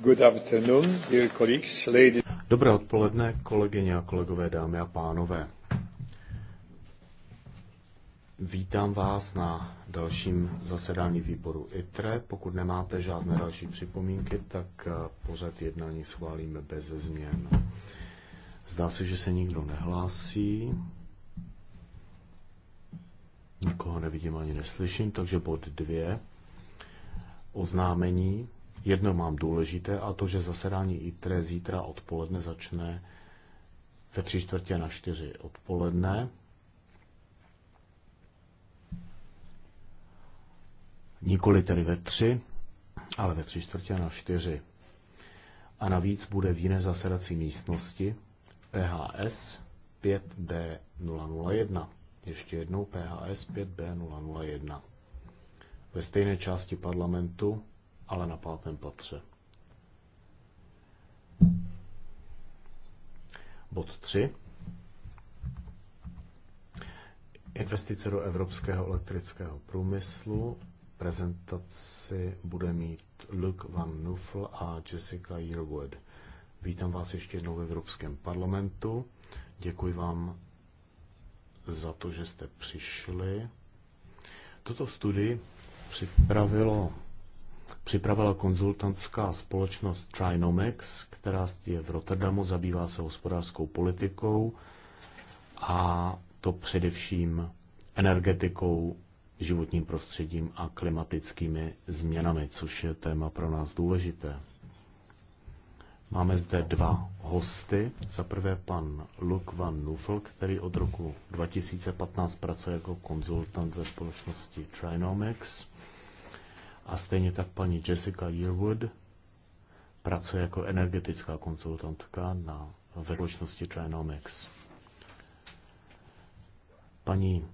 Good afternoon, dear colleagues, ladies. Dobré odpoledne, kolegyně a kolegové, dámy a pánové. Vítám vás na dalším zasedání výboru ITRE. Pokud nemáte žádné další připomínky, tak eh, pořad jednání schválíme bez změn. Zdá se, že se nikdo nehlásí. Nikoho nevidím ani neslyším, takže bod dvě. Oznámení Jedno mám důležité a to, že zasedání ITRE zítra odpoledne začne ve tři čtvrtě na čtyři odpoledne. Nikoli tedy ve tři, ale ve tři čtvrtě na čtyři. A navíc bude v jiné zasedací místnosti PHS 5B001. Ještě jednou PHS 5B001. Ve stejné části parlamentu ale na pátém patře. Bod 3. Investice do evropského elektrického průmyslu. Prezentaci bude mít Luke Van Nuffel a Jessica Yearwood. Vítám vás ještě jednou v Evropském parlamentu. Děkuji vám za to, že jste přišli. Toto studii připravilo připravila konzultantská společnost Trinomex, která je v Rotterdamu, zabývá se hospodářskou politikou a to především energetikou, životním prostředím a klimatickými změnami, což je téma pro nás důležité. Máme zde dva hosty. Za prvé pan Luk van Nuffel, který od roku 2015 pracuje jako konzultant ve společnosti Trinomex a stejně tak paní Jessica Yearwood pracuje jako energetická konzultantka na společnosti Trinomics. Paní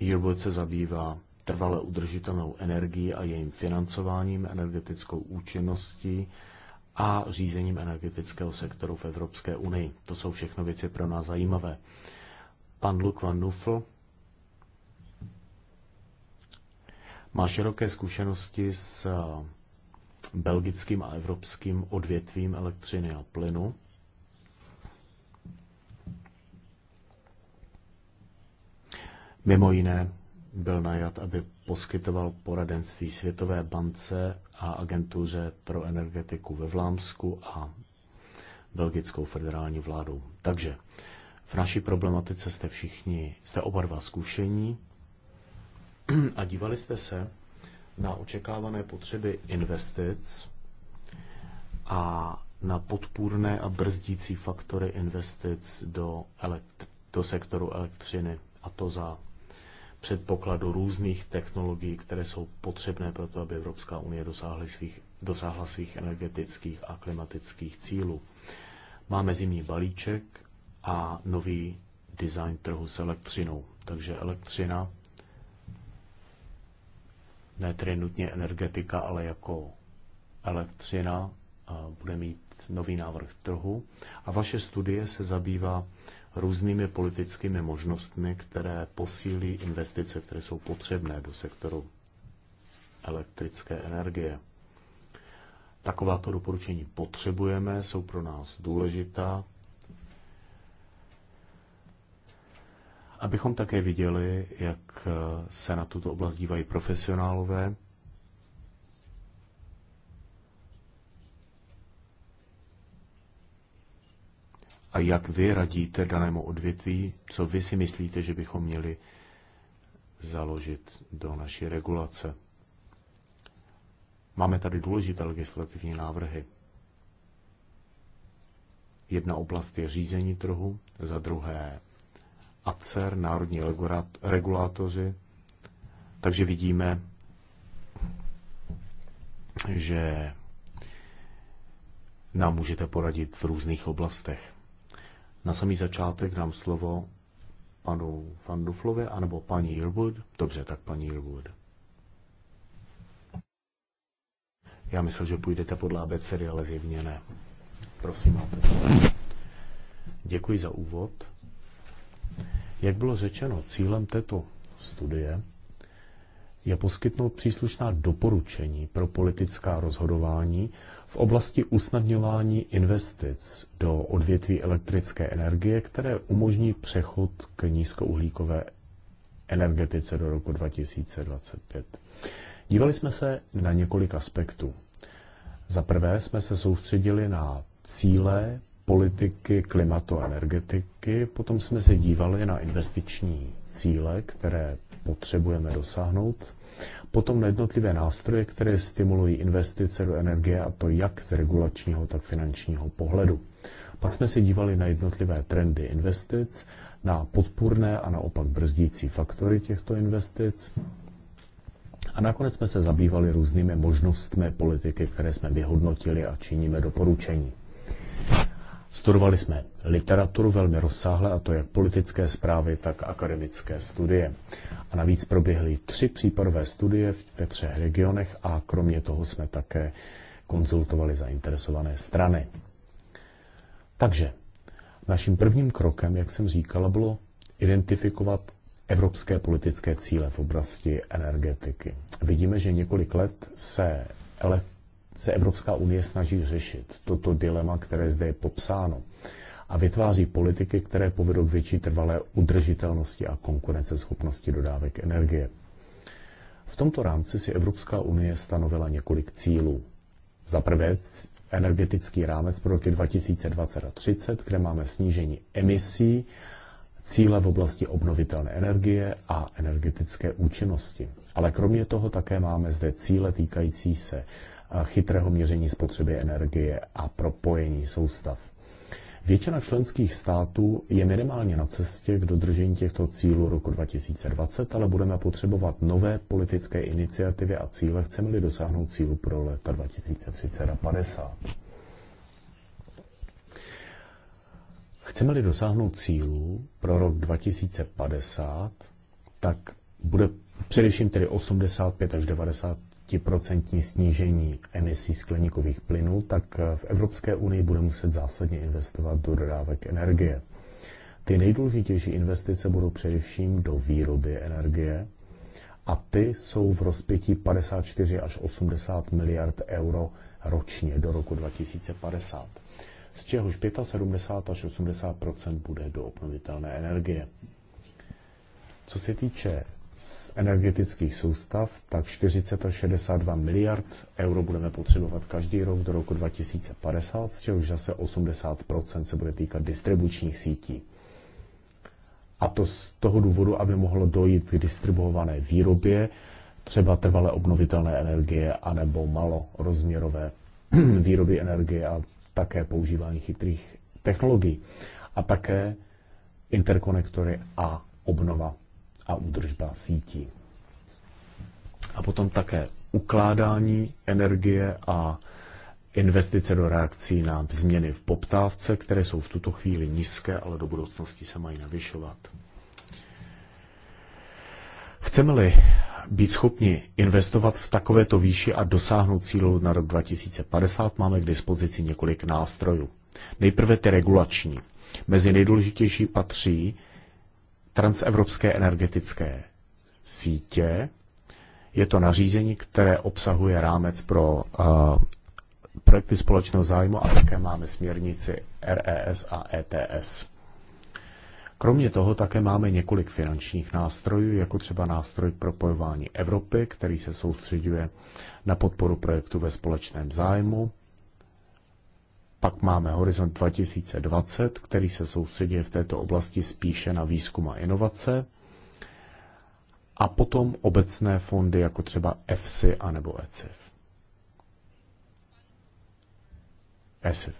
Yearwood se zabývá trvale udržitelnou energií a jejím financováním, energetickou účinností a řízením energetického sektoru v Evropské unii. To jsou všechno věci pro nás zajímavé. Pan Luke Van Nuffel má široké zkušenosti s eh, belgickým a evropským odvětvím elektřiny a plynu. Mimo jiné byl najat, aby poskytoval poradenství Světové bance a agentuře pro energetiku ve Vlámsku a belgickou federální vládou. Takže v naší problematice jste všichni, jste oba dva zkušení, a dívali jste se na očekávané potřeby investic a na podpůrné a brzdící faktory investic do, elektr- do sektoru elektřiny, a to za předpokladu různých technologií, které jsou potřebné pro to, aby Evropská unie dosáhla svých, dosáhla svých energetických a klimatických cílů. Máme zimní balíček a nový design trhu s elektřinou. Takže elektřina ne tedy nutně energetika, ale jako elektřina, bude mít nový návrh trhu. A vaše studie se zabývá různými politickými možnostmi, které posílí investice, které jsou potřebné do sektoru elektrické energie. Takováto doporučení potřebujeme, jsou pro nás důležitá, abychom také viděli, jak eh, se na tuto oblast dívají profesionálové. A jak vy radíte danému odvětví, co vy si myslíte, že bychom měli založit do naší regulace. Máme tady důležité legislativní návrhy. Jedna oblast je řízení trhu, za druhé ACER, národní regulátoři. Takže vidíme, že nám můžete poradit v různých oblastech. Na samý začátek dám slovo panu Van Duflovi anebo paní Irwood. Dobře, tak paní Irwood. Já myslel, že půjdete podle abecedy, ale zjevně ne. Prosím, máte slovo. Děkuji za úvod. Jak bylo řečeno, cílem této studie je poskytnout příslušná doporučení pro politická rozhodování v oblasti usnadňování investic do odvětví elektrické energie, které umožní přechod k nízkouhlíkové energetice do roku 2025. Dívali jsme se na několik aspektů. Za prvé jsme se soustředili na cíle politiky klimatu a energetiky. Potom jsme se dívali na investiční cíle, které potřebujeme dosáhnout. Potom na jednotlivé nástroje, které stimulují investice do energie a to jak z regulačního, tak finančního pohledu. Pak jsme se dívali na jednotlivé trendy investic, na podpůrné a naopak brzdící faktory těchto investic. A nakonec jsme se zabývali různými možnostmi politiky, které jsme vyhodnotili a činíme doporučení. Studovali jsme literaturu velmi rozsáhle, a to jak politické zprávy, tak akademické studie. A navíc proběhly tři případové studie ve třech regionech a kromě toho jsme také konzultovali zainteresované strany. Takže naším prvním krokem, jak jsem říkala, bylo identifikovat evropské politické cíle v oblasti energetiky. Vidíme, že několik let se se Evropská unie snaží řešit toto dilema, které zde je popsáno a vytváří politiky, které povedou k větší trvalé udržitelnosti a konkurenceschopnosti dodávek energie. V tomto rámci si Evropská unie stanovila několik cílů. Za prvé energetický rámec pro roky 2020 a 30, kde máme snížení emisí, cíle v oblasti obnovitelné energie a energetické účinnosti. Ale kromě toho také máme zde cíle týkající se chytrého měření spotřeby energie a propojení soustav. Většina členských států je minimálně na cestě k dodržení těchto cílů roku 2020, ale budeme potřebovat nové politické iniciativy a cíle, chceme-li dosáhnout cílu pro leta 2030 a 50. Chceme-li dosáhnout cílů pro rok 2050, tak bude především tedy 85 až 90 20% snížení emisí skleníkových plynů, tak eh, v Evropské unii bude muset zásadně investovat do dodávek energie. Ty nejdůležitější investice budou především do výroby energie a ty jsou v rozpětí 54 až 80 miliard euro ročně do roku 2050, z čehož 75 až 80 bude do obnovitelné energie. Co se týče z energetických soustav, tak 40 až 62 miliard euro budeme potřebovat každý rok do roku 2050, z čehož zase 80 se bude týkat distribučních sítí. A to z toho důvodu, aby mohlo dojít k distribuované výrobě, třeba trvalé obnovitelné energie anebo malorozměrové výroby energie a také používání chytrých technologií a také interkonektory a obnova a údržba sítí. A potom také ukládání energie a investice do reakcí na změny v poptávce, které jsou v tuto chvíli nízké, ale do budoucnosti se mají navyšovat. Chceme-li být schopni investovat v takovéto výši a dosáhnout cílu na rok 2050, máme k dispozici několik nástrojů. Nejprve ty regulační. Mezi nejdůležitější patří transevropské energetické sítě. Je to nařízení, které obsahuje rámec pro uh, projekty společného zájmu a také máme směrnici RES a ETS. Kromě toho také máme několik finančních nástrojů, jako třeba nástroj propojování Evropy, který se soustředuje na podporu projektu ve společném zájmu, pak máme Horizont 2020, který se soustředí v této oblasti spíše na výzkum a inovace. A potom obecné fondy, jako třeba EFSI a nebo ECIF. ESIF.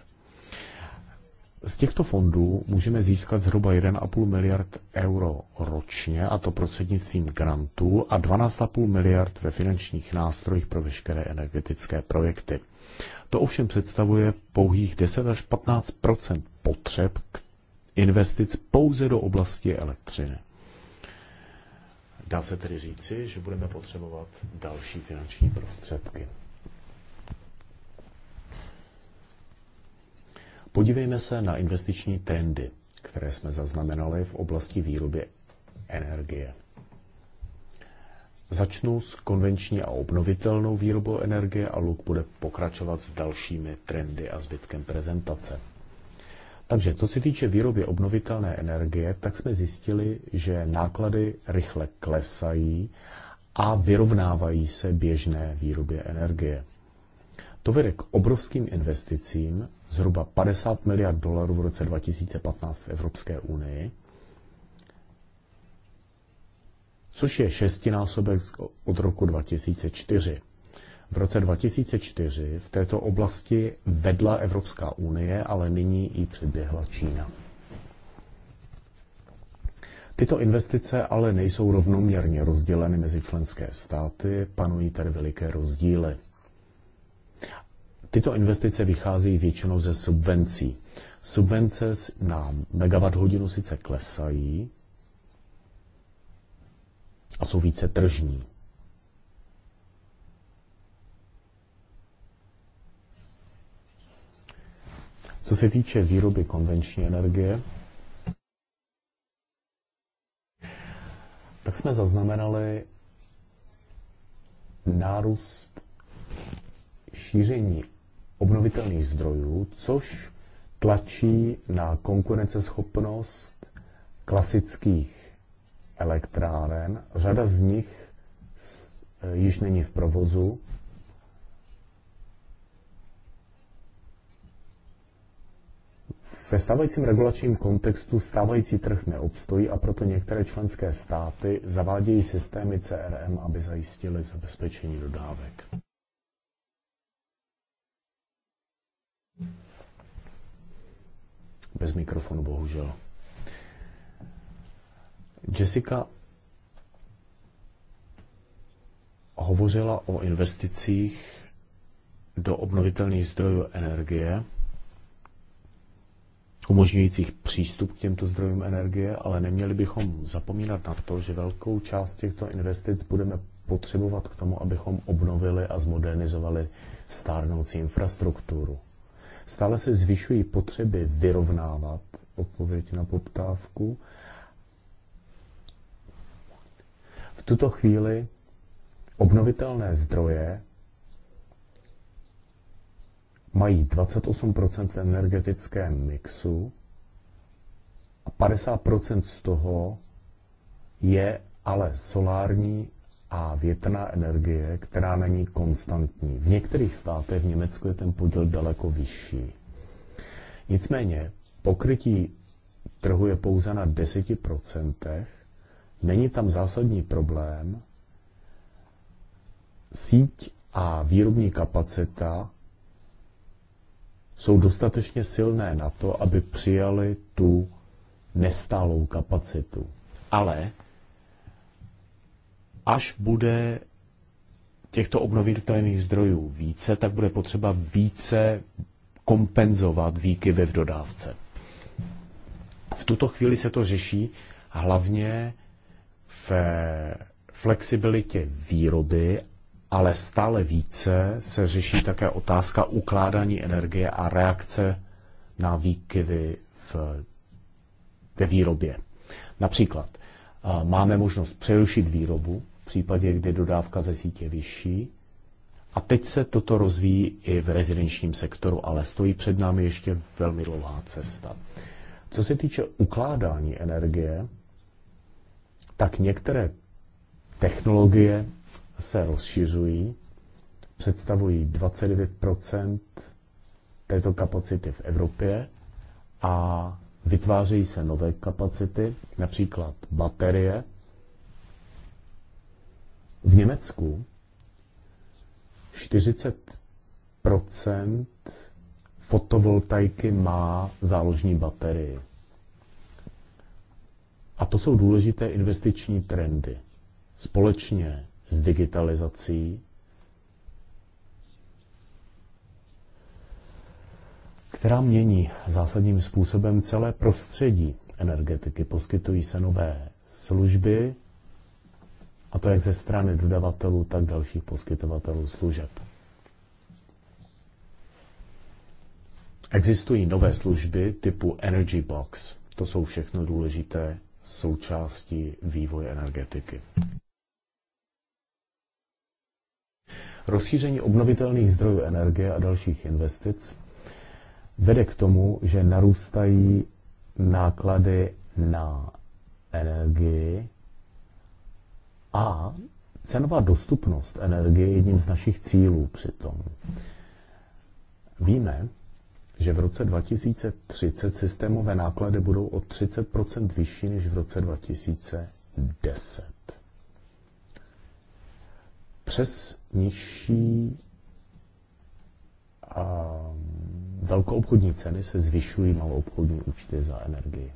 Z těchto fondů můžeme získat zhruba 1,5 miliard euro ročně, a to prostřednictvím grantů, a 12,5 miliard ve finančních nástrojích pro veškeré energetické projekty. To ovšem představuje pouhých 10 až 15 potřeb investic pouze do oblasti elektřiny. Dá se tedy říci, že budeme potřebovat další finanční prostředky. Podívejme se na investiční trendy, které jsme zaznamenali v oblasti výroby energie. Začnu s konvenční a obnovitelnou výrobou energie a Luk bude pokračovat s dalšími trendy a zbytkem prezentace. Takže co se týče výroby obnovitelné energie, tak jsme zjistili, že náklady rychle klesají a vyrovnávají se běžné výrobě energie. To vede k obrovským investicím, zhruba 50 miliard dolarů v roce 2015 v Evropské unii, což je šestinásobek od roku 2004. V roce 2004 v této oblasti vedla Evropská unie, ale nyní ji předběhla Čína. Tyto investice ale nejsou rovnoměrně rozděleny mezi členské státy, panují tady veliké rozdíly. Tyto investice vychází většinou ze subvencí. Subvence na megawatt hodinu sice klesají, a jsou více tržní. Co se týče výroby konvenční energie, tak jsme zaznamenali nárůst šíření obnovitelných zdrojů, což tlačí na konkurenceschopnost klasických elektráren. Řada z nich e, již není v provozu. Ve stávajícím regulačním kontextu stávající trh neobstojí a proto některé členské státy zavádějí systémy CRM, aby zajistili zabezpečení dodávek. Bez mikrofonu, bohužel. Jessica hovořila o investicích do obnovitelných zdrojů energie, umožňujících přístup k těmto zdrojům energie, ale neměli bychom zapomínat na to, že velkou část těchto investic budeme potřebovat k tomu, abychom obnovili a zmodernizovali stárnoucí infrastrukturu. Stále se zvyšují potřeby vyrovnávat odpověď na poptávku v tuto chvíli obnovitelné zdroje mají 28 v energetickém mixu a 50 z toho je ale solární a větrná energie, která není konstantní. V některých státech v Německu je ten podíl daleko vyšší. Nicméně pokrytí trhu je pouze na 10 Není tam zásadní problém. Síť a výrobní kapacita jsou dostatečně silné na to, aby přijali tu nestálou kapacitu. Ale až bude těchto obnovitelných zdrojů více, tak bude potřeba více kompenzovat výkyvy v dodávce. V tuto chvíli se to řeší hlavně ve flexibilitě výroby, ale stále více se řeší také otázka ukládání energie a reakce na výkyvy v, ve výrobě. Například eh, máme možnost přerušit výrobu v případě, kdy dodávka ze sítě je vyšší. A teď se toto rozvíjí i v rezidenčním sektoru, ale stojí před námi ještě velmi dlouhá cesta. Co se týče ukládání energie, tak některé technologie se rozšiřují, představují 29 této kapacity v Evropě a vytvářejí se nové kapacity, například baterie. V Německu 40 fotovoltaiky má záložní baterii. A to jsou důležité investiční trendy. Společně s digitalizací, která mění zásadním způsobem celé prostředí energetiky. Poskytují se nové služby, a to jak ze strany dodavatelů, tak dalších poskytovatelů služeb. Existují nové služby typu Energy Box. To jsou všechno důležité součástí vývoje energetiky. Rozšíření obnovitelných zdrojů energie a dalších investic vede k tomu, že narůstají náklady na energii a cenová dostupnost energie je jedním z našich cílů přitom. Víme, že v roce 2030 systémové náklady budou o 30 vyšší než v roce 2010. Přes nižší a velkoobchodní ceny se zvyšují maloobchodní účty za energii.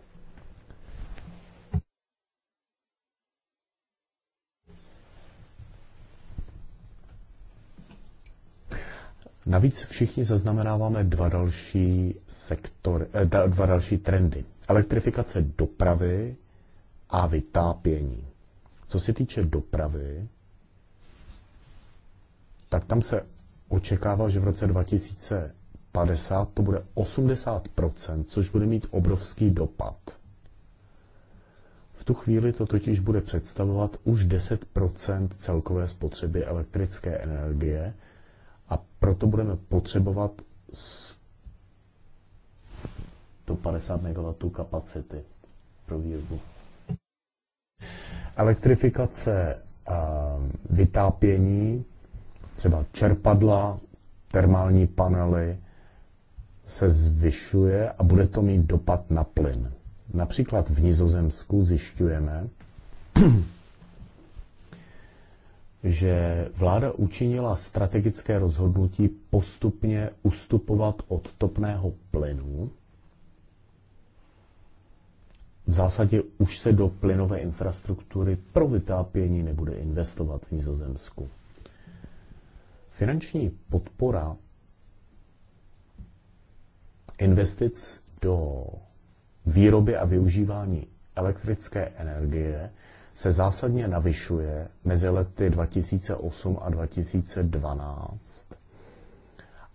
Navíc všichni zaznamenáváme dva další, sektor, eh, dva další trendy. Elektrifikace dopravy a vytápění. Co se týče dopravy, tak tam se očekává, že v roce 2050 to bude 80%, což bude mít obrovský dopad. V tu chvíli to totiž bude představovat už 10% celkové spotřeby elektrické energie, proto budeme potřebovat 50 MW kapacity pro výrobu. Elektrifikace vytápění, třeba čerpadla, termální panely, se zvyšuje a bude to mít dopad na plyn. Například v Nizozemsku zjišťujeme, že vláda učinila strategické rozhodnutí postupně ustupovat od topného plynu. V zásadě už se do plynové infrastruktury pro vytápění nebude investovat v Nizozemsku. Finanční podpora investic do výroby a využívání elektrické energie se zásadně navyšuje mezi lety 2008 a 2012.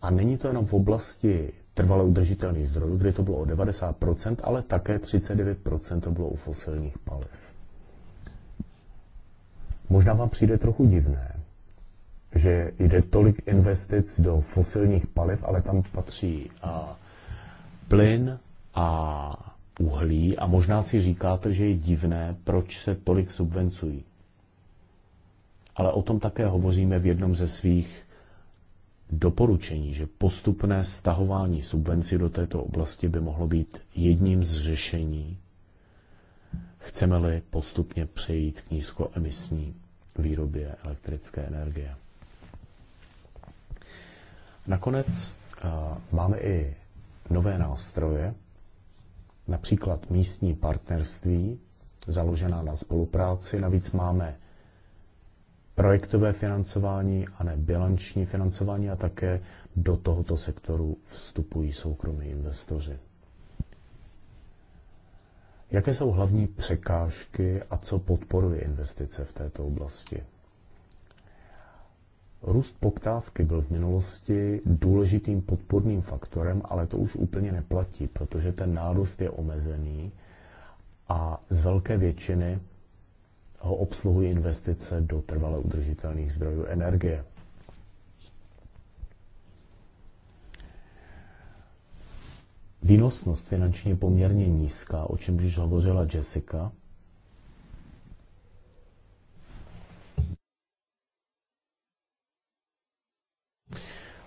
A není to jenom v oblasti trvale udržitelných zdrojů, kde to bylo o 90%, ale také 39% to bylo u fosilních paliv. Možná vám přijde trochu divné, že jde tolik investic do fosilních paliv, ale tam patří a plyn a uhlí a možná si říkáte, že je divné, proč se tolik subvencují. Ale o tom také hovoříme v jednom ze svých doporučení, že postupné stahování subvencí do této oblasti by mohlo být jedním z řešení, chceme-li postupně přejít k nízkoemisní výrobě elektrické energie. Nakonec eh, máme i nové nástroje, například místní partnerství, založená na spolupráci. Navíc máme projektové financování a ne bilanční financování a také do tohoto sektoru vstupují soukromí investoři. Jaké jsou hlavní překážky a co podporuje investice v této oblasti? Růst poptávky byl v minulosti důležitým podporným faktorem, ale to už úplně neplatí, protože ten nárůst je omezený a z velké většiny ho obsluhují investice do trvale udržitelných zdrojů energie. Výnosnost finančně poměrně nízká, o čemž už hovořila Jessica,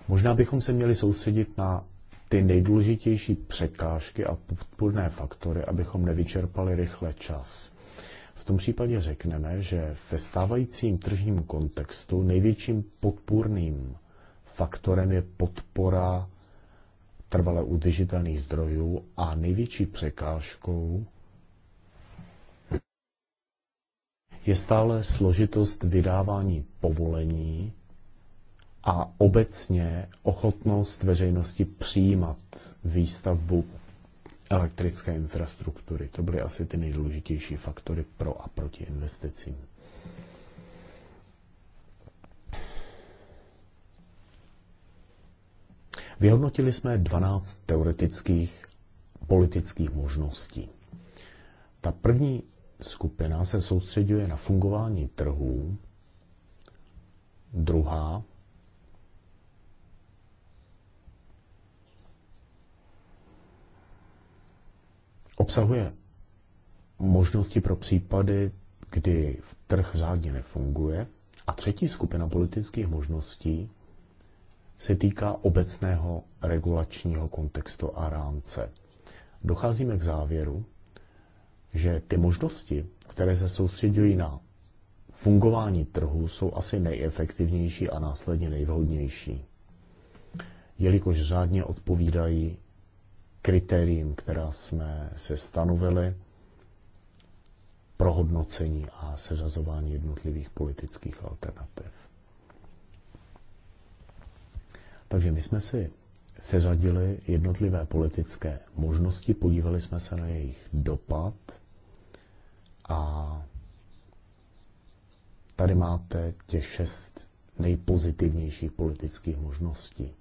Možná bychom se měli soustředit na ty nejdůležitější překážky a podpůrné faktory, abychom nevyčerpali rychle čas. V tom případě řekneme, že ve stávajícím tržním kontextu největším podpůrným faktorem je podpora trvale udržitelných zdrojů a největší překážkou je stále složitost vydávání povolení a obecně ochotnost veřejnosti přijímat výstavbu elektrické infrastruktury. To byly asi ty nejdůležitější faktory pro a proti investicím. Vyhodnotili jsme 12 teoretických politických možností. Ta první skupina se soustředuje na fungování trhů, druhá Obsahuje možnosti pro případy, kdy trh řádně nefunguje. A třetí skupina politických možností se týká obecného regulačního kontextu a rámce. Docházíme k závěru, že ty možnosti, které se soustředují na fungování trhu, jsou asi nejefektivnější a následně nejvhodnější, jelikož řádně odpovídají kritériím, která jsme se stanovili pro hodnocení a seřazování jednotlivých politických alternativ. Takže my jsme si seřadili jednotlivé politické možnosti, podívali jsme se na jejich dopad a tady máte těch šest nejpozitivnějších politických možností.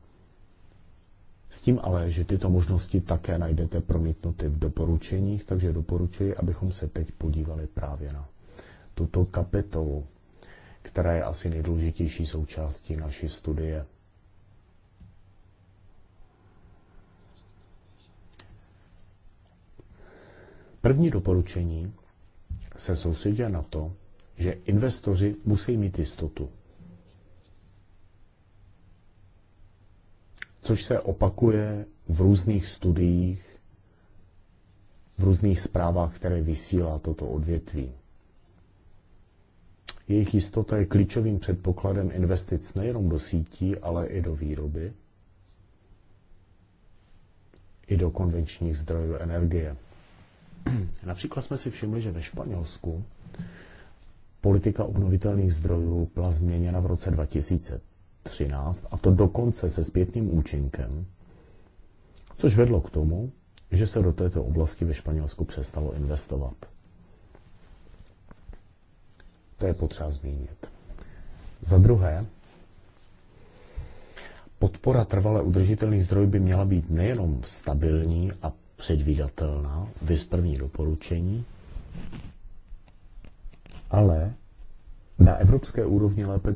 S tím ale, že tyto možnosti také najdete promítnuty v doporučeních, takže doporučuji, abychom se teď podívali právě na tuto kapitolu, která je asi nejdůležitější součástí naší studie. První doporučení se soustředí na to, že investoři musí mít jistotu, což se opakuje v různých studiích, v různých zprávách, které vysílá toto odvětví. Jejich jistota je klíčovým předpokladem investic nejenom do sítí, ale i do výroby, i do konvenčních zdrojů energie. Například jsme si všimli, že ve Španělsku politika obnovitelných zdrojů byla změněna v roce 2000. 13, a to dokonce se zpětným účinkem, což vedlo k tomu, že se do této oblasti ve Španělsku přestalo investovat. To je potřeba zmínit. Za druhé, podpora trvale udržitelných zdrojů by měla být nejenom stabilní a předvídatelná, vys první doporučení, ale na evropské úrovni lépe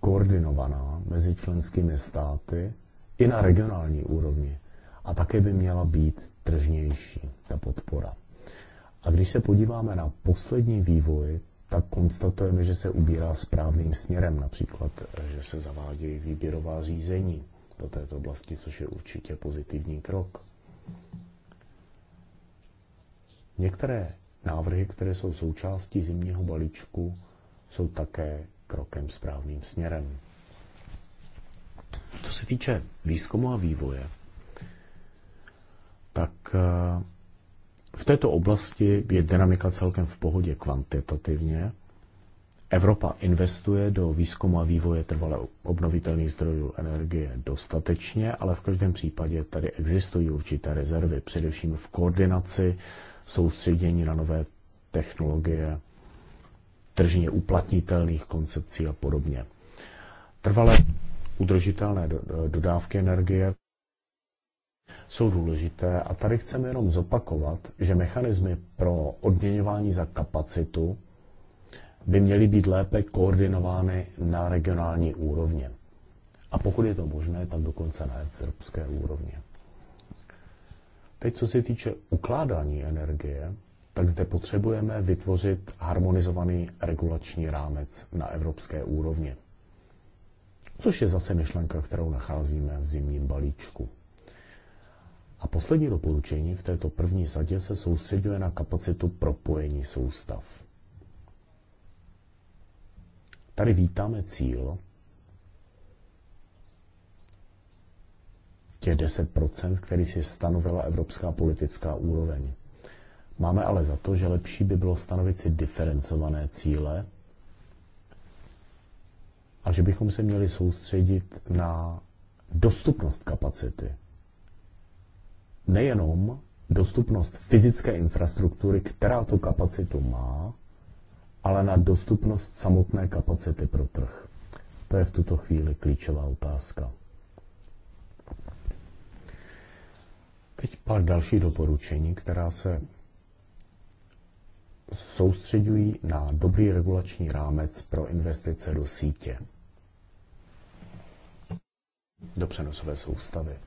koordinovaná mezi členskými státy i na regionální úrovni. A také by měla být tržnější ta podpora. A když se podíváme na poslední vývoj, tak konstatujeme, že se ubírá správným směrem, například, že se zavádějí výběrová řízení do této oblasti, což je určitě pozitivní krok. Některé návrhy, které jsou součástí zimního balíčku, jsou také krokem správným směrem. Co se týče výzkumu a vývoje, tak eh, v této oblasti je dynamika celkem v pohodě kvantitativně. Evropa investuje do výzkumu a vývoje trvale obnovitelných zdrojů energie dostatečně, ale v každém případě tady existují určité rezervy, především v koordinaci soustředění na nové technologie tržně uplatnitelných koncepcí a podobně. Trvalé udržitelné dodávky energie jsou důležité a tady chceme jenom zopakovat, že mechanismy pro odměňování za kapacitu by měly být lépe koordinovány na regionální úrovně. A pokud je to možné, tak dokonce na evropské úrovni. Teď, co se týče ukládání energie, tak zde potřebujeme vytvořit harmonizovaný regulační rámec na evropské úrovni. Což je zase myšlenka, kterou nacházíme v zimním balíčku. A poslední doporučení v této první sadě se soustředuje na kapacitu propojení soustav. Tady vítáme cíl těch 10%, který si stanovila evropská politická úroveň. Máme ale za to, že lepší by bylo stanovit si diferencované cíle a že bychom se měli soustředit na dostupnost kapacity. Nejenom dostupnost fyzické infrastruktury, která tu kapacitu má, ale na dostupnost samotné kapacity pro trh. To je v tuto chvíli klíčová otázka. Teď pár dalších doporučení, která se soustředují na dobrý regulační rámec pro investice do sítě, do přenosové soustavy.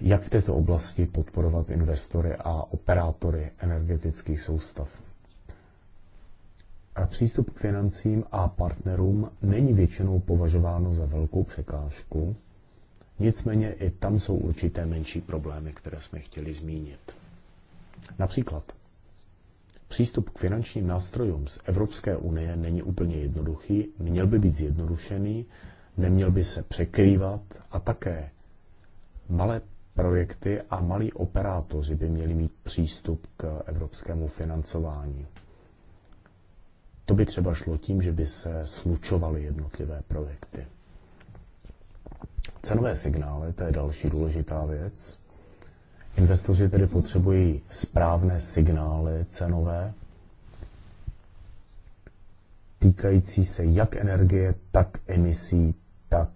Jak v této oblasti podporovat investory a operátory energetických soustav? A přístup k financím a partnerům není většinou považováno za velkou překážku, Nicméně i tam jsou určité menší problémy, které jsme chtěli zmínit. Například Přístup k finančním nástrojům z Evropské unie není úplně jednoduchý, měl by být zjednodušený, neměl by se překrývat a také malé projekty a malí operátoři by měli mít přístup k evropskému financování. To by třeba šlo tím, že by se slučovaly jednotlivé projekty. Cenové signály, to je další důležitá věc. Investoři tedy potřebují správné signály cenové, týkající se jak energie, tak emisí, tak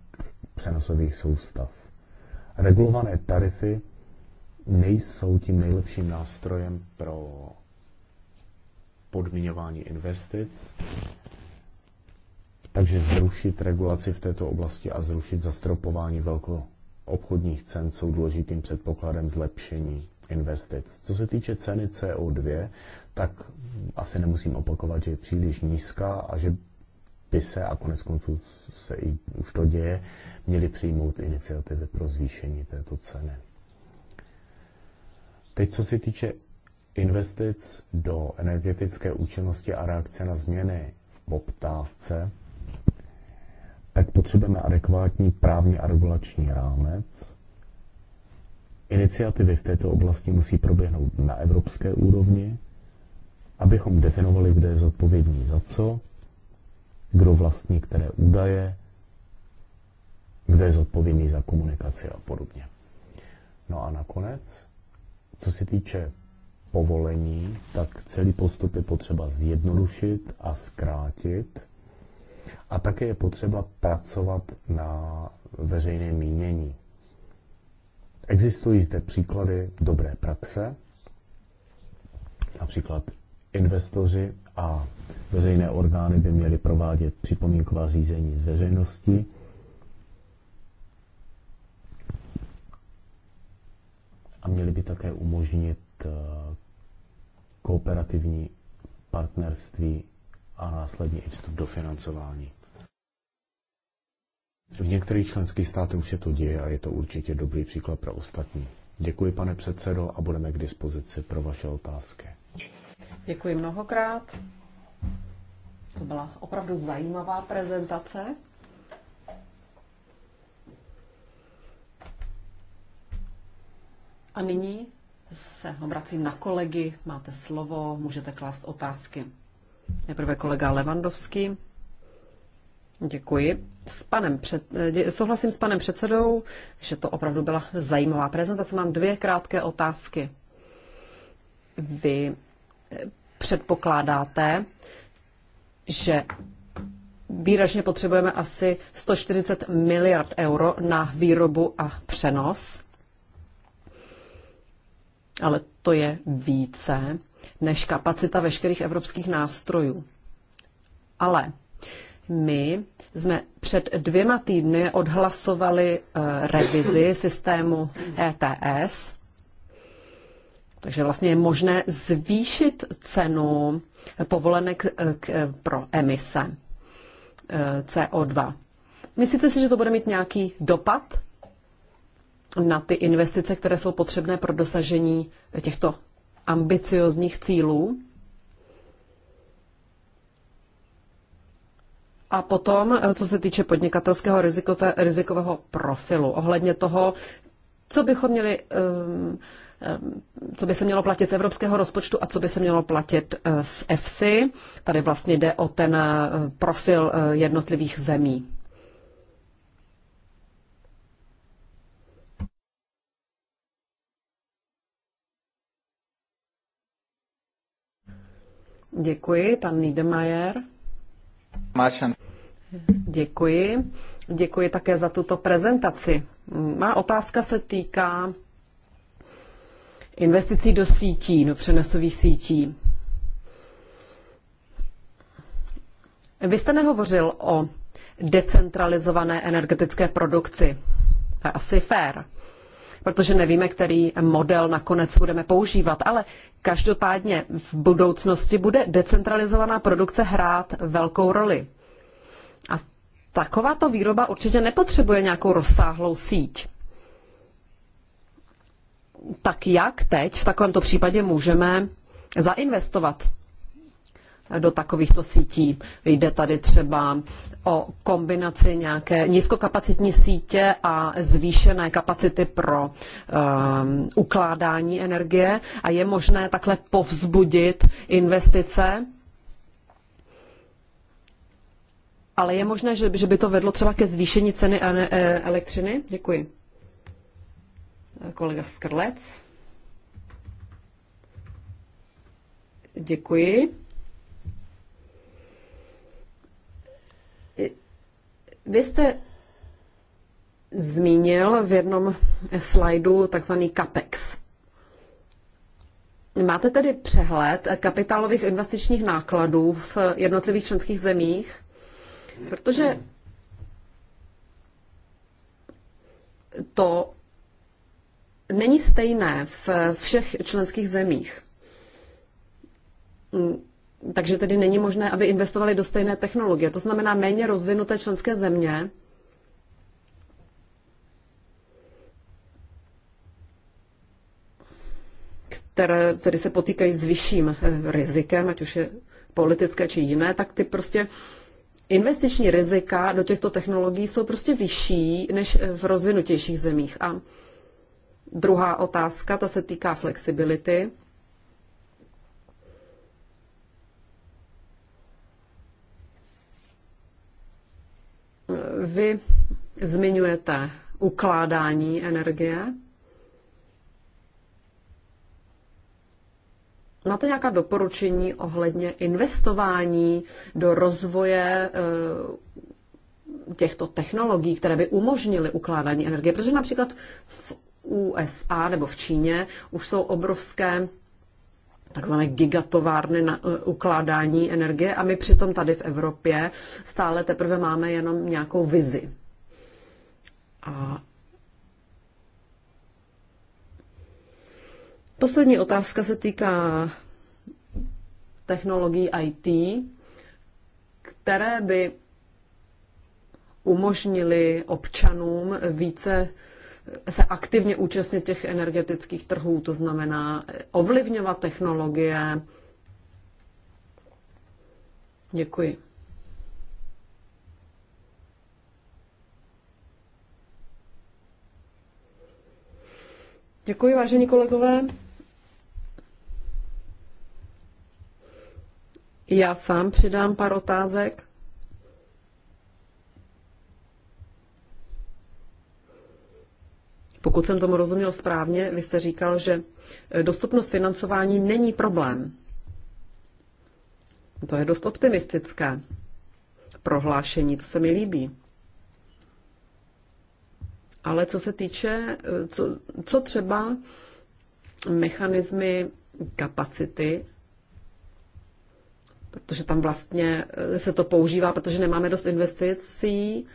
přenosových soustav. Regulované tarify nejsou tím nejlepším nástrojem pro podmiňování investic. Takže zrušit regulaci v této oblasti a zrušit zastropování velkou obchodních cen jsou důležitým předpokladem zlepšení investic. Co se týče ceny CO2, tak asi nemusím opakovat, že je příliš nízká a že by se, a konec konců se i už to děje, měly přijmout iniciativy pro zvýšení této ceny. Teď, co se týče investic do energetické účinnosti a reakce na změny v poptávce, tak potřebujeme adekvátní právní a regulační rámec. Iniciativy v této oblasti musí proběhnout na evropské úrovni, abychom definovali, kdo je zodpovědný za co, kdo vlastní které údaje, kdo je zodpovědný za komunikaci a podobně. No a nakonec, co se týče povolení, tak celý postup je potřeba zjednodušit a zkrátit a také je potřeba pracovat na veřejné mínění. Existují zde příklady dobré praxe, například investoři a veřejné orgány by měly provádět připomínková řízení z veřejnosti A měli by také umožnit eh, kooperativní partnerství a následně i vstup do financování. V některých členských státech už se to děje a je to určitě dobrý příklad pro ostatní. Děkuji, pane předsedo, a budeme k dispozici pro vaše otázky. Děkuji mnohokrát. To byla opravdu zajímavá prezentace. A nyní se obracím na kolegy. Máte slovo, můžete klást otázky. Nejprve kolega Levandovský. Děkuji. S panem před, souhlasím s panem předsedou, že to opravdu byla zajímavá prezentace. Mám dvě krátké otázky. Vy eh, předpokládáte, že výražně potřebujeme asi 140 miliard euro na výrobu a přenos, ale to je více než kapacita veškerých evropských nástrojů. Ale my jsme před dvěma týdny odhlasovali eh, revizi systému ETS, takže vlastně je možné zvýšit cenu povolenek eh, eh, pro emise CO2. Myslíte si, že to bude mít nějaký dopad na ty investice, které jsou potřebné pro dosažení těchto ambiciozních cílů. A potom, eh, co se týče podnikatelského riziko, rizikového profilu, ohledně toho, co bychom měli, ehm, ehm, co by se mělo platit z evropského rozpočtu a co by se mělo platit eh, z EFSI. Tady vlastně jde o ten eh, profil jednotlivých zemí. Děkuji, pan Niedermayer. Děkuji. Děkuji také za tuto prezentaci. Má otázka se týká investicí do sítí, do přenosových sítí. Vy jste nehovořil o decentralizované energetické produkci. To je asi fér protože nevíme, který model nakonec budeme používat. Ale každopádně v budoucnosti bude decentralizovaná produkce hrát velkou roli. A takováto výroba určitě nepotřebuje nějakou rozsáhlou síť. Tak jak teď v takovémto případě můžeme zainvestovat do takovýchto sítí. Jde tady třeba o kombinaci nějaké nízkokapacitní sítě a zvýšené kapacity pro um, ukládání energie a je možné takhle povzbudit investice. Ale je možné, že, že by to vedlo třeba ke zvýšení ceny e, elektřiny? Děkuji. Kolega Skrlec. Děkuji. Vy jste zmínil v jednom slajdu takzvaný CAPEX. Máte tedy přehled kapitálových investičních nákladů v jednotlivých členských zemích? Protože to není stejné v všech členských zemích takže tedy není možné, aby investovali do stejné technologie. To znamená méně rozvinuté členské země. které tedy se potýkají s vyšším eh, rizikem, ať už je politické či jiné, tak ty prostě investiční rizika do těchto technologií jsou prostě vyšší než eh, v rozvinutějších zemích. A druhá otázka, ta se týká flexibility. Vy zmiňujete ukládání energie. Máte nějaká doporučení ohledně investování do rozvoje eh, těchto technologií, které by umožnily ukládání energie? Protože například v USA nebo v Číně už jsou obrovské takzvané gigatovárny na eh, ukládání energie a my přitom tady v Evropě stále teprve máme jenom nějakou vizi. A poslední otázka se týká technologií IT, které by umožnili občanům více se aktivně účastnit těch energetických trhů, to znamená ovlivňovat technologie. Děkuji. Děkuji, vážení kolegové. Já sám přidám pár otázek. Pokud jsem tomu rozuměl správně, vy jste říkal, že eh, dostupnost financování není problém. To je dost optimistické prohlášení, to se mi líbí. Ale co se týče, eh, co, co třeba mechanismy kapacity, protože tam vlastně eh, se to používá, protože nemáme dost investicí,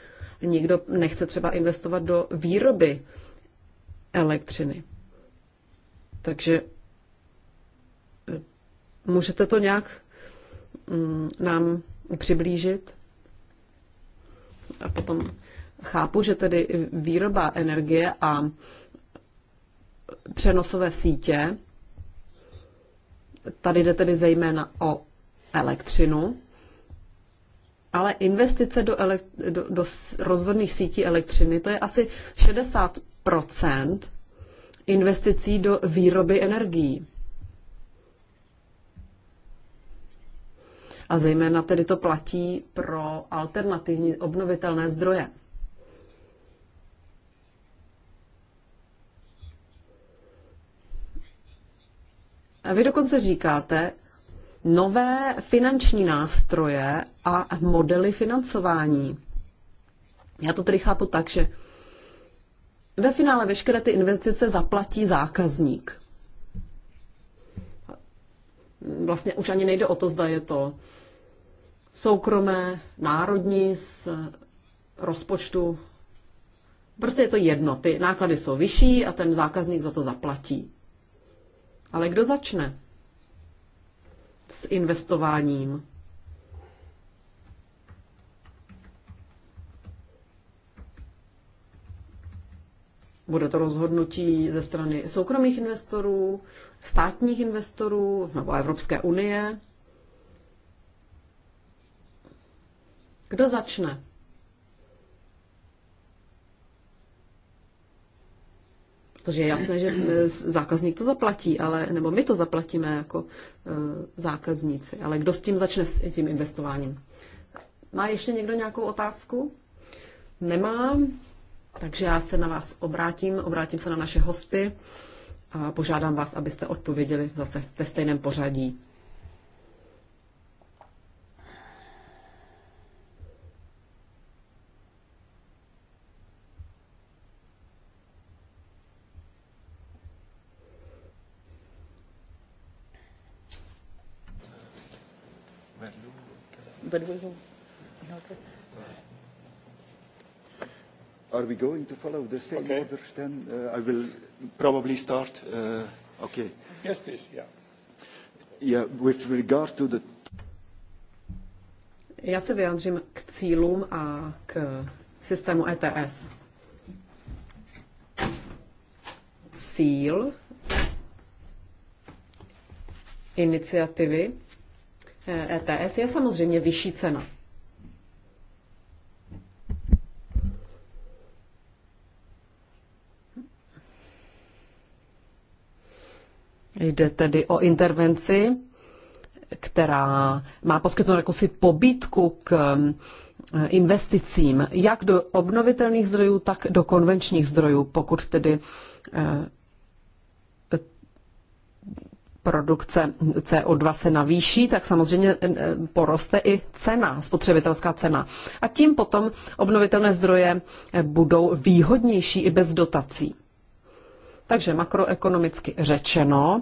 nikdo nechce třeba investovat do výroby elektřiny. Takže eh, můžete to nějak mm, nám přiblížit? A potom chápu, že tedy výroba energie a přenosové sítě, tady jde tedy zejména o elektřinu, ale investice do, elektr- do, do rozvodných sítí elektřiny, to je asi 60 procent investicí do výroby energií. A zejména tedy to platí pro alternativní obnovitelné zdroje. A vy dokonce říkáte nové finanční nástroje a modely financování. Já to tedy chápu tak, že ve finále veškeré ty investice zaplatí zákazník. Vlastně už ani nejde o to, zda je to soukromé, národní z rozpočtu. Prostě je to jedno. Ty náklady jsou vyšší a ten zákazník za to zaplatí. Ale kdo začne s investováním? Bude to rozhodnutí ze strany soukromých investorů, státních investorů nebo Evropské unie. Kdo začne? Protože je jasné, že eh, zákazník to zaplatí, ale, nebo my to zaplatíme jako e, zákazníci. Ale kdo s tím začne s tím investováním? Má ještě někdo nějakou otázku? Nemám. Takže já se na vás obrátím, obrátím se na naše hosty a požádám vás, abyste odpověděli zase ve stejném pořadí. But Are we going to follow the same okay. order then? Uh, I will probably start. Uh, okay. Yes, please. Yeah. Yeah, with regard to the... Já se vyjádřím k cílům a k systému ETS. Cíl iniciativy ETS eh, e je samozřejmě vyšší cena. Jde tedy o intervenci, která má poskytnout jakousi pobítku k um, investicím, jak do obnovitelných zdrojů, tak do konvenčních zdrojů, pokud tedy eh, produkce CO2 se navýší, tak samozřejmě eh, poroste i cena, spotřebitelská cena. A tím potom obnovitelné zdroje eh, budou výhodnější i bez dotací. Takže makroekonomicky řečeno,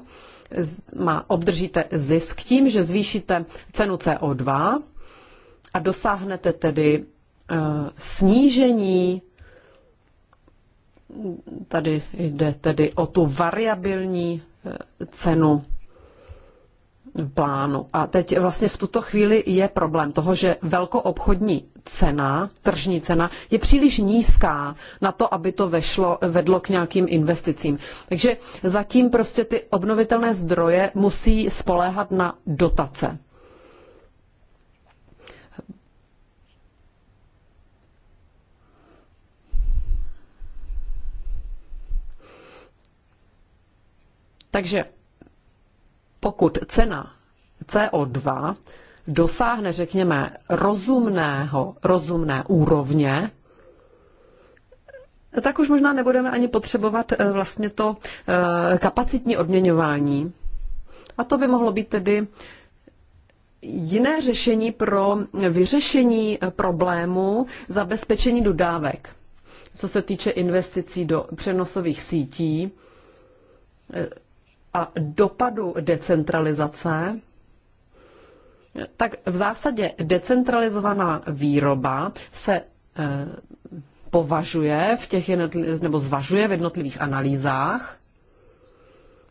má, obdržíte zisk tím, že zvýšíte cenu CO2 a dosáhnete tedy e, snížení tady jde tedy o tu variabilní eh, cenu plánu. A teď vlastně v tuto chvíli je problém toho, že velkoobchodní cena, tržní cena, je příliš nízká na to, aby to vešlo, vedlo k nějakým investicím. Takže zatím prostě ty obnovitelné zdroje musí spoléhat na dotace. Takže pokud cena CO2 dosáhne, řekněme, rozumného, rozumné úrovně, tak už možná nebudeme ani potřebovat eh, vlastně to eh, kapacitní odměňování. A to by mohlo být tedy jiné řešení pro vyřešení problému zabezpečení dodávek. Co se týče investicí do přenosových sítí, eh, a dopadu decentralizace, tak v zásadě decentralizovaná výroba se eh, považuje v těch nebo zvažuje v jednotlivých analýzách,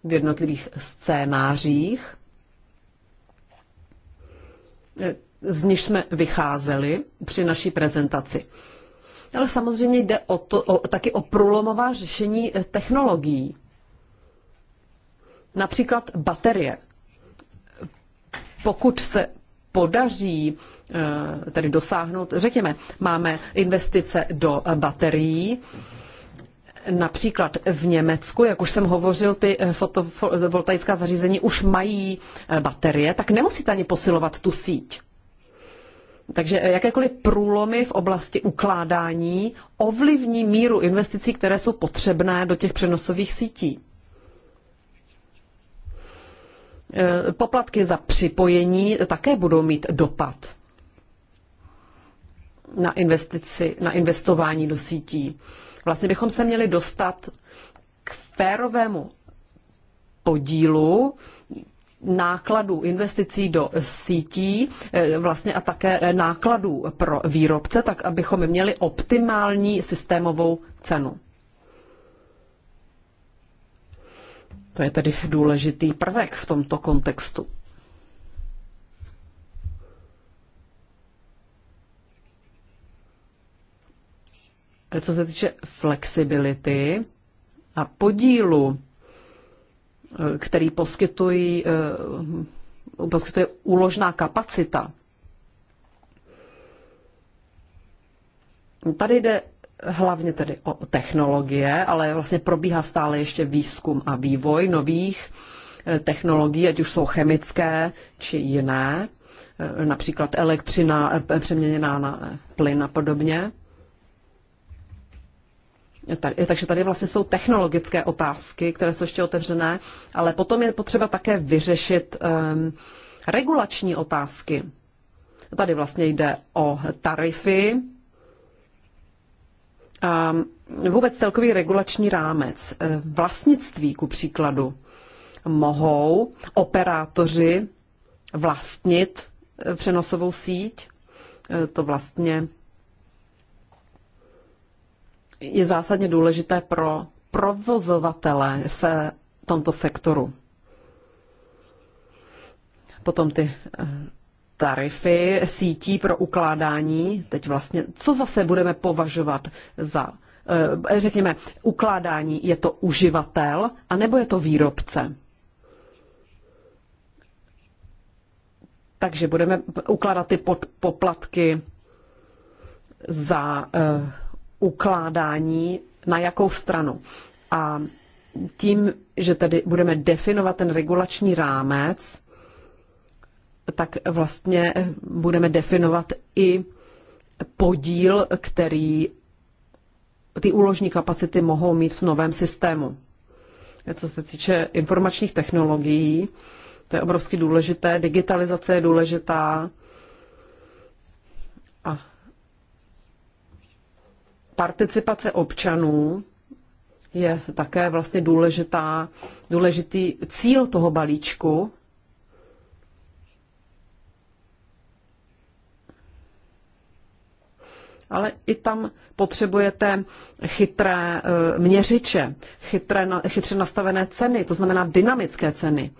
v jednotlivých scénářích, eh, z nich jsme vycházeli při naší prezentaci. Ale samozřejmě jde o to, o, taky o průlomová řešení eh, technologií. Například baterie. Pokud se podaří eh, tedy dosáhnout, řekněme, máme investice do baterií, Například v Německu, jak už jsem hovořil, ty eh, fotovoltaická zařízení už mají eh, baterie, tak nemusíte ani posilovat tu síť. Takže jakékoliv průlomy v oblasti ukládání ovlivní míru investicí, které jsou potřebné do těch přenosových sítí. Eh, poplatky za připojení také budou mít dopad na investici, na investování do sítí. Vlastně bychom se měli dostat k férovému podílu nákladů investicí do sítí eh, vlastně a také nákladů pro výrobce, tak abychom měli optimální systémovou cenu. To je tedy důležitý prvek v tomto kontextu. Co se týče flexibility a podílu, který poskytují, eh, poskytuje úložná kapacita, Tady jde hlavně tedy o technologie, ale vlastně probíhá stále ještě výzkum a vývoj nových eh, technologií, ať už jsou chemické či jiné, eh, například elektřina eh, přeměněná na plyn a podobně. Takže tady vlastně jsou technologické otázky, které jsou ještě otevřené, ale potom je potřeba také vyřešit um, regulační otázky. Tady vlastně jde o tarify, a vůbec celkový regulační rámec. E, vlastnictví, ku příkladu, mohou operátoři vlastnit e, přenosovou síť. E, to vlastně je zásadně důležité pro provozovatele v tomto sektoru. Potom ty tarify sítí pro ukládání, teď vlastně, co zase budeme považovat za, eh, řekněme, ukládání, je to uživatel, anebo je to výrobce? Takže budeme ukládat ty pod, poplatky za uh, ukládání na jakou stranu. A tím, že tedy budeme definovat ten regulační rámec, tak vlastně budeme definovat i podíl, který ty úložní kapacity mohou mít v novém systému. Co se týče informačních technologií, to je obrovsky důležité, digitalizace je důležitá a participace občanů je také vlastně důležitá, důležitý cíl toho balíčku, ale i tam potřebujete chytré eh, měřiče, chytré, chytře nastavené ceny, to znamená dynamické ceny.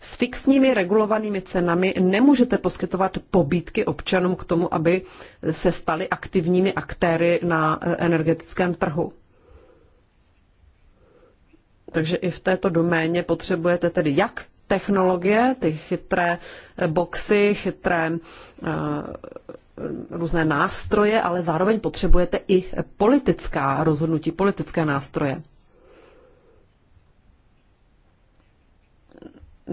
S fixními regulovanými cenami nemůžete poskytovat pobídky občanům k tomu, aby se stali aktivními aktéry na eh, energetickém trhu. Takže i v této doméně potřebujete tedy jak technologie, ty chytré eh, boxy, chytré různé nástroje, ale zároveň potřebujete i politická rozhodnutí, politické nástroje.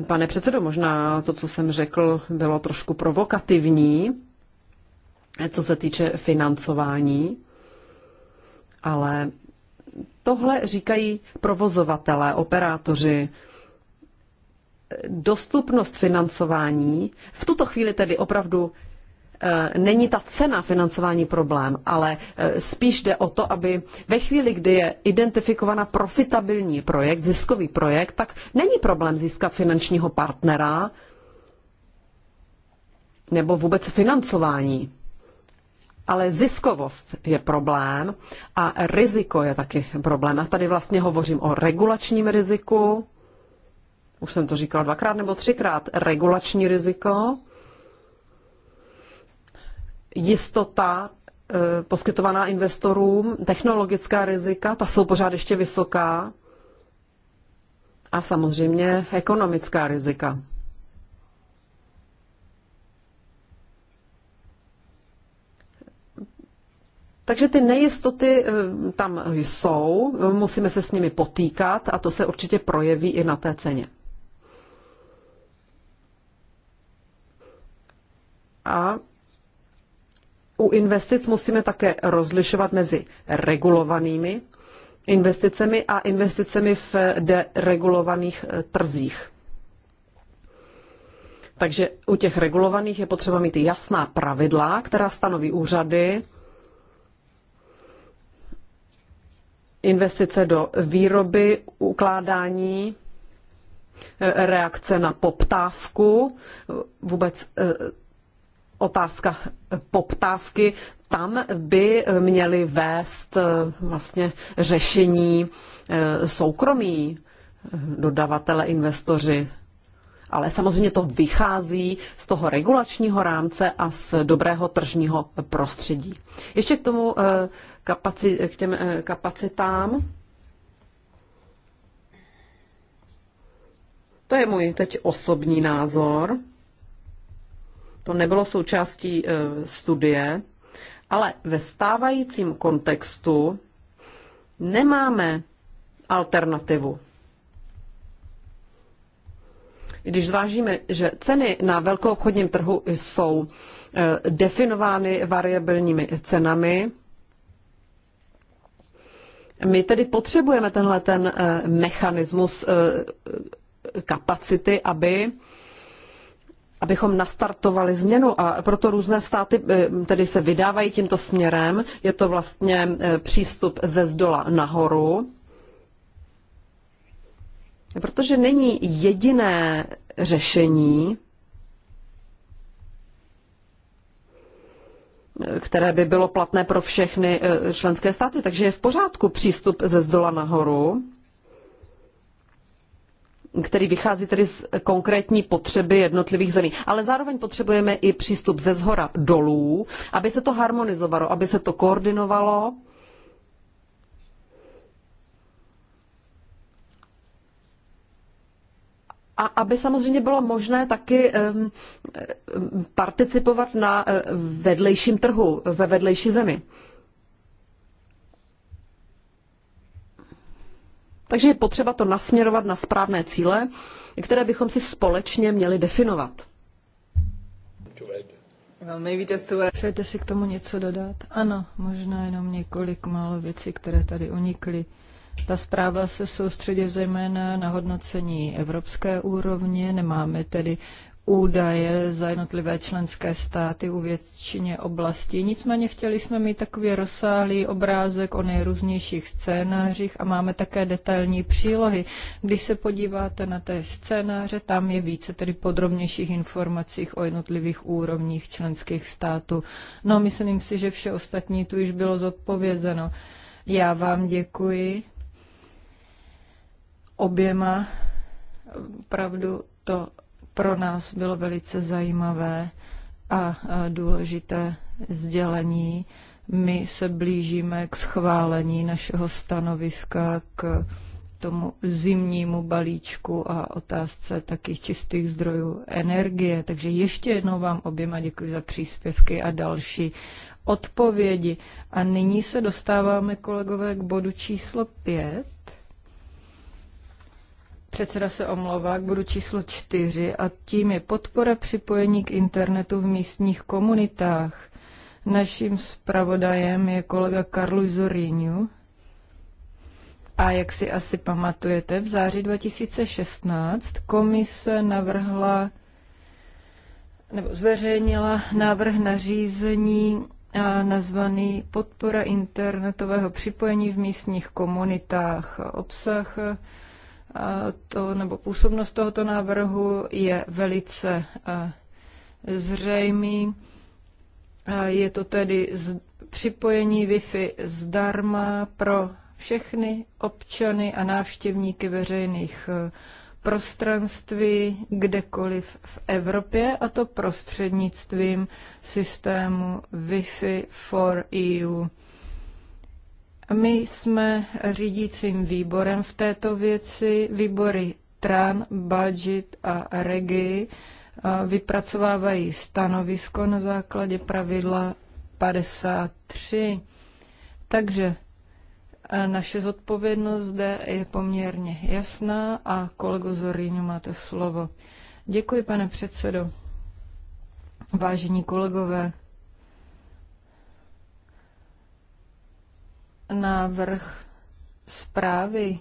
Pane předsedo, možná to, co jsem řekl, bylo trošku provokativní, co se týče financování, ale tohle říkají provozovatelé, operátoři. Dostupnost financování v tuto chvíli tedy opravdu Eh, není ta cena financování problém, ale eh, spíš jde o to, aby ve chvíli, kdy je identifikovaná profitabilní projekt, ziskový projekt, tak není problém získat finančního partnera nebo vůbec financování. Ale ziskovost je problém a riziko je taky problém. A tady vlastně hovořím o regulačním riziku, už jsem to říkala dvakrát nebo třikrát, regulační riziko, jistota eh, poskytovaná investorům, technologická rizika, ta jsou pořád ještě vysoká a samozřejmě ekonomická rizika. Takže ty nejistoty eh, tam jsou, musíme se s nimi potýkat a to se určitě projeví i na té ceně. A u investic musíme také rozlišovat mezi regulovanými investicemi a investicemi v deregulovaných eh, trzích. Takže u těch regulovaných je potřeba mít jasná pravidla, která stanoví úřady, investice do výroby, ukládání, eh, reakce na poptávku, eh, vůbec otázka poptávky, tam by měly vést eh, vlastně řešení eh, soukromí eh, dodavatele, investoři. Ale samozřejmě to vychází z toho regulačního rámce a z dobrého tržního prostředí. Ještě k tomu kapaci, k těm kapacitám. To je můj teď osobní názor. To nebylo součástí e, studie, ale ve stávajícím kontextu nemáme alternativu. Když zvážíme, že ceny na obchodním trhu jsou e, definovány variabilními cenami, my tedy potřebujeme tenhle ten e, mechanismus kapacity, aby abychom nastartovali změnu a proto různé státy eh, tedy se vydávají tímto směrem. Je to vlastně eh, přístup ze zdola nahoru, protože není jediné řešení, eh, které by bylo platné pro všechny členské státy. Takže je v pořádku přístup ze zdola nahoru který vychází tedy z konkrétní potřeby jednotlivých zemí. Ale zároveň potřebujeme i přístup ze zhora dolů, aby se to harmonizovalo, aby se to koordinovalo. A aby samozřejmě bylo možné taky participovat na eh, vedlejším trhu ve vedlejší zemi. Takže je potřeba to nasměrovat na správné cíle, které bychom si společně měli definovat. Přejete si k tomu něco dodat? Ano, možná jenom několik málo věcí, které tady unikly. Ta zpráva se soustředí zejména na hodnocení evropské úrovně, nemáme tedy údaje za jednotlivé členské státy u většině oblastí. Nicméně chtěli jsme mít takový rozsáhlý obrázek o nejrůznějších scénářích a máme také detailní přílohy. Když se podíváte na té scénáře, tam je více tedy podrobnějších informací o jednotlivých úrovních členských států. No, myslím si, že vše ostatní tu již bylo zodpovězeno. Já vám děkuji oběma. Pravdu to pro nás bylo velice zajímavé a důležité sdělení. My se blížíme k schválení našeho stanoviska k tomu zimnímu balíčku a otázce takých čistých zdrojů energie. Takže ještě jednou vám oběma děkuji za příspěvky a další odpovědi. A nyní se dostáváme, kolegové, k bodu číslo pět. Předseda se omlouvá k bodu číslo čtyři a tím je podpora připojení k internetu v místních komunitách. Naším zpravodajem je kolega Karlu Zoríňu. A jak si asi pamatujete, v září 2016 komise navrhla nebo zveřejnila návrh nařízení nazvaný Podpora internetového připojení v místních komunitách. Obsah to, nebo působnost tohoto návrhu je velice zřejmý. Je to tedy připojení Wi-Fi zdarma pro všechny občany a návštěvníky veřejných e, prostranství kdekoliv v Evropě, a to prostřednictvím systému Wi-Fi for EU. My jsme řídícím výborem v této věci. Výbory TRAN, Budget a REGI vypracovávají stanovisko na základě pravidla 53. Takže naše zodpovědnost zde je poměrně jasná a kolego Zorýňu máte slovo. Děkuji, pane předsedo. Vážení kolegové, návrh zprávy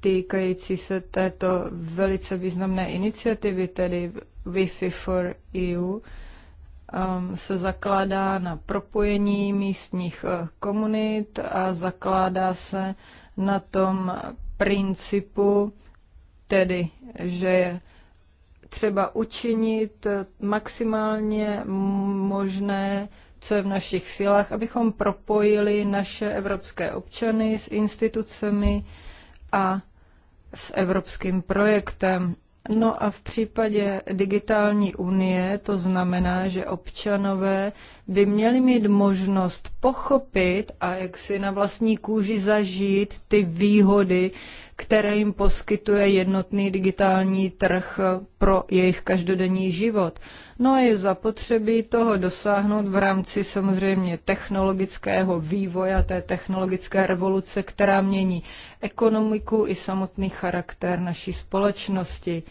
týkající se této velice významné iniciativy, tedy Wi-Fi for EU, um, se zakládá na propojení místních eh, komunit a zakládá se na tom principu, tedy, že je třeba učinit maximálně možné co je v našich silách, abychom propojili naše evropské občany s institucemi a s evropským projektem. No a v případě digitální unie to znamená, že občanové by měli mít možnost pochopit a jak si na vlastní kůži zažít ty výhody které jim poskytuje jednotný digitální trh pro jejich každodenní život. No a je zapotřebí toho dosáhnout v rámci samozřejmě technologického vývoje, té technologické revoluce, která mění ekonomiku i samotný charakter naší společnosti.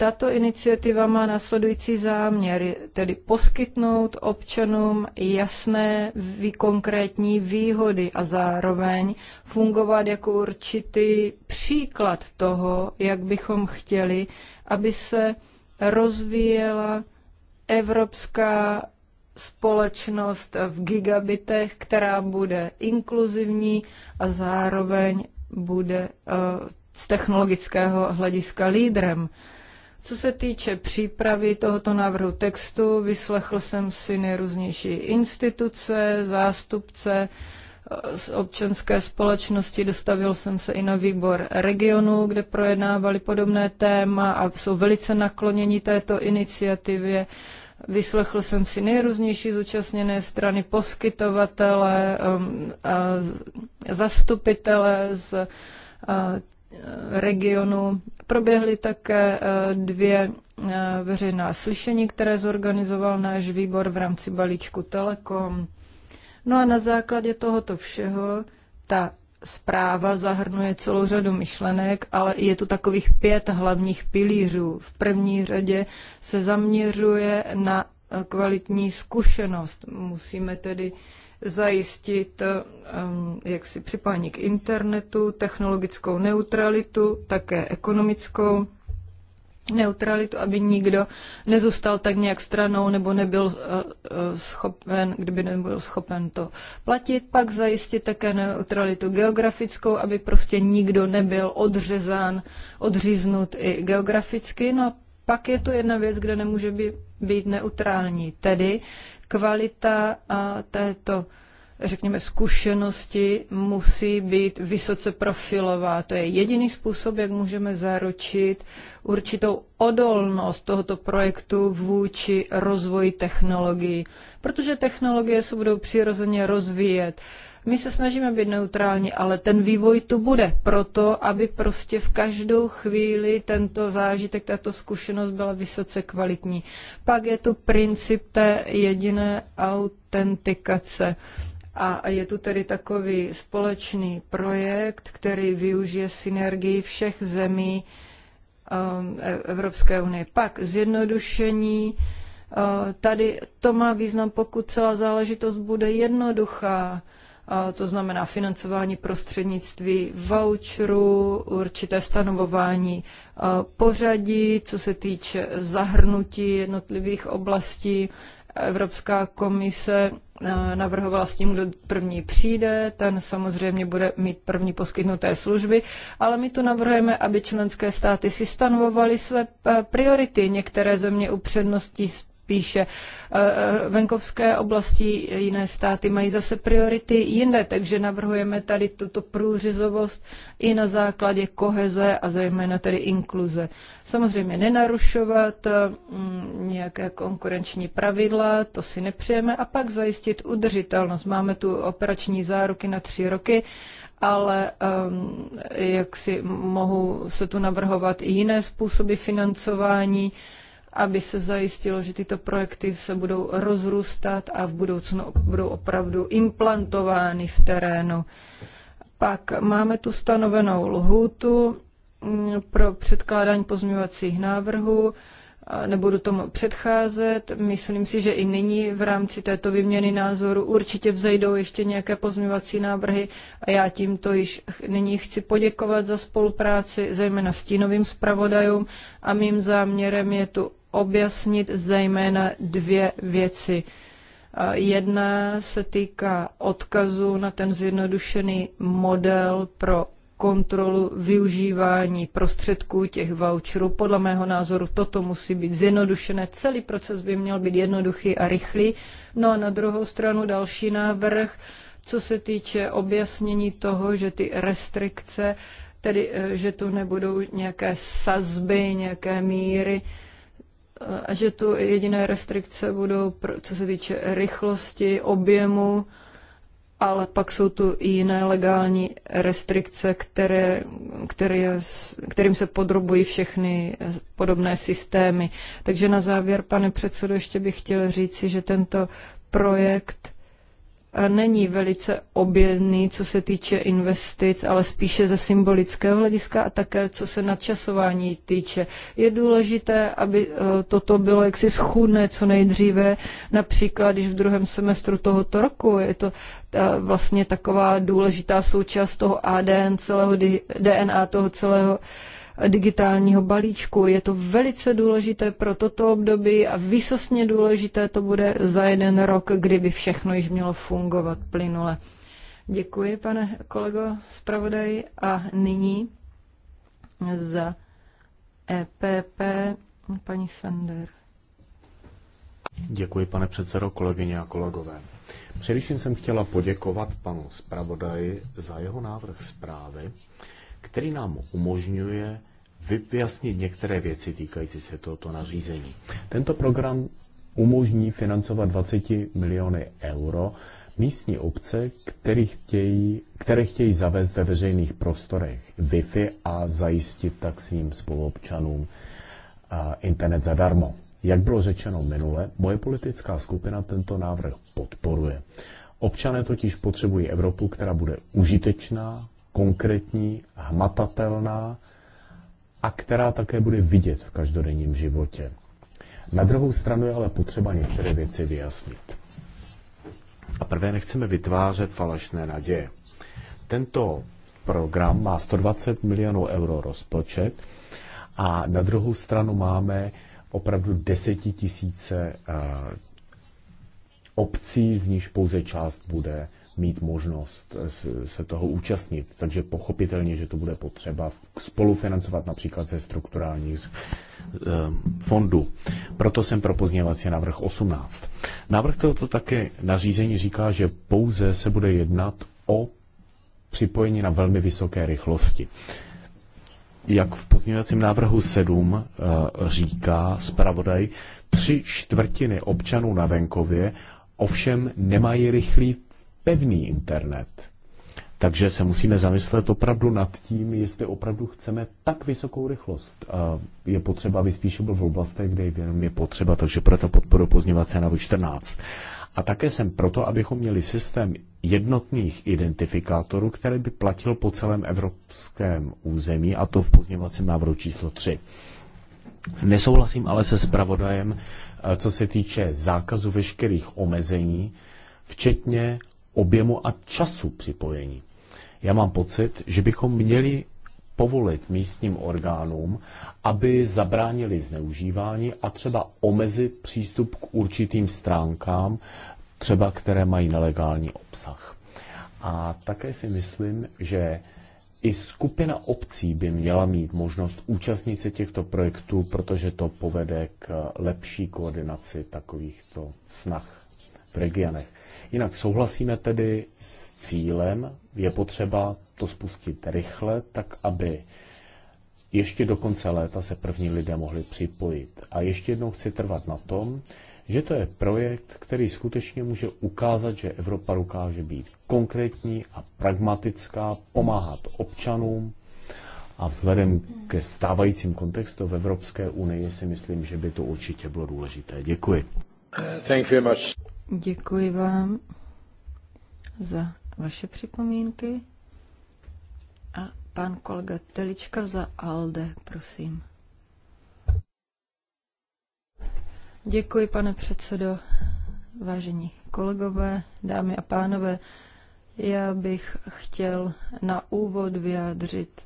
Tato iniciativa má následující záměr, tedy poskytnout občanům jasné, konkrétní výhody a zároveň fungovat jako určitý příklad toho, jak bychom chtěli, aby se rozvíjela evropská společnost v gigabitech, která bude inkluzivní a zároveň bude eh, z technologického hlediska lídrem. Co se týče přípravy tohoto návrhu textu, vyslechl jsem si nejrůznější instituce, zástupce eh, z občanské společnosti, dostavil jsem se i na výbor regionu, kde projednávali podobné téma a jsou velice nakloněni této iniciativě. Vyslechl jsem si nejrůznější zúčastněné strany, poskytovatele, um, zastupitele z eh, regionu Proběhly také eh, dvě eh, veřejná slyšení, které zorganizoval náš výbor v rámci balíčku Telekom. No a na základě tohoto všeho ta zpráva zahrnuje celou řadu myšlenek, ale je tu takových pět hlavních pilířů. V první řadě se zaměřuje na eh, kvalitní zkušenost. Musíme tedy uh, zajistit um, jaksi připání k internetu, technologickou neutralitu, také ekonomickou neutralitu, aby nikdo nezůstal tak nějak stranou nebo nebyl uh, uh, schopen, kdyby nebyl schopen to platit. Pak zajistit také neutralitu geografickou, aby prostě nikdo nebyl odřezán, odříznut i geograficky. No a pak je tu jedna věc, kde nemůže být, být neutrální, tedy kvalita a této řekněme, zkušenosti musí být vysoce profilová. To je jediný způsob, jak můžeme zaručit určitou odolnost tohoto projektu vůči rozvoji technologií, protože technologie se budou přirozeně rozvíjet. My se snažíme být neutrální, ale ten vývoj tu bude proto, aby prostě v každou chvíli tento zážitek, tato zkušenost byla vysoce kvalitní. Pak je tu princip té jediné autentikace. A je tu tedy takový společný projekt, který využije synergii všech zemí um, e- Evropské unie. Pak zjednodušení. Uh, tady to má význam, pokud celá záležitost bude jednoduchá to znamená financování prostřednictví voucherů, určité stanovování e, pořadí, co se týče zahrnutí jednotlivých oblastí. Evropská komise e, navrhovala s tím, kdo první přijde, ten samozřejmě bude mít první poskytnuté služby, ale my tu navrhujeme, aby členské státy si stanovovaly své e, priority. Některé země upřednostní píše. Eh, eh, venkovské oblasti eh, jiné státy mají zase priority jinde, takže navrhujeme tady tuto průřizovost i na základě koheze a zejména tedy inkluze. Samozřejmě nenarušovat mm, nějaké konkurenční pravidla, to si nepřejeme, a pak zajistit udržitelnost. Máme tu operační záruky na tři roky, ale um, jak si mohou se tu navrhovat i jiné způsoby financování, aby se zajistilo, že tyto projekty se budou rozrůstat a v budoucnu budou opravdu implantovány v terénu. Pak máme tu stanovenou lhůtu mm, pro předkládání pozměňovacích návrhů. Nebudu tomu předcházet. Myslím si, že i nyní v rámci této výměny názoru určitě vzejdou ještě nějaké pozměňovací návrhy a já tímto již nyní chci poděkovat za spolupráci, zejména stínovým zpravodajům a mým záměrem je tu objasnit zejména dvě věci. Jedna se týká odkazu na ten zjednodušený model pro kontrolu využívání prostředků těch voucherů. Podle mého názoru toto musí být zjednodušené. Celý proces by měl být jednoduchý a rychlý. No a na druhou stranu další návrh, co se týče objasnění toho, že ty restrikce, tedy eh, že to nebudou nějaké sazby, nějaké míry, a že tu jediné restrikce budou, pro, co se týče rychlosti, objemu, ale pak jsou tu i jiné legální restrikce, které, které, kterým se podrobují všechny podobné systémy. Takže na závěr, pane předsedo, ještě bych chtěl říci, že tento projekt není velice obilný, co se týče investic, ale spíše ze symbolického hlediska a také co se nadčasování týče. Je důležité, aby eh, toto bylo jaksi schůdné co nejdříve, například když v druhém semestru tohoto roku. Je to eh, vlastně taková důležitá součást toho ADN, celého DNA toho celého digitálního balíčku. Je to velice důležité pro toto období a výsostně důležité to bude za jeden rok, kdyby všechno již mělo fungovat plynule. Děkuji, pane kolego zpravodaj. A nyní za EPP paní Sander. Děkuji, pane předsedo, kolegyně a kolegové. Především jsem chtěla poděkovat panu zpravodaji za jeho návrh zprávy, který nám umožňuje vyjasnit některé věci týkající se tohoto nařízení. Tento program umožní financovat 20 miliony euro místní obce, které chtějí, které chtějí zavést ve veřejných prostorech Wi-Fi a zajistit tak svým spoluobčanům internet zadarmo. Jak bylo řečeno minule, moje politická skupina tento návrh podporuje. Občané totiž potřebují Evropu, která bude užitečná, konkrétní, hmatatelná a která také bude vidět v každodenním životě. Na druhou stranu je ale potřeba některé věci vyjasnit. A prvé nechceme vytvářet falešné naděje. Tento program má 120 milionů euro rozpočet a na druhou stranu máme opravdu desetitisíce eh, obcí, z níž pouze část bude mít možnost eh, se toho účastnit. Takže pochopitelně, že to bude potřeba spolufinancovat například ze strukturálních eh, fondů. Proto jsem pro pozněvací návrh 18. Návrh tohoto také nařízení říká, že pouze se bude jednat o připojení na velmi vysoké rychlosti. Jak v pozměňovacím návrhu 7 eh, říká zpravodaj, tři čtvrtiny občanů na venkově ovšem nemají rychlý pevný internet. Takže se musíme zamyslet opravdu nad tím, jestli opravdu chceme tak vysokou rychlost. Je potřeba, aby spíše byl v oblastech, kde jenom je potřeba, takže proto podporu pozněvací na 14. A také jsem proto, abychom měli systém jednotných identifikátorů, který by platil po celém evropském území, a to v pozněvacím návrhu číslo 3. Nesouhlasím ale se spravodajem, eh, co se týče zákazu veškerých omezení, včetně objemu a času připojení. Já mám pocit, že bychom měli povolit místním orgánům, aby zabránili zneužívání a třeba omezit přístup k určitým stránkám, třeba které mají nelegální obsah. A také si myslím, že i skupina obcí by měla mít možnost účastnit se těchto projektů, protože to povede k lepší koordinaci takovýchto snah v regionech. Jinak souhlasíme tedy s cílem, je potřeba to spustit rychle, tak aby ještě do konce léta se první lidé mohli připojit. A ještě jednou chci trvat na tom, že to je projekt, který skutečně může ukázat, že Evropa dokáže být konkrétní a pragmatická, pomáhat občanům a vzhledem ke stávajícím kontextu v Evropské unii si myslím, že by to určitě bylo důležité. Děkuji. Thank you very much. Děkuji vám za vaše připomínky. A pan kolega Telička za ALDE, prosím. Děkuji, pane předsedo, vážení kolegové, dámy a pánové. Já bych chtěl na úvod vyjádřit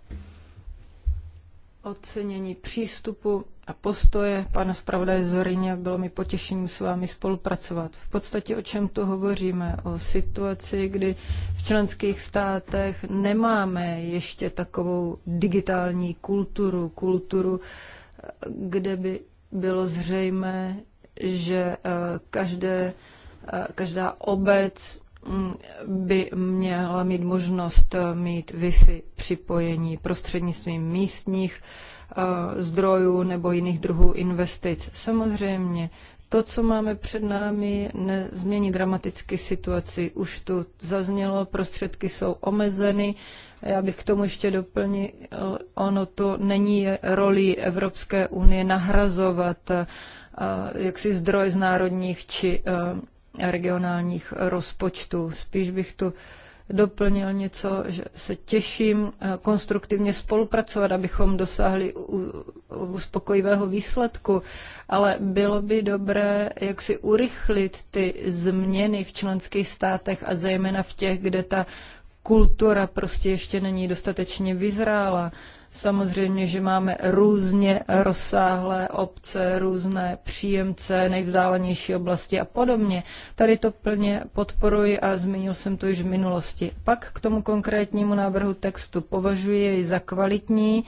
ocenění přístupu a postoje pana zpravodaje Zorině. Bylo mi potěšením s vámi spolupracovat. V podstatě o čem tu hovoříme? O situaci, kdy v členských státech nemáme ještě takovou digitální kulturu, kulturu, kde by bylo zřejmé, že eh, každé, eh, každá obec Mm, by měla mít možnost eh, mít Wi-Fi připojení prostřednictvím místních eh, zdrojů nebo jiných druhů investic. Samozřejmě to, co máme před námi, nezmění dramaticky situaci. Už tu zaznělo, prostředky jsou omezeny. Já bych k tomu ještě doplnil, ono to není roli Evropské unie nahrazovat eh, jaksi zdroj z národních či regionálních rozpočtů. Spíš bych tu doplnil něco, že se těším eh, konstruktivně spolupracovat, abychom dosáhli uspokojivého výsledku, ale bylo by dobré, jak si urychlit ty změny v členských státech a zejména v těch, kde ta kultura prostě ještě není dostatečně vyzrála. Samozřejmě, že máme různě rozsáhlé obce, různé příjemce, nejvzdálenější oblasti a podobně. Tady to plně podporuji a zmínil jsem to již v minulosti. Pak k tomu konkrétnímu návrhu textu považuji jej za kvalitní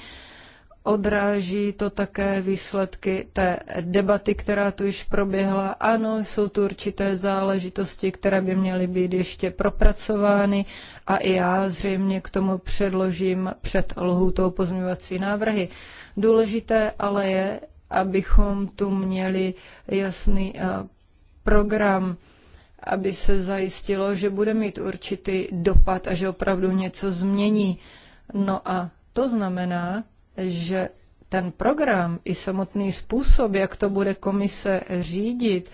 odráží to také výsledky té debaty, která tu již proběhla. Ano, jsou tu určité záležitosti, které by měly být ještě propracovány a i já zřejmě k tomu předložím před lhůtou pozměňovací návrhy. Důležité ale je, abychom tu měli jasný eh, program, aby se zajistilo, že bude mít určitý dopad a že opravdu něco změní. No a to znamená, že ten program i samotný způsob, jak to bude komise řídit,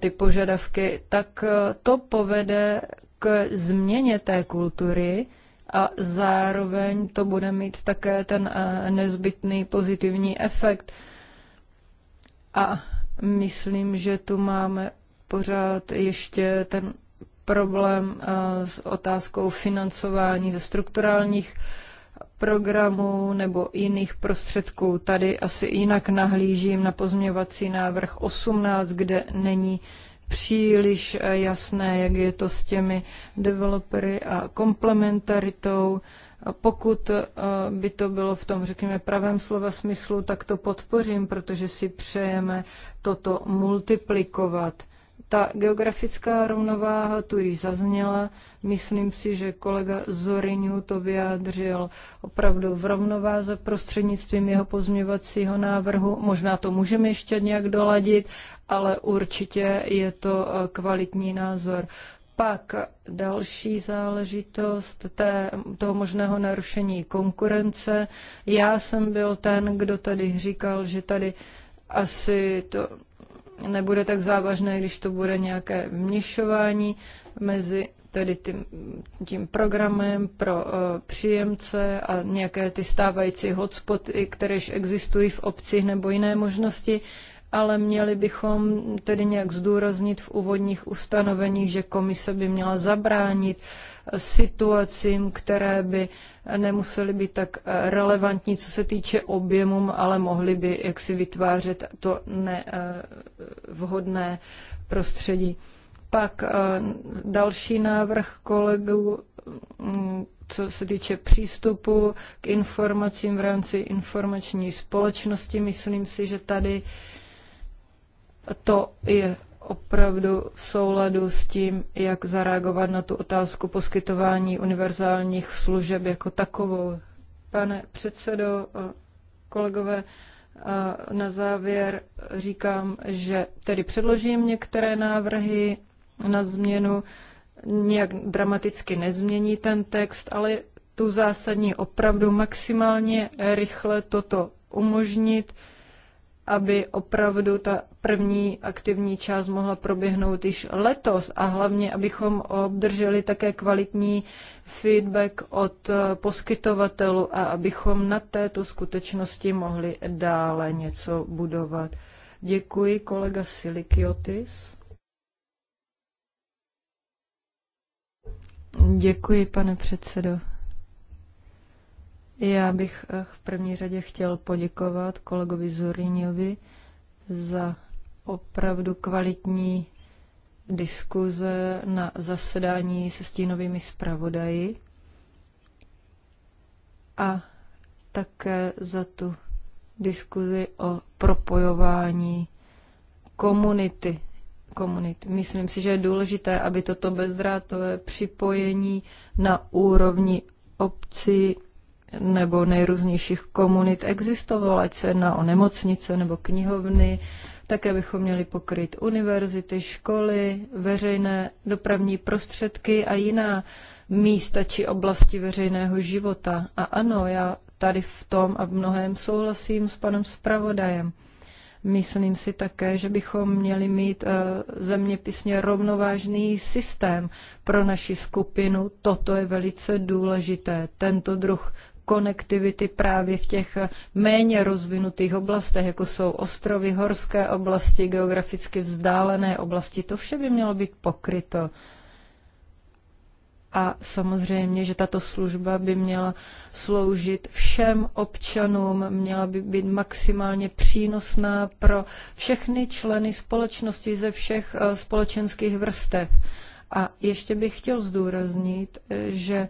ty požadavky, tak eh, to povede k změně té kultury a zároveň to bude mít také ten eh, nezbytný pozitivní efekt. A myslím, že tu máme pořád ještě ten problém eh, s otázkou financování ze strukturálních programů nebo jiných prostředků. Tady asi jinak nahlížím na pozměvací návrh 18, kde není příliš eh, jasné, jak je to s těmi developery a komplementaritou. A pokud eh, by to bylo v tom, řekněme, pravém slova smyslu, tak to podpořím, protože si přejeme toto multiplikovat – ta geografická rovnováha tu již zazněla. Myslím si, že kolega Zoriňu to vyjádřil opravdu v rovnováze prostřednictvím jeho pozměvacího návrhu. Možná to můžeme ještě nějak doladit, ale určitě je to eh, kvalitní názor. Pak další záležitost té, toho možného narušení konkurence. Já jsem byl ten, kdo tady říkal, že tady asi to nebude tak závažné, když to bude nějaké vměšování mezi tedy tím, tím programem pro uh, příjemce a nějaké ty stávající hotspoty, kteréž existují v obcích nebo jiné možnosti, ale měli bychom tedy nějak zdůraznit v úvodních ustanoveních, že komise by měla zabránit situacím, které by uh, nemuseli by tak eh, relevantní, co se týče objemu, ale mohli by jaksi vytvářet to nevhodné eh, prostředí. Pak eh, další návrh kolegů, mm, co se týče přístupu k informacím v rámci informační společnosti, myslím si, že tady to je opravdu v souladu s tím, jak zareagovat na tu otázku poskytování univerzálních služeb jako takovou. Pane předsedo, kolegové, na závěr říkám, že tedy předložím některé návrhy na změnu, nijak dramaticky nezmění ten text, ale tu zásadní opravdu maximálně rychle toto umožnit, aby opravdu ta první aktivní část mohla proběhnout již letos a hlavně, abychom obdrželi také kvalitní feedback od eh, poskytovatelů a abychom na této skutečnosti mohli dále něco budovat. Děkuji, kolega Silikiotis. Děkuji, pane předsedo. Já bych eh, v první řadě chtěl poděkovat kolegovi Zoriňovi za opravdu kvalitní diskuze na zasedání se stínovými zpravodaji a také za tu diskuzi o propojování komunity. Komunit. Myslím si, že je důležité, aby toto bezdrátové připojení na úrovni obcí nebo nejrůznějších komunit existovalo, ať se jedná o nemocnice nebo knihovny, také bychom měli pokryt univerzity, školy, veřejné dopravní prostředky a jiná místa či oblasti veřejného života. A ano, já tady v tom a v mnohem souhlasím s panem zpravodajem. Myslím si také, že bychom měli mít eh, zeměpisně rovnovážný systém pro naši skupinu. Toto je velice důležité. Tento druh konektivity právě v těch méně rozvinutých oblastech, jako jsou ostrovy, horské oblasti, geograficky vzdálené oblasti. To vše by mělo být pokryto. A samozřejmě, že tato služba by měla sloužit všem občanům, měla by být maximálně přínosná pro všechny členy společnosti ze všech eh, společenských vrstev. A ještě bych chtěl zdůraznit, eh, že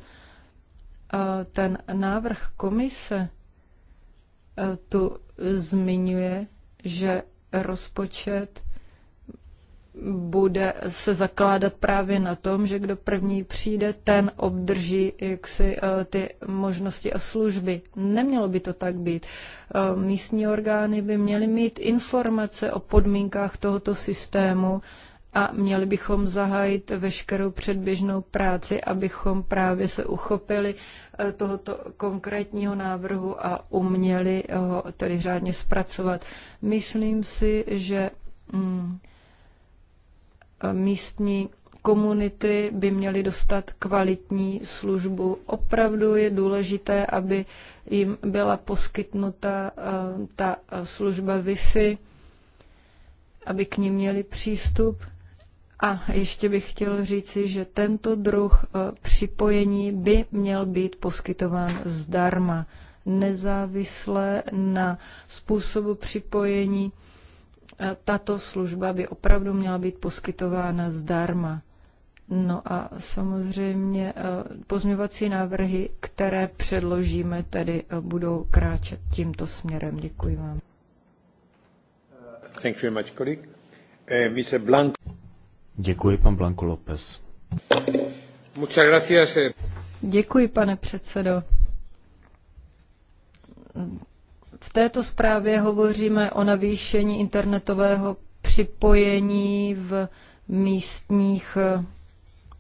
ten návrh komise e, tu zmiňuje, že rozpočet bude se zakládat právě na tom, že kdo první přijde, ten obdrží jaksi e, ty možnosti a služby. Nemělo by to tak být. E, místní orgány by měly mít informace o podmínkách tohoto systému a měli bychom zahájit veškerou předběžnou práci, abychom právě se uchopili eh, tohoto konkrétního návrhu a uměli ho tedy řádně zpracovat. Myslím si, že mm, místní komunity by měly dostat kvalitní službu. Opravdu je důležité, aby jim byla poskytnuta eh, ta služba Wi-Fi, aby k ní měli přístup. A ještě bych chtěl říci, že tento druh e, připojení by měl být poskytován zdarma, nezávisle na způsobu připojení. E, tato služba by opravdu měla být poskytována zdarma. No a samozřejmě e, pozměvací návrhy, které předložíme, tedy budou kráčet tímto směrem. Děkuji vám. Thank you very much, colleague. Uh, Mr. Blanco. Děkuji, pan Blanco López. Eh. Děkuji, pane předsedo. V této zprávě hovoříme o navýšení internetového připojení v místních eh,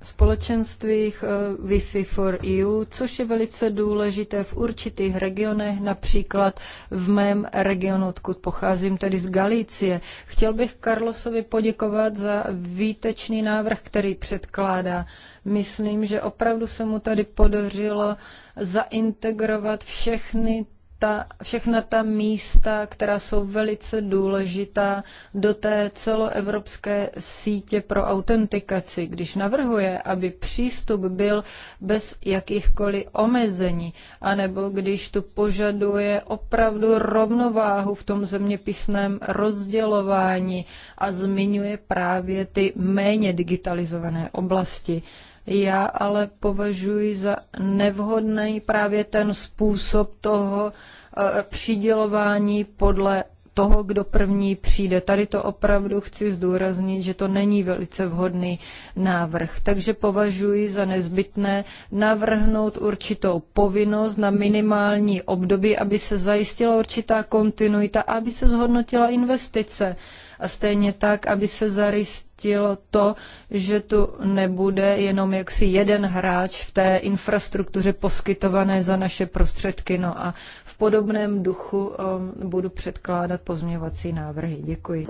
společenstvích eh, Wi-Fi for EU, což je velice důležité v určitých regionech, například v mém regionu, odkud pocházím, tedy z Galicie. Chtěl bych Karlosovi poděkovat za výtečný návrh, který předkládá. Myslím, že opravdu se mu tady podařilo zaintegrovat všechny ta, všechna ta místa, která jsou velice důležitá do té celoevropské sítě pro autentikaci, když navrhuje, aby přístup byl bez jakýchkoliv omezení, anebo když tu požaduje opravdu rovnováhu v tom zeměpisném rozdělování a zmiňuje právě ty méně digitalizované oblasti. Já ale považuji za nevhodný právě ten způsob toho eh, přidělování podle toho, kdo první přijde. Tady to opravdu chci zdůraznit, že to není velice vhodný návrh. Takže považuji za nezbytné navrhnout určitou povinnost na minimální období, aby se zajistila určitá kontinuita, aby se zhodnotila investice. A stejně tak, aby se zaristilo to, že tu nebude jenom jaksi jeden hráč v té infrastruktuře poskytované za naše prostředky. No a v podobném duchu um, budu předkládat pozměvací návrhy. Děkuji.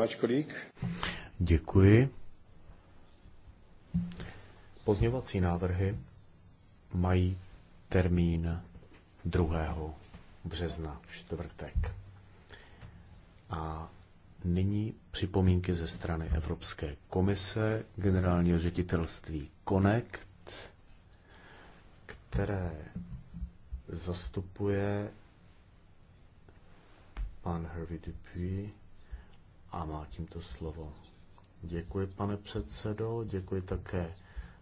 Děkuji. Pozměvací návrhy mají termín 2. března, čtvrtek. A Nyní připomínky ze strany Evropské komise, generálního ředitelství Connect, které zastupuje pan Hervé Dupuy a má tímto slovo. Děkuji, pane předsedo, děkuji také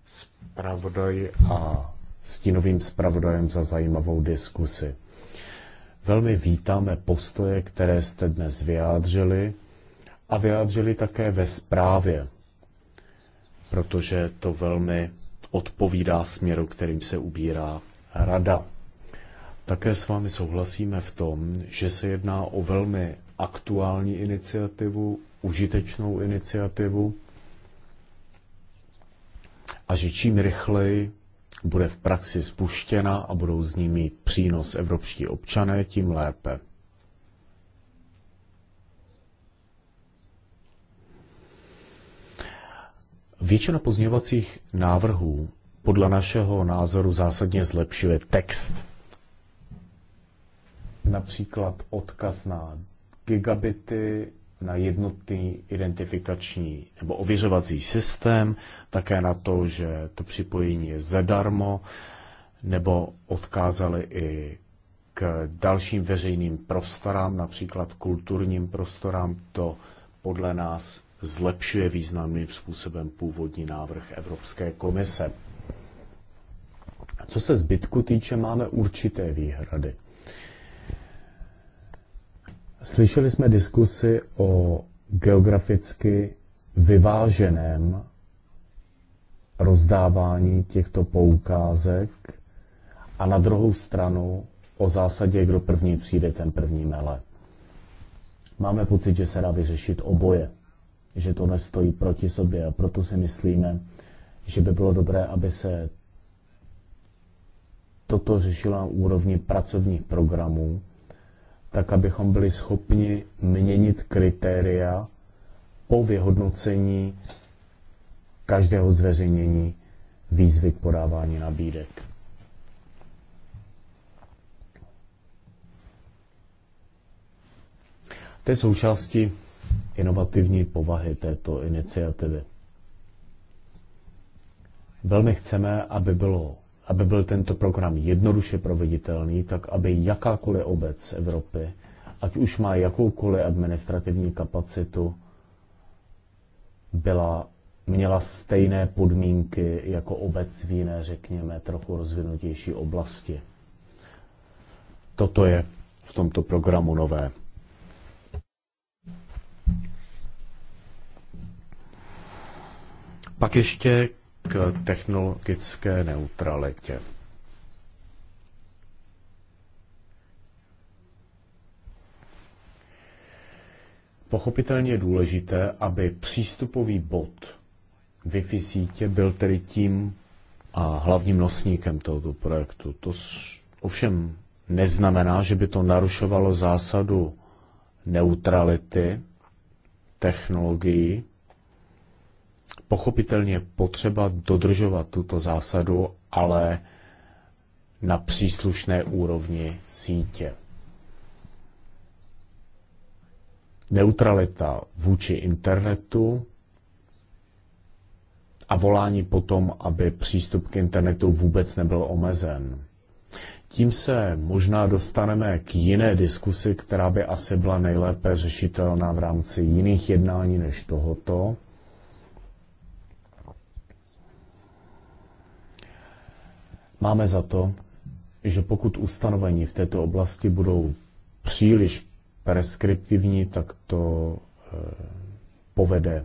zpravodaji a stínovým zpravodajem za zajímavou diskusi. Velmi vítáme postoje, které jste dnes vyjádřili a vyjádřili také ve zprávě, protože to velmi odpovídá směru, kterým se ubírá rada. Také s vámi souhlasíme v tom, že se jedná o velmi aktuální iniciativu, užitečnou iniciativu a že čím rychleji bude v praxi spuštěna a budou z ní mít přínos evropští občané, tím lépe. Většina pozměňovacích návrhů podle našeho názoru zásadně zlepšuje text. Například odkaz na gigabity, na jednotný identifikační nebo ověřovací systém, také na to, že to připojení je zadarmo, nebo odkázali i k dalším veřejným prostorám, například kulturním prostorám. To podle nás zlepšuje významným způsobem původní návrh Evropské komise. Co se zbytku týče, máme určité výhrady. Slyšeli jsme diskusy o geograficky vyváženém rozdávání těchto poukázek a na druhou stranu o zásadě, kdo první přijde, ten první mele. Máme pocit, že se dá vyřešit oboje že to nestojí proti sobě a proto si myslíme, že by bylo dobré, aby se toto řešilo na úrovni pracovních programů, tak abychom byli schopni měnit kritéria po vyhodnocení každého zveřejnění výzvy k podávání nabídek. To je součástí inovativní povahy této iniciativy. Velmi chceme, aby, bylo, aby byl tento program jednoduše proveditelný, tak aby jakákoliv obec Evropy, ať už má jakoukoliv administrativní kapacitu, byla, měla stejné podmínky jako obec v jiné, řekněme, trochu rozvinutější oblasti. Toto je v tomto programu nové. Pak ještě k technologické neutralitě. Pochopitelně je důležité, aby přístupový bod Wi-Fi sítě byl tedy tím a hlavním nosníkem tohoto projektu. To ovšem neznamená, že by to narušovalo zásadu neutrality technologií, pochopitelně potřeba dodržovat tuto zásadu, ale na příslušné úrovni sítě. Neutralita vůči internetu a volání potom, aby přístup k internetu vůbec nebyl omezen. Tím se možná dostaneme k jiné diskusi, která by asi byla nejlépe řešitelná v rámci jiných jednání než tohoto. Máme za to, že pokud ustanovení v této oblasti budou příliš preskriptivní, tak to eh, povede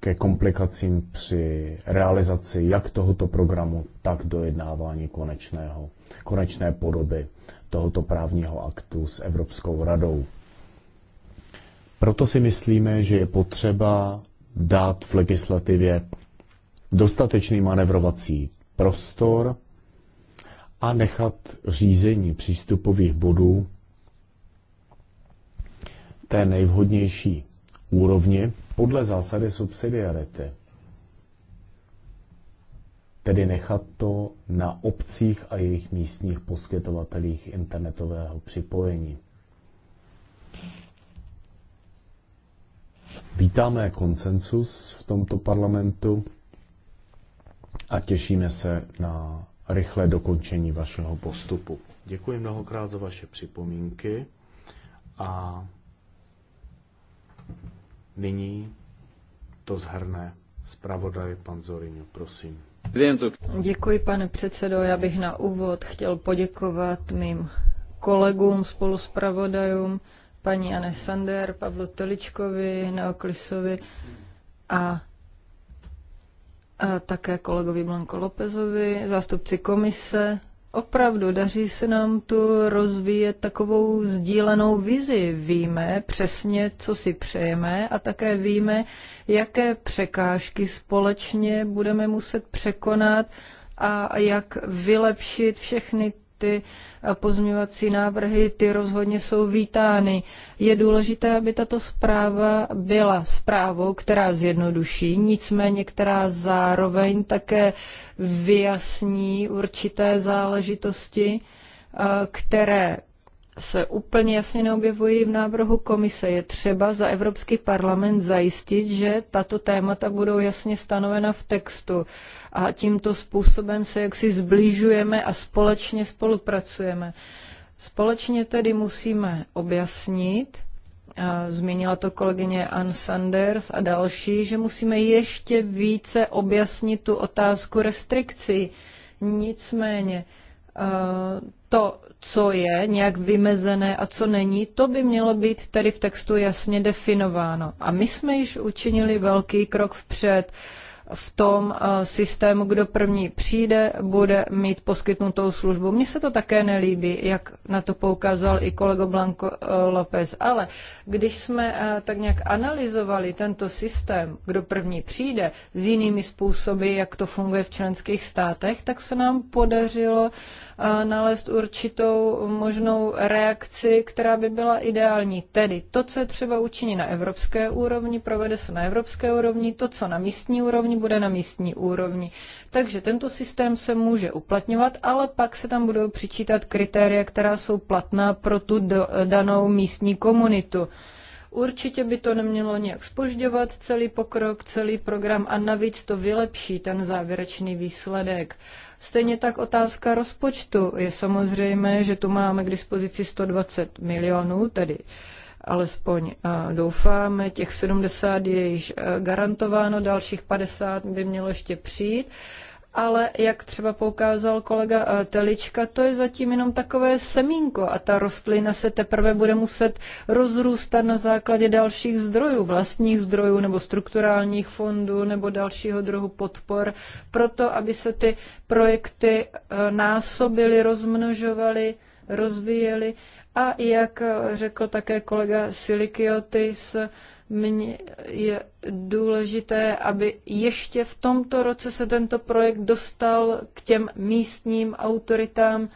ke komplikacím při realizaci jak tohoto programu, tak dojednávání konečného, konečné podoby tohoto právního aktu s Evropskou radou. Proto si myslíme, že je potřeba dát v legislativě dostatečný manevrovací prostor a nechat řízení přístupových bodů té nejvhodnější úrovni podle zásady subsidiarity. Tedy nechat to na obcích a jejich místních poskytovatelích internetového připojení. Vítáme konsensus v tomto parlamentu a těšíme se na rychlé dokončení vašeho postupu. Děkuji mnohokrát za vaše připomínky a nyní to zhrne zpravodaj pan Zorinu, prosím. Děkuji, pane předsedo. Já bych na úvod chtěl poděkovat mým kolegům, spoluspravodajům, paní Anne Sander, Pavlu Teličkovi, Neoklisovi a také kolegovi Blanko Lopezovi, zástupci komise. Opravdu daří se nám tu rozvíjet takovou sdílenou vizi. Víme přesně, co si přejeme a také víme, jaké překážky společně budeme muset překonat a jak vylepšit všechny ty pozměňovací návrhy, ty rozhodně jsou vítány. Je důležité, aby tato zpráva byla zprávou, která zjednoduší, nicméně která zároveň také vyjasní určité záležitosti, eh, které se úplně jasně neobjevují v návrhu komise. Je třeba za Evropský parlament zajistit, že tato témata budou jasně stanovena v textu a tímto způsobem se jaksi zbližujeme a společně spolupracujeme. Společně tedy musíme objasnit, zmínila to kolegyně Ann Sanders a další, že musíme ještě více objasnit tu otázku restrikcí. Nicméně to, co je nějak vymezené a co není, to by mělo být tady v textu jasně definováno. A my jsme již učinili velký krok vpřed v tom eh, systému, kdo první přijde, bude mít poskytnutou službu. Mně se to také nelíbí, jak na to poukázal i kolego Blanco eh, López, ale když jsme eh, tak nějak analyzovali tento systém, kdo první přijde, s jinými způsoby, jak to funguje v členských státech, tak se nám podařilo uh, nalézt určitou možnou reakci, která by byla ideální. Tedy to, co je třeba učinit na evropské úrovni, provede se na evropské úrovni, to, co na místní úrovni, bude na místní úrovni. Takže tento systém se může uplatňovat, ale pak se tam budou přičítat kritéria, která jsou platná pro tu danou místní komunitu. Určitě by to nemělo nějak spožďovat celý pokrok, celý program a navíc to vylepší ten závěrečný výsledek. Stejně tak otázka rozpočtu. Je samozřejmé, že tu máme k dispozici 120 milionů, tedy alespoň eh, doufáme, těch 70 je již eh, garantováno, dalších 50 by mělo ještě přijít ale jak třeba poukázal kolega eh, Telička, to je zatím jenom takové semínko a ta rostlina se teprve bude muset rozrůstat na základě dalších zdrojů, vlastních zdrojů nebo strukturálních fondů nebo dalšího druhu podpor, proto aby se ty projekty eh, násobily, rozmnožovaly, rozvíjely a jak eh, řekl také kolega Silikiotis, mně je důležité, aby ještě v tomto roce se tento projekt dostal k těm místním autoritám,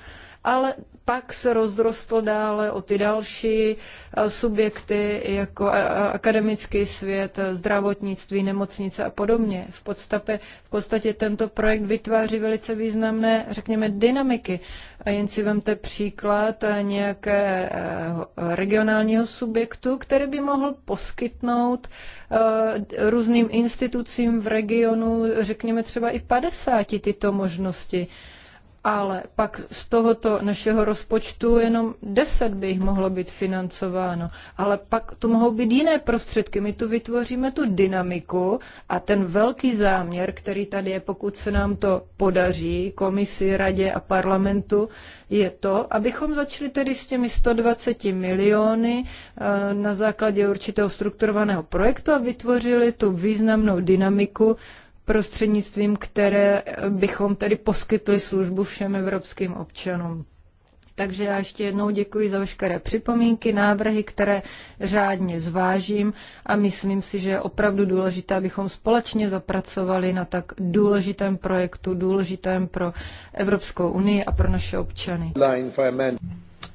ale pak se rozrostl dále o ty další eh, subjekty, jako eh, eh, akademický svět, zdravotnictví, nemocnice a podobně. V podstatě, v podstatě tento projekt vytváří velice významné, řekněme, dynamiky. A jen si vemte příklad nějaké regionálního subjektu, který by mohl poskytnout různým institucím v regionu, řekněme třeba i 50 tyto možnosti ale pak z tohoto našeho rozpočtu jenom 10 by jich mohlo být financováno. Ale pak to mohou být jiné prostředky. My tu vytvoříme tu dynamiku a ten velký záměr, který tady je, pokud se nám to podaří, komisi, radě a parlamentu, je to, abychom začali tedy s těmi 120 miliony eh, na základě určitého strukturovaného projektu a vytvořili tu významnou dynamiku, prostřednictvím které bychom tedy poskytli službu všem evropským občanům. Takže já ještě jednou děkuji za veškeré připomínky, návrhy, které řádně zvážím a myslím si, že je opravdu důležité, abychom společně zapracovali na tak důležitém projektu, důležitém pro Evropskou unii a pro naše občany.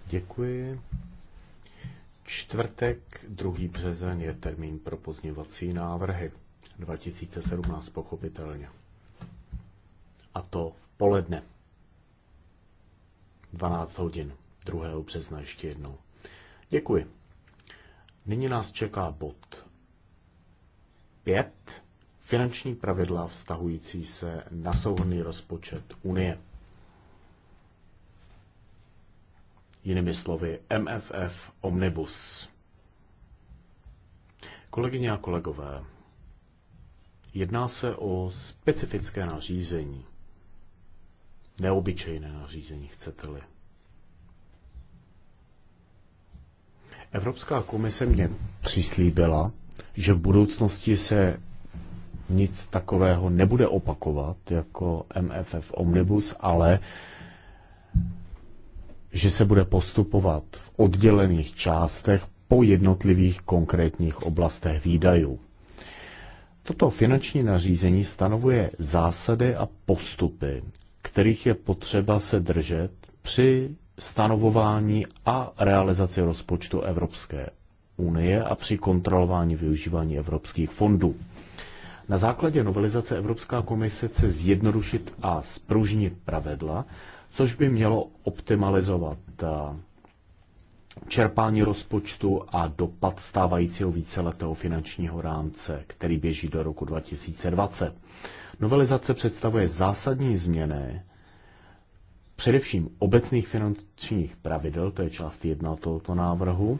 Děkuji. Čtvrtek, 2. březen je termín pro pozněvací návrhy. 2017 pochopitelně. A to v poledne. 12 hodin 2. března ještě jednou. Děkuji. Nyní nás čeká bod 5. Finanční pravidla vztahující se na souhrný rozpočet Unie. Jinými slovy MFF Omnibus. Kolegyně a kolegové, Jedná se o specifické nařízení. Neobyčejné nařízení, chcete-li. Evropská komise mě přislíbila, že v budoucnosti se nic takového nebude opakovat jako MFF Omnibus, ale že se bude postupovat v oddělených částech po jednotlivých konkrétních oblastech výdajů. Toto finanční nařízení stanovuje zásady a postupy, kterých je potřeba se držet při stanovování a realizaci rozpočtu Evropské unie a při kontrolování využívání evropských fondů. Na základě novelizace Evropská komise chce zjednodušit a spružnit pravidla, což by mělo optimalizovat eh, čerpání rozpočtu a dopad stávajícího víceletého finančního rámce, který běží do roku 2020. Novelizace představuje zásadní změny především obecných finančních pravidel, to je část jedna tohoto návrhu,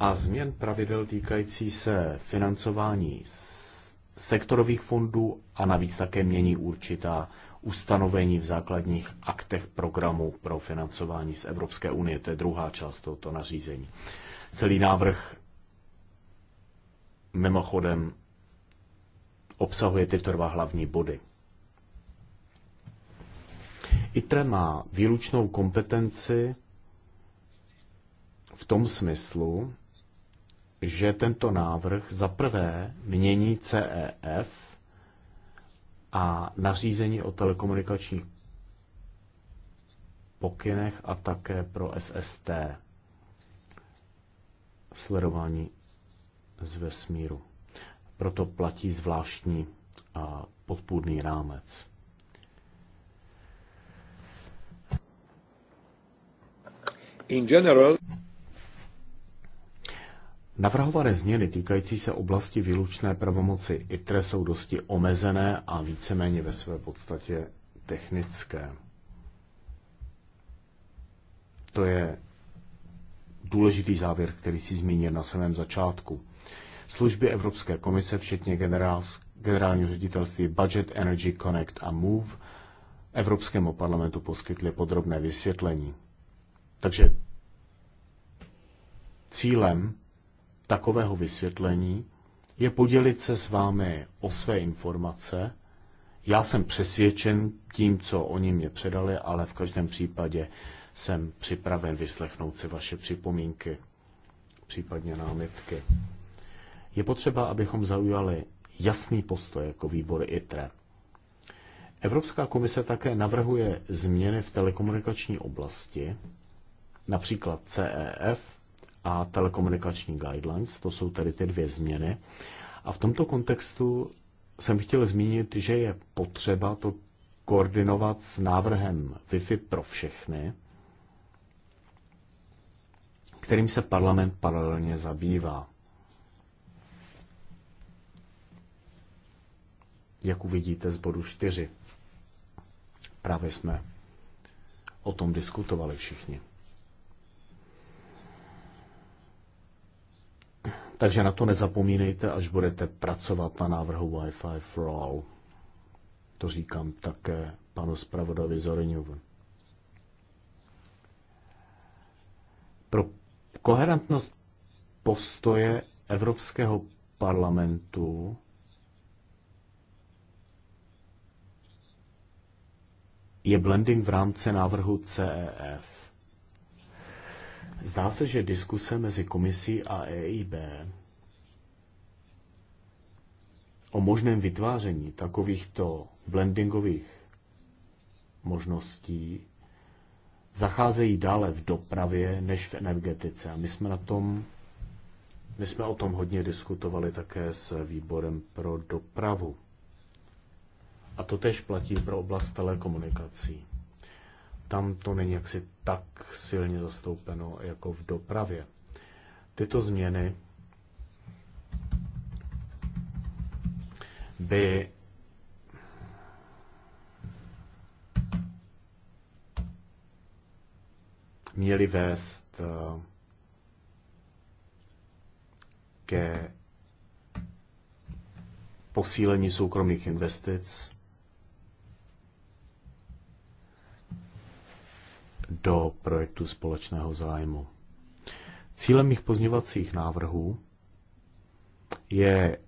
a změn pravidel týkající se financování sektorových fondů a navíc také mění určitá ustanovení v základních aktech programu pro financování z Evropské unie. To je druhá část tohoto nařízení. Celý návrh mimochodem obsahuje tyto dva hlavní body. ITRE má výlučnou kompetenci v tom smyslu, že tento návrh za prvé mění CEF a nařízení o telekomunikačních pokynech a také pro SST sledování z vesmíru. Proto platí zvláštní podpůrný rámec. In general... Navrhované změny týkající se oblasti výlučné pravomoci ITRE jsou dosti omezené a víceméně ve své podstatě technické. To je důležitý závěr, který si zmínil na samém začátku. Služby Evropské komise, včetně generálního ředitelství Budget Energy Connect a MOVE, Evropskému parlamentu poskytly podrobné vysvětlení. Takže cílem takového vysvětlení je podělit se s vámi o své informace. Já jsem přesvědčen tím, co oni mě předali, ale v každém případě jsem připraven vyslechnout si vaše připomínky, případně námitky. Je potřeba, abychom zaujali jasný postoj jako výbor ITRE. Evropská komise také navrhuje změny v telekomunikační oblasti, například CEF, a telekomunikační guidelines, to jsou tedy ty dvě změny. A v tomto kontextu jsem chtěl zmínit, že je potřeba to koordinovat s návrhem Wi-Fi pro všechny, kterým se parlament paralelně zabývá. Jak uvidíte z bodu 4. Právě jsme o tom diskutovali všichni. Takže na to nezapomínejte, až budete pracovat na návrhu Wi-Fi for all. To říkám také panu zpravodavi Zoriňovu. Pro koherentnost postoje Evropského parlamentu je blending v rámci návrhu CEF. Zdá se, že diskuse mezi komisí a EIB o možném vytváření takovýchto blendingových možností zacházejí dále v dopravě než v energetice. A my jsme na tom, my jsme o tom hodně diskutovali také s výborem pro dopravu. A to tež platí pro oblast telekomunikací tam to není jaksi tak silně zastoupeno jako v dopravě. Tyto změny by měly vést eh, ke posílení soukromých investic do projektu společného zájmu. Cílem mých pozněvacích návrhů je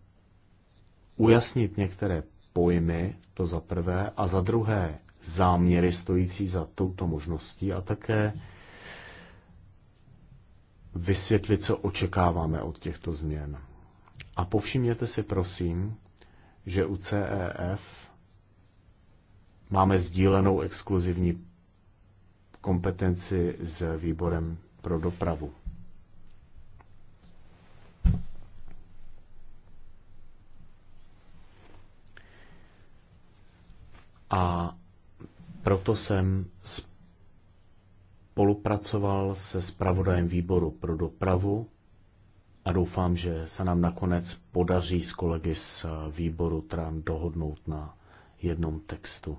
ujasnit některé pojmy, to za prvé, a za druhé záměry stojící za touto možností a také vysvětlit, co očekáváme od těchto změn. A povšimněte si, prosím, že u CEF máme sdílenou exkluzivní kompetenci s výborem pro dopravu. A proto jsem spolupracoval se spravodajem výboru pro dopravu a doufám, že se nám nakonec podaří s kolegy z výboru TRAN dohodnout na jednom textu,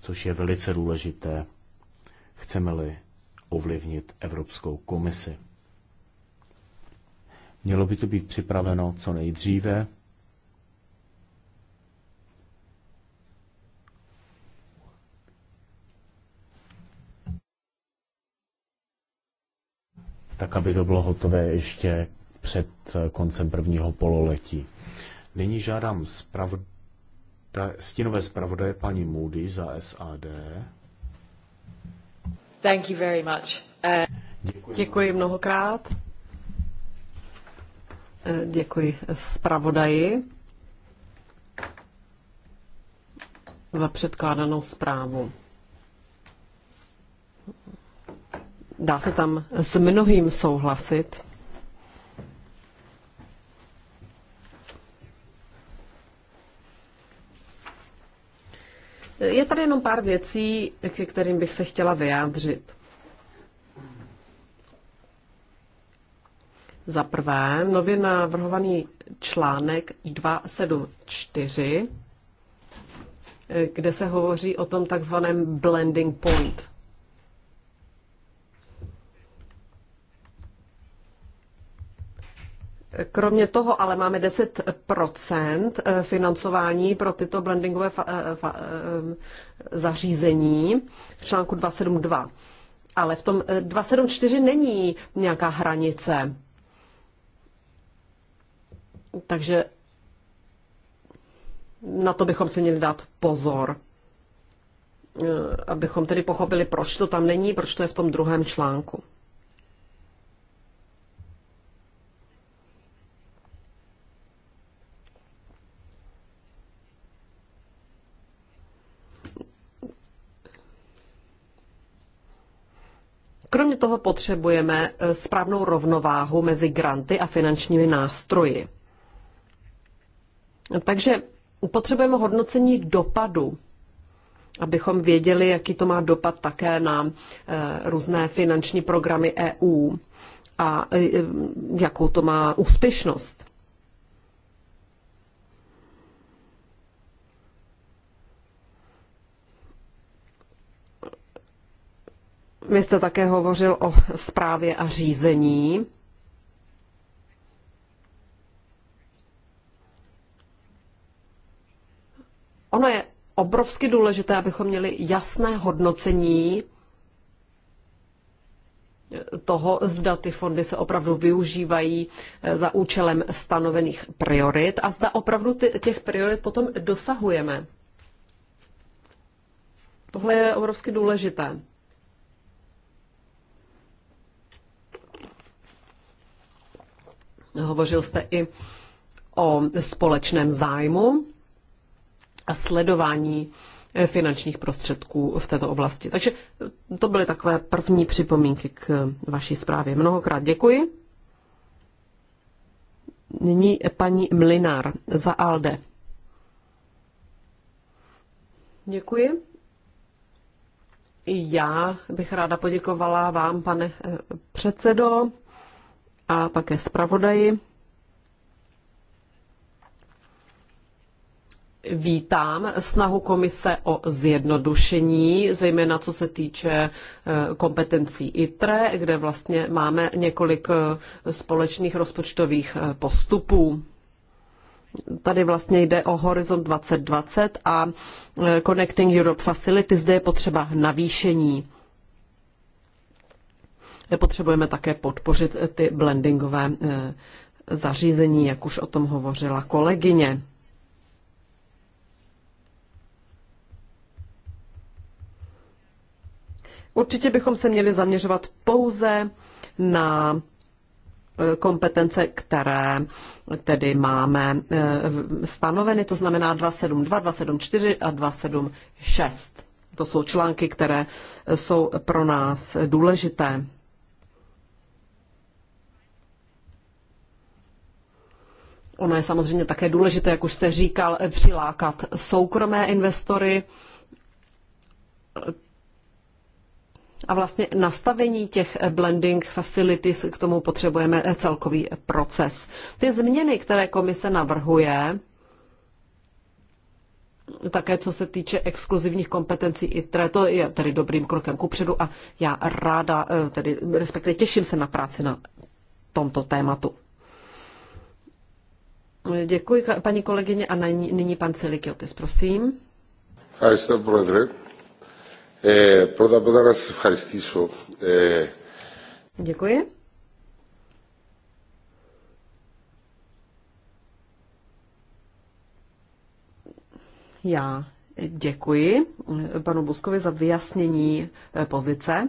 což je velice důležité chceme-li ovlivnit Evropskou komisi. Mělo by to být připraveno co nejdříve. tak aby to bylo hotové ještě před koncem prvního pololetí. Nyní žádám spravda, stínové zpravodaje paní Moody za SAD, Thank you very much. Uh, děkuji, Děkuji mnohokrát. Uh, děkuji zpravodaji za předkládanou zprávu. Dá se tam s mnohým souhlasit. tady jenom pár věcí, ke kterým bych se chtěla vyjádřit. Za prvé, nově navrhovaný článek 274, eh, kde se hovoří o tom takzvaném blending point. Kromě toho ale máme 10% eh, financování pro tyto blendingové eh, eh, zařízení v článku 272. Ale v tom 274 není nějaká hranice. Takže na to bychom si měli dát pozor, abychom tedy pochopili, proč to tam není, proč to je v tom druhém článku. Kromě toho potřebujeme eh, správnou rovnováhu mezi granty a finančními nástroji. Takže potřebujeme hodnocení dopadu, abychom věděli, jaký to má dopad také na eh, různé finanční programy EU a eh, jakou to má úspěšnost. Vy jste také hovořil o zprávě a řízení. Ono je obrovsky důležité, abychom měli jasné hodnocení toho, zda ty fondy se opravdu využívají eh, za účelem stanovených priorit a zda opravdu těch priorit potom dosahujeme. Tohle je obrovsky důležité. Hovořil jste i o společném zájmu a sledování finančních prostředků v této oblasti. Takže to byly takové první připomínky k vaší zprávě. Mnohokrát děkuji. Nyní paní Mlinár za ALDE. Děkuji. Já bych ráda poděkovala vám, pane eh, předsedo, a také zpravodaji. Vítám snahu komise o zjednodušení, zejména co se týče e, kompetencí ITRE, kde vlastně máme několik e, společných rozpočtových e, postupů. Tady vlastně jde o Horizon 2020 a Connecting Europe Facility. Zde je potřeba navýšení. Potřebujeme také podpořit ty blendingové eh, zařízení, jak už o tom hovořila kolegyně. Určitě bychom se měli zaměřovat pouze na eh, kompetence, které tedy máme eh, stanoveny, to znamená 272, 274 a 276. To jsou články, které jsou pro nás důležité. Ono je samozřejmě také důležité, jak už jste říkal, přilákat soukromé investory. A vlastně nastavení těch blending facilities, k tomu potřebujeme celkový proces. Ty změny, které komise navrhuje, také co se týče exkluzivních kompetencí i to je tedy dobrým krokem kupředu a já ráda, eh, tedy respektive těším se na práci na tomto tématu. Děkuji, paní kolegyně, a nyní, nyní pan Silikiotis, prosím. Ευχαριστώ, Πρόεδρε. Ε, πρώτα απ' όλα να σας Děkuji. Já děkuji eh, panu Buskovi za vyjasnění eh, pozice.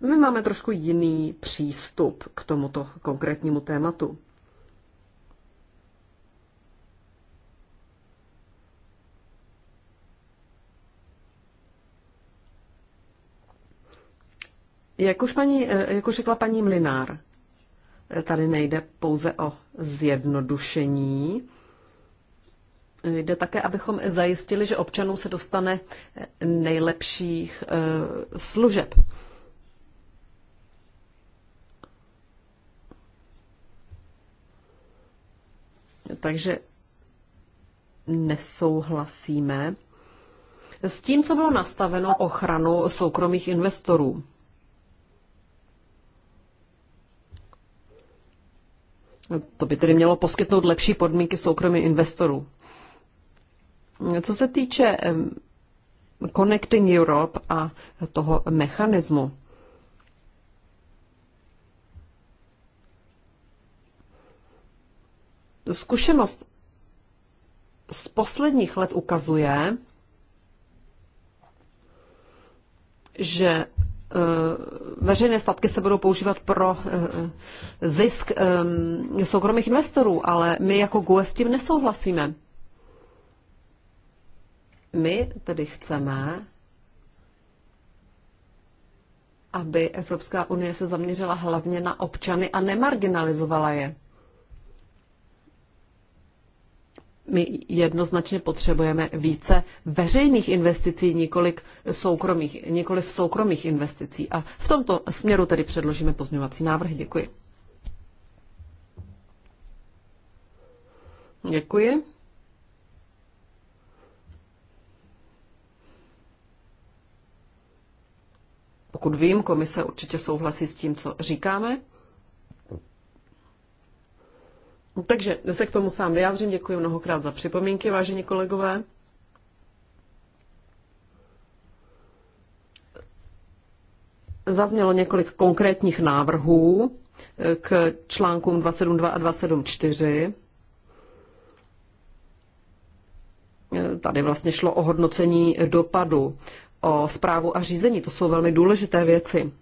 My máme trošku jiný přístup k tomuto konkrétnímu tématu. Jak už, paní, eh, jak už řekla paní Mlinár, eh, tady nejde pouze o zjednodušení, Jde také, abychom zajistili, že občanům se dostane eh, nejlepších služeb. Takže nesouhlasíme s tím, co bylo nastaveno ochranu soukromých investorů. To by tedy mělo poskytnout lepší podmínky soukromí investorů. Co se týče Connecting Europe a toho mechanismu, zkušenost z posledních let ukazuje, že Eh, veřejné statky se budou používat pro eh, eh, zisk soukromých investorů, ale my jako GUE s tím nesouhlasíme. My tedy chceme, aby Evropská unie se zaměřila hlavně na občany a nemarginalizovala je. my jednoznačně potřebujeme více veřejných investicí, nikolik soukromých, nikoliv soukromých investicí. A v tomto směru tedy předložíme pozměňovací návrh. Děkuji. Děkuji. Pokud vím, komise určitě souhlasí s tím, co říkáme. Takže se k tomu sám vyjádřím. Děkuji mnohokrát za připomínky, vážení kolegové. Zaznělo několik konkrétních návrhů k článkům 272 a 274. Tady vlastně šlo o hodnocení dopadu, o zprávu a řízení. To jsou velmi důležité věci.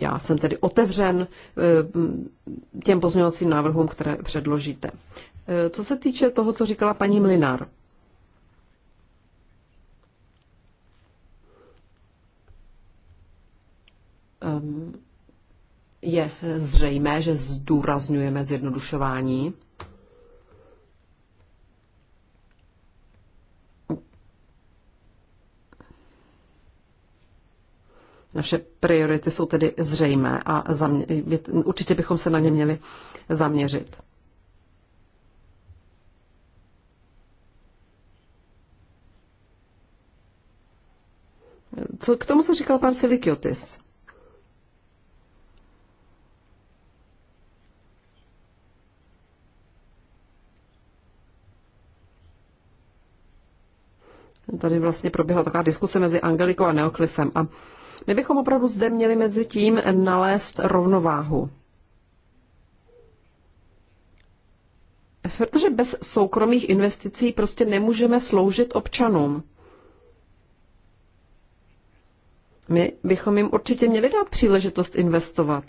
Já jsem tedy otevřen eh, těm pozměňovacím návrhům, které předložíte. Eh, co se týče toho, co říkala paní Mlinár, ehm, je zřejmé, že zdůrazňujeme zjednodušování Naše priority jsou tedy zřejmé a zamě- určitě bychom se na ně měli zaměřit. Co k tomu, co říkal pan Silikiotis? Tady vlastně proběhla taková diskuse mezi Angelikou a Neoklisem a my bychom opravdu zde měli mezi tím nalézt rovnováhu. Protože bez soukromých investicí prostě nemůžeme sloužit občanům. My bychom jim určitě měli dát příležitost investovat.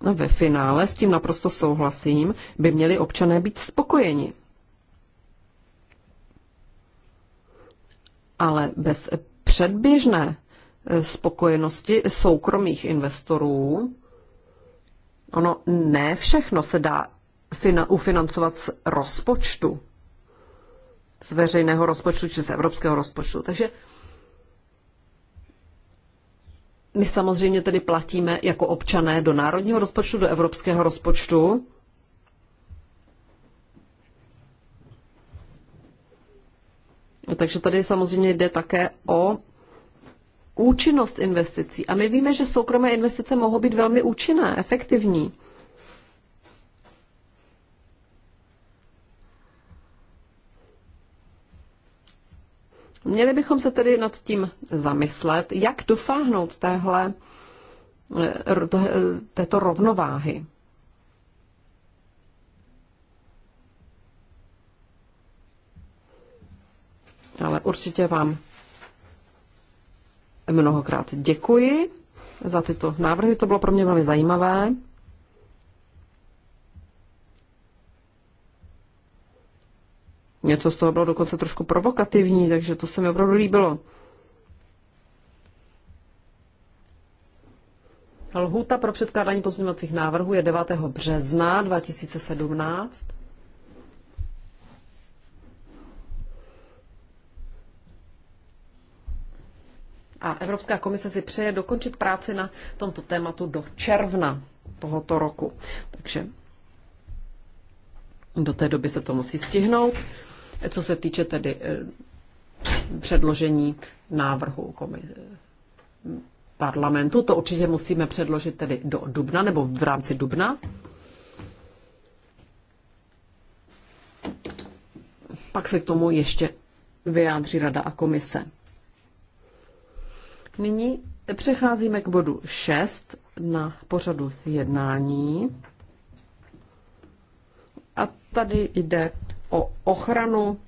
Ve finále, s tím naprosto souhlasím, by měli občané být spokojeni. ale bez předběžné eh, spokojenosti soukromých investorů, ono ne všechno se dá ufinancovat z rozpočtu, z veřejného rozpočtu či z evropského rozpočtu. Takže my samozřejmě tedy platíme jako občané do národního rozpočtu, do evropského rozpočtu, Takže tady samozřejmě jde také o účinnost investicí. A my víme, že soukromé investice mohou být velmi účinné, efektivní. Měli bychom se tedy nad tím zamyslet, jak dosáhnout téhle, eh, eh, této rovnováhy. Ale určitě vám mnohokrát děkuji za tyto návrhy. To bylo pro mě velmi zajímavé. Něco z toho bylo dokonce trošku provokativní, takže to se mi opravdu líbilo. Lhůta pro předkládání pozměňovacích návrhů je 9. března 2017. A Evropská komise si přeje dokončit práci na tomto tématu do června tohoto roku. Takže do té doby se to musí stihnout. Co se týče tedy eh, předložení návrhu eh, parlamentu, to určitě musíme předložit tedy do dubna nebo v rámci dubna. Pak se k tomu ještě vyjádří rada a komise. Nyní přecházíme k bodu 6 na pořadu jednání. A tady jde o ochranu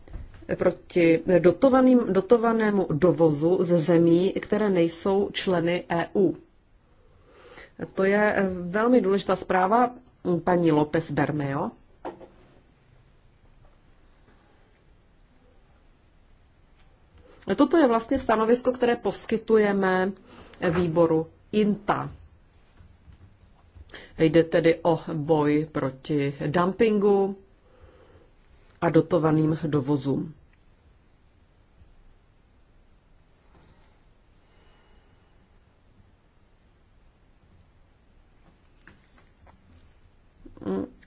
proti dotovaným, dotovanému dovozu ze zemí, které nejsou členy EU. To je velmi důležitá zpráva paní López Bermeo. Toto je vlastně stanovisko, které poskytujeme výboru INTA. Jde tedy o boj proti dumpingu a dotovaným dovozům.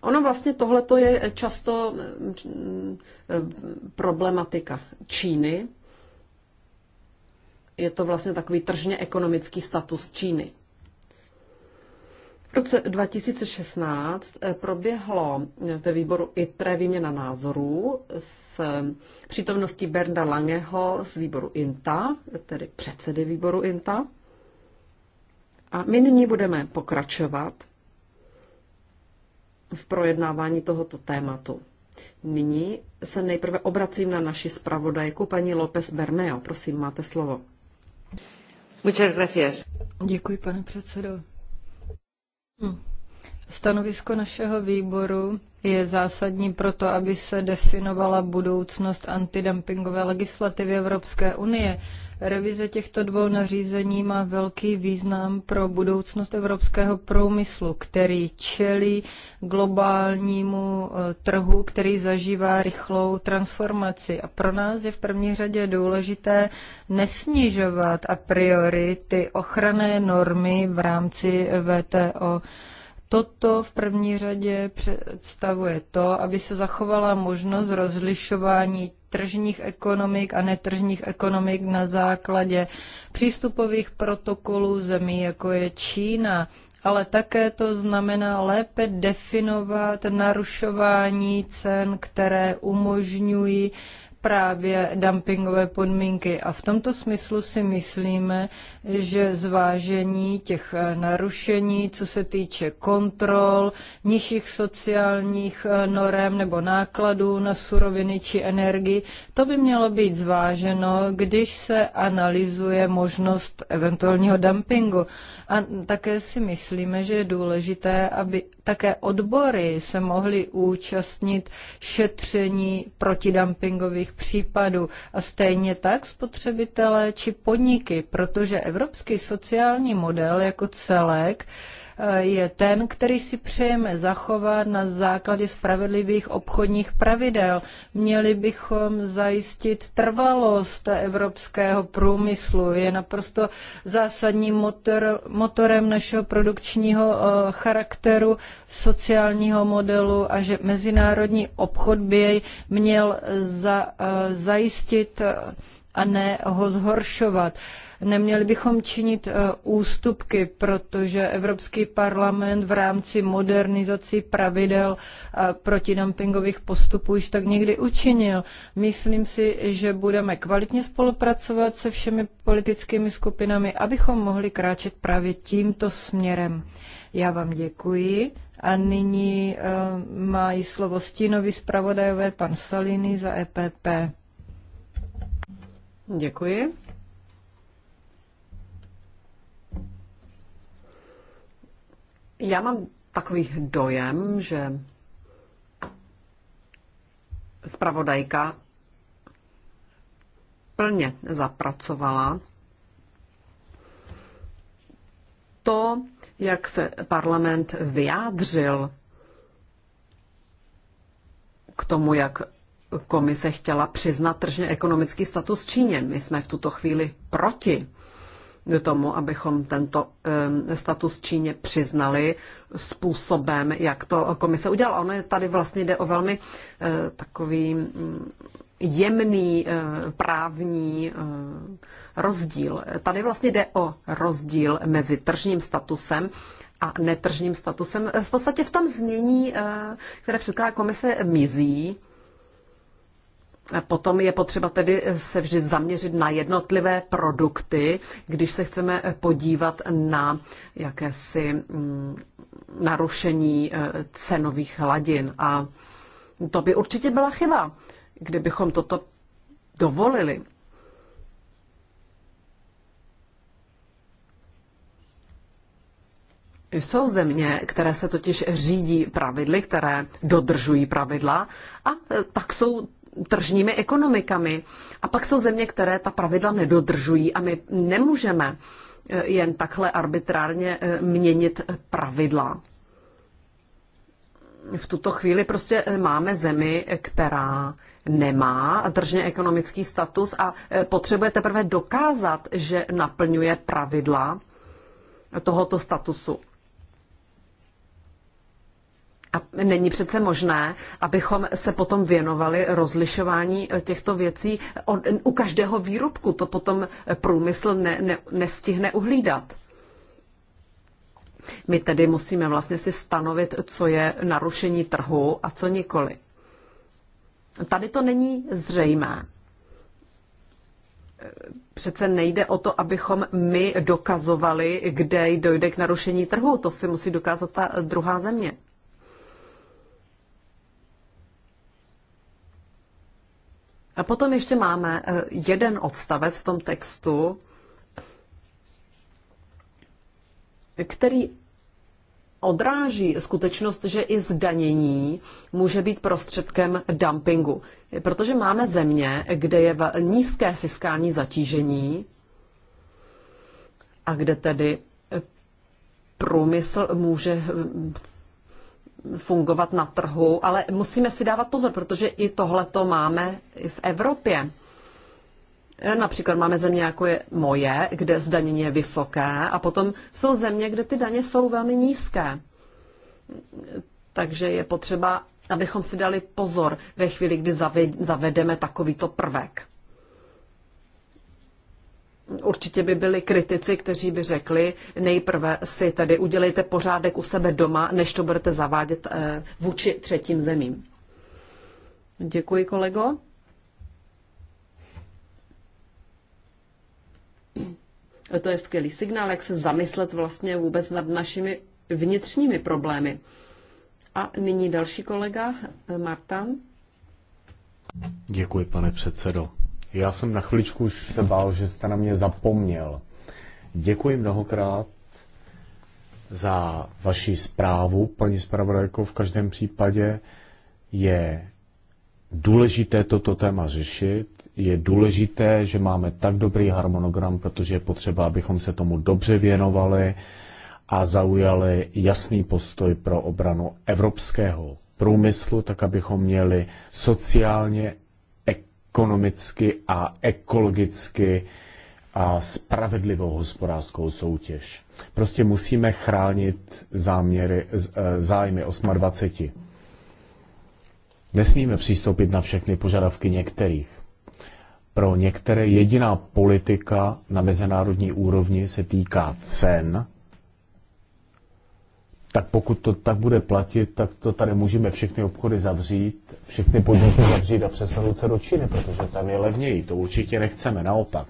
Ono vlastně tohleto je často mm, mm, problematika Číny, je to vlastně takový tržně ekonomický status Číny. V roce 2016 eh, proběhlo eh, ve výboru ITRE výměna názorů s eh, přítomností Bernda Langeho z výboru INTA, tedy předsedy výboru INTA. A my nyní budeme pokračovat v projednávání tohoto tématu. Nyní se nejprve obracím na naši zpravodajku paní López Berneo. Prosím, máte slovo. Děkuji, pane předsedo. Hm. Stanovisko našeho výboru je zásadní proto, aby se definovala budoucnost antidumpingové legislativy Evropské unie. Revize těchto dvou nařízení má velký význam pro budoucnost evropského průmyslu, který čelí globálnímu eh, trhu, který zažívá rychlou transformaci. A pro nás je v první řadě důležité nesnižovat a priori ty ochranné normy v rámci VTO Toto v první řadě představuje to, aby se zachovala možnost rozlišování tržních ekonomik a netržních ekonomik na základě přístupových protokolů zemí, jako je Čína. Ale také to znamená lépe definovat narušování cen, které umožňují právě dumpingové podmínky. A v tomto smyslu si myslíme, že zvážení těch eh, narušení, co se týče kontrol, nižších sociálních eh, norem nebo nákladů na suroviny či energii, to by mělo být zváženo, když se analyzuje možnost eventuálního dumpingu. A také si myslíme, že je důležité, aby také odbory se mohly účastnit šetření protidumpingových případů a stejně tak spotřebitelé či podniky, protože evropský sociální model jako celek Eh, je ten, který si přejeme zachovat na základě spravedlivých obchodních pravidel. Měli bychom zajistit trvalost evropského průmyslu. Je naprosto zásadním motor, motorem našeho produkčního eh, charakteru, sociálního modelu a že mezinárodní obchod by jej měl za, eh, zajistit a ne ho zhoršovat. Neměli bychom činit eh, ústupky, protože Evropský parlament v rámci modernizací pravidel eh, protidumpingových postupů již tak někdy učinil. Myslím si, že budeme kvalitně spolupracovat se všemi politickými skupinami, abychom mohli kráčet právě tímto směrem. Já vám děkuji. A nyní eh, mají slovo stínový zpravodajové pan Salini za EPP. Děkuji. Já mám takový dojem, že zpravodajka plně zapracovala to, jak se parlament vyjádřil k tomu, jak komise chtěla přiznat tržně ekonomický status Číně. My jsme v tuto chvíli proti tomu, abychom tento status Číně přiznali způsobem, jak to komise udělala. Ono je tady vlastně jde o velmi eh, takový mm, jemný eh, právní eh, rozdíl. Tady vlastně jde o rozdíl mezi tržním statusem a netržním statusem. V podstatě v tom znění, které předkládá komise, mizí Potom je potřeba tedy se vždy zaměřit na jednotlivé produkty, když se chceme podívat na jakési mm, narušení e, cenových hladin. A to by určitě byla chyba, kdybychom toto dovolili. Jsou země, které se totiž řídí pravidly, které dodržují pravidla a e, tak jsou tržními ekonomikami. A pak jsou země, které ta pravidla nedodržují a my nemůžeme eh, jen takhle arbitrárně eh, měnit pravidla. V tuto chvíli prostě eh, máme zemi, která nemá držně ekonomický status a potřebuje teprve dokázat, že naplňuje pravidla tohoto statusu. A není přece možné, abychom se potom věnovali rozlišování eh, těchto věcí u každého výrobku. To potom průmysl ne, ne, nestihne uhlídat. My tedy musíme vlastně si stanovit, co je narušení trhu a co nikoli. Tady to není zřejmé. Přece nejde o to, abychom my dokazovali, kde dojde k narušení trhu. To si musí dokázat ta druhá země. A potom ještě máme eh, jeden odstavec v tom textu, který odráží skutečnost, že i zdanění může být prostředkem dumpingu. Protože máme země, kde je nízké fiskální zatížení a kde tedy eh, průmysl může hm, fungovat na trhu, ale musíme si dávat pozor, protože i tohle to máme v Evropě. Například máme země, jako je moje, kde zdanění je vysoké, a potom jsou země, kde ty daně jsou velmi nízké. Takže je potřeba, abychom si dali pozor ve chvíli, kdy zavedeme takovýto prvek. Určitě by byli kritici, kteří by řekli, nejprve si tady udělejte pořádek u sebe doma, než to budete zavádět eh, vůči třetím zemím. Děkuji, kolego. To je skvělý signál, jak se zamyslet vlastně vůbec nad našimi vnitřními problémy. A nyní další kolega, eh, Marta. Děkuji, pane předsedo. Já jsem na chviličku už se bál, že jste na mě zapomněl. Děkuji mnohokrát za vaši zprávu, paní zpravodajko. V každém případě je důležité toto téma řešit. Je důležité, že máme tak dobrý harmonogram, protože je potřeba, abychom se tomu dobře věnovali a zaujali jasný postoj pro obranu evropského průmyslu, tak abychom měli sociálně ekonomicky a ekologicky a spravedlivou hospodářskou soutěž. Prostě musíme chránit záměry, e, zájmy 28. Nesmíme přistoupit na všechny požadavky některých. Pro některé jediná politika na mezinárodní úrovni se týká cen tak pokud to tak bude platit, tak to tady můžeme všechny obchody zavřít, všechny podniky zavřít a přesunout se do Číny, protože tam je levněji. To určitě nechceme, naopak.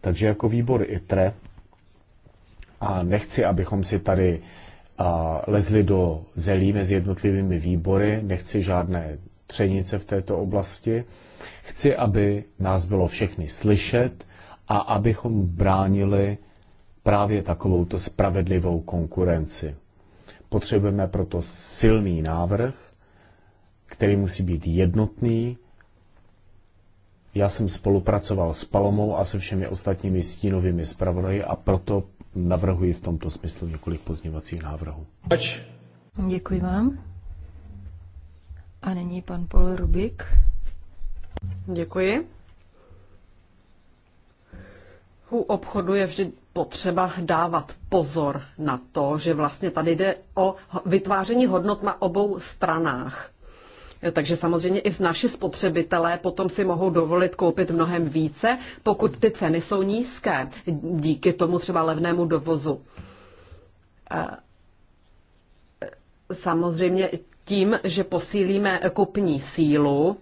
Takže jako výbor ITRE a nechci, abychom si tady a, lezli do zelí mezi jednotlivými výbory, nechci žádné třenice v této oblasti. Chci, aby nás bylo všechny slyšet a abychom bránili právě takovouto spravedlivou konkurenci. Potřebujeme proto silný návrh, který musí být jednotný. Já jsem spolupracoval s Palomou a se všemi ostatními stínovými zpravodaji a proto navrhuji v tomto smyslu několik pozněvacích návrhů. Děkuji vám. A nyní pan Paul Rubik. Děkuji politiku obchodu je vždy potřeba dávat pozor na to, že vlastně tady jde o vytváření hodnot na obou stranách. Takže samozřejmě i z naši spotřebitelé potom si mohou dovolit koupit mnohem více, pokud ty ceny jsou nízké, díky tomu třeba levnému dovozu. Samozřejmě tím, že posílíme kupní sílu,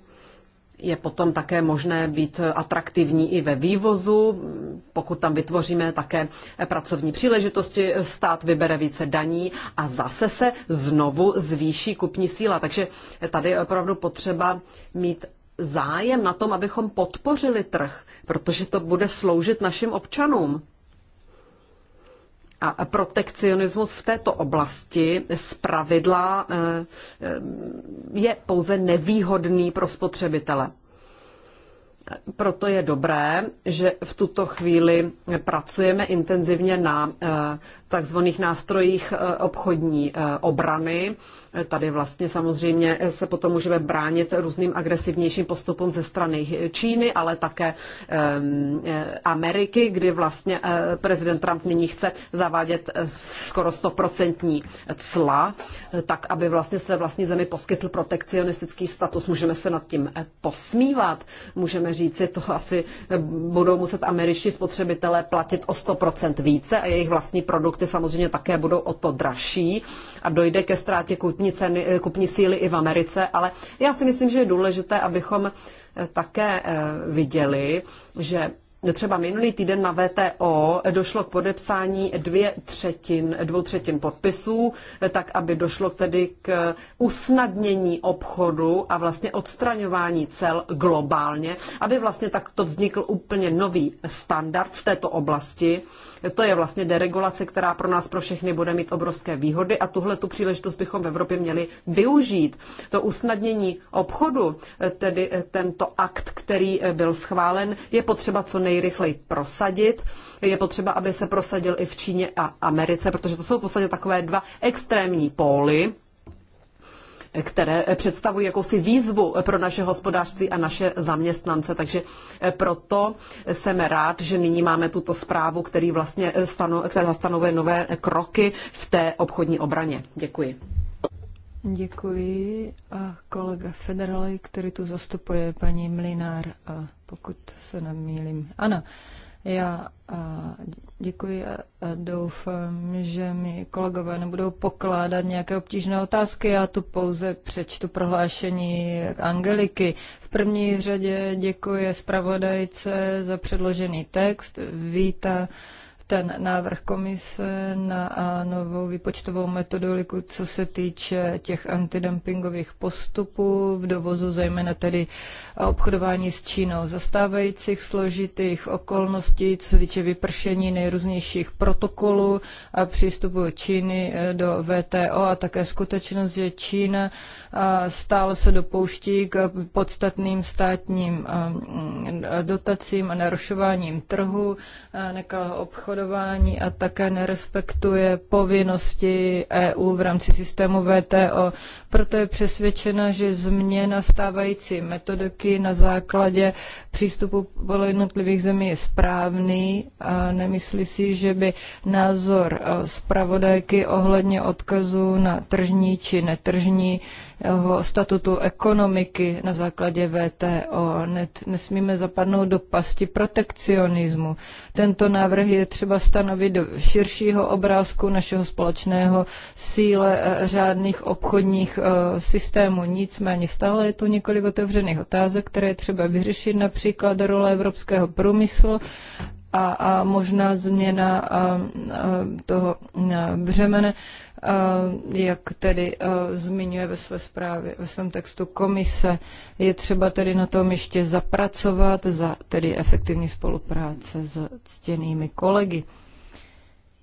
je potom také možné být atraktivní i ve vývozu, pokud tam vytvoříme také pracovní příležitosti, stát vybere více daní a zase se znovu zvýší kupní síla. Takže tady je opravdu potřeba mít zájem na tom, abychom podpořili trh, protože to bude sloužit našim občanům. A protekcionismus v této oblasti z pravidla eh, eh, je pouze nevýhodný pro spotřebitele. Proto je dobré, že v tuto chvíli pracujeme intenzivně na eh, takzvaných nástrojích eh, obchodní eh, obrany. Eh, tady vlastně samozřejmě se potom můžeme bránit různým agresivnějším postupům ze strany Číny, ale také ehm, Ameriky, kdy vlastně prezident Trump nyní chce zavádět skoro stoprocentní cla, tak aby vlastně své vlastní zemi poskytl protekcionistický status. Můžeme se nad tím posmívat, můžeme říci, to asi budou muset američtí spotřebitelé platit o 100% více a jejich vlastní produkty produkty samozřejmě také budou o to dražší a dojde ke ztrátě kupní, ceny, eh, kupní síly i v Americe, ale já si myslím, že je důležité, abychom eh, také eh, viděli, že Třeba minulý týden na VTO došlo k podepsání dvě třetin, dvou třetin podpisů, tak aby došlo tedy k usnadnění obchodu a vlastně odstraňování cel globálně, aby vlastně takto vznikl úplně nový standard v této oblasti to je vlastně deregulace, která pro nás pro všechny bude mít obrovské výhody a tuhle tu příležitost bychom v Evropě měli využít. To usnadnění obchodu, tedy eh, tento akt, který eh, byl schválen, je potřeba co nejrychleji prosadit. Je potřeba, aby se prosadil i v Číně a Americe, protože to jsou v podstatě takové dva extrémní póly které představují jakousi výzvu pro naše hospodářství a naše zaměstnance. Takže eh, proto jsem rád, že nyní máme tuto zprávu, který vlastně eh, stanu, která stanovuje nové eh, kroky v té obchodní obraně. Děkuji. Děkuji. A kolega Federali, který tu zastupuje paní Mlinár, a pokud se nemýlím. Ano, já děkuji a doufám, že mi kolegové nebudou pokládat nějaké obtížné otázky. Já tu pouze přečtu prohlášení Angeliky. V první řadě děkuji zpravodajce za předložený text. Víta ten návrh komise na novou výpočtovou metodoliku, co se týče těch antidumpingových postupů v dovozu, zejména tedy obchodování s Čínou, zastávajících složitých okolností, co se týče vypršení nejrůznějších protokolů a přístupu Číny eh, do VTO a také skutečnost, že Čína eh, stále se dopouští k podstatným státním eh, dotacím a narušováním trhu, nekalého obchodu obchodování a také nerespektuje povinnosti EU v rámci systému VTO. Proto je přesvědčena, že změna stávající metodiky na základě přístupu podle jednotlivých zemí je správný a nemyslí si, že by názor eh, zpravodajky ohledně odkazu na tržní či netržní statutu ekonomiky na základě VTO. nesmíme zapadnout do pasti protekcionismu. Tento návrh je třeba stanovit do širšího obrázku našeho společného síle eh, řádných obchodních eh, systémů. Nicméně stále je tu několik otevřených otázek, které je třeba vyřešit, například role evropského průmyslu a, a možná změna a, eh, a toho břemene jak tedy e, zmiňuje ve své zprávě, ve svém textu komise. Je třeba tedy na tom ještě zapracovat za tedy efektivní spolupráce s ctěnými kolegy.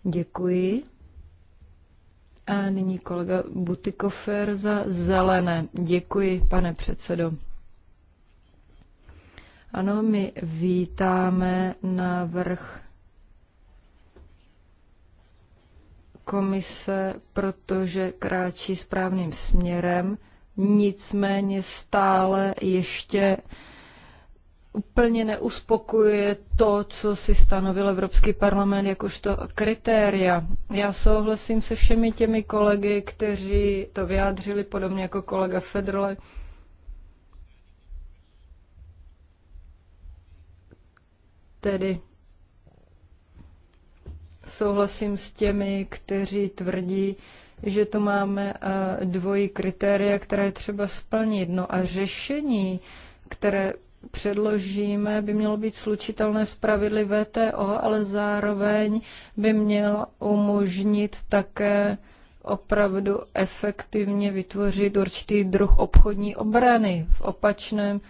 Děkuji. A nyní kolega Butikofer za zelené. Děkuji, pane předsedo. Ano, my vítáme návrh komise, protože kráčí správným směrem, nicméně stále ještě úplně neuspokuje to, co si stanovil Evropský parlament jakožto kritéria. Já souhlasím se všemi těmi kolegy, kteří to vyjádřili, podobně jako kolega Federle. Tedy souhlasím s těmi, kteří tvrdí, že tu máme eh, dvojí kritéria, které je třeba splnit. No a řešení, které předložíme, by mělo být slučitelné s pravidly VTO, ale zároveň by měl umožnit také opravdu efektivně vytvořit určitý druh obchodní obrany. V opačném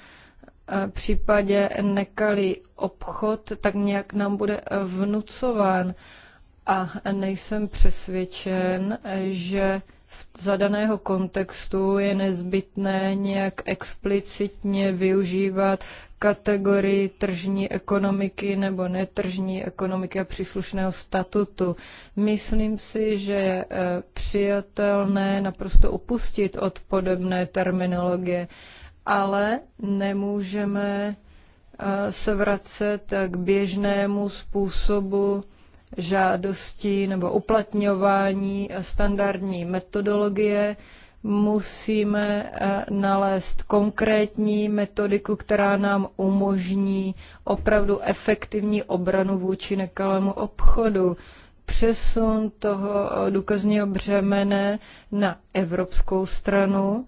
eh, případě nekalý obchod tak nějak nám bude eh, vnucován a nejsem přesvědčen, že v zadaného kontextu je nezbytné nějak explicitně využívat kategorii tržní ekonomiky nebo netržní ekonomiky a příslušného statutu. Myslím si, že je e, přijatelné naprosto upustit od podobné terminologie, ale nemůžeme e, se vracet k běžnému způsobu žádosti nebo uplatňování standardní metodologie musíme eh, nalézt konkrétní metodiku, která nám umožní opravdu efektivní obranu vůči nekalému obchodu. Přesun toho eh, důkazního břemene na evropskou stranu,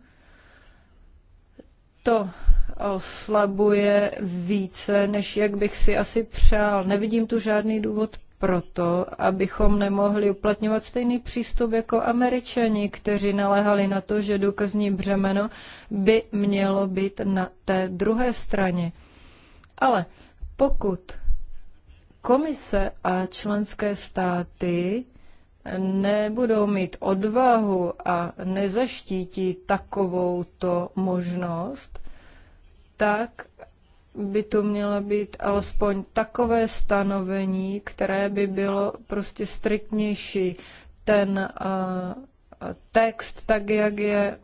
to eh, oslabuje více, než jak bych si asi přál. Nevidím tu žádný důvod, proto, abychom nemohli uplatňovat stejný přístup jako američani, kteří naléhali na to, že důkazní břemeno by mělo být na té druhé straně. Ale pokud komise a členské státy nebudou mít odvahu a nezaštítí takovouto možnost, tak by to mělo být alespoň takové stanovení, které by bylo prostě striktnější. Ten text, tak jak je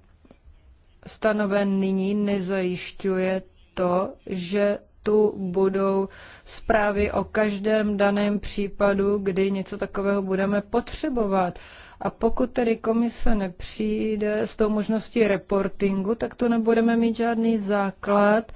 stanoven nyní, nezajišťuje to, že tu budou zprávy o každém daném případu, kdy něco takového budeme potřebovat. A pokud tedy komise nepřijde s tou možností reportingu, tak tu nebudeme mít žádný základ,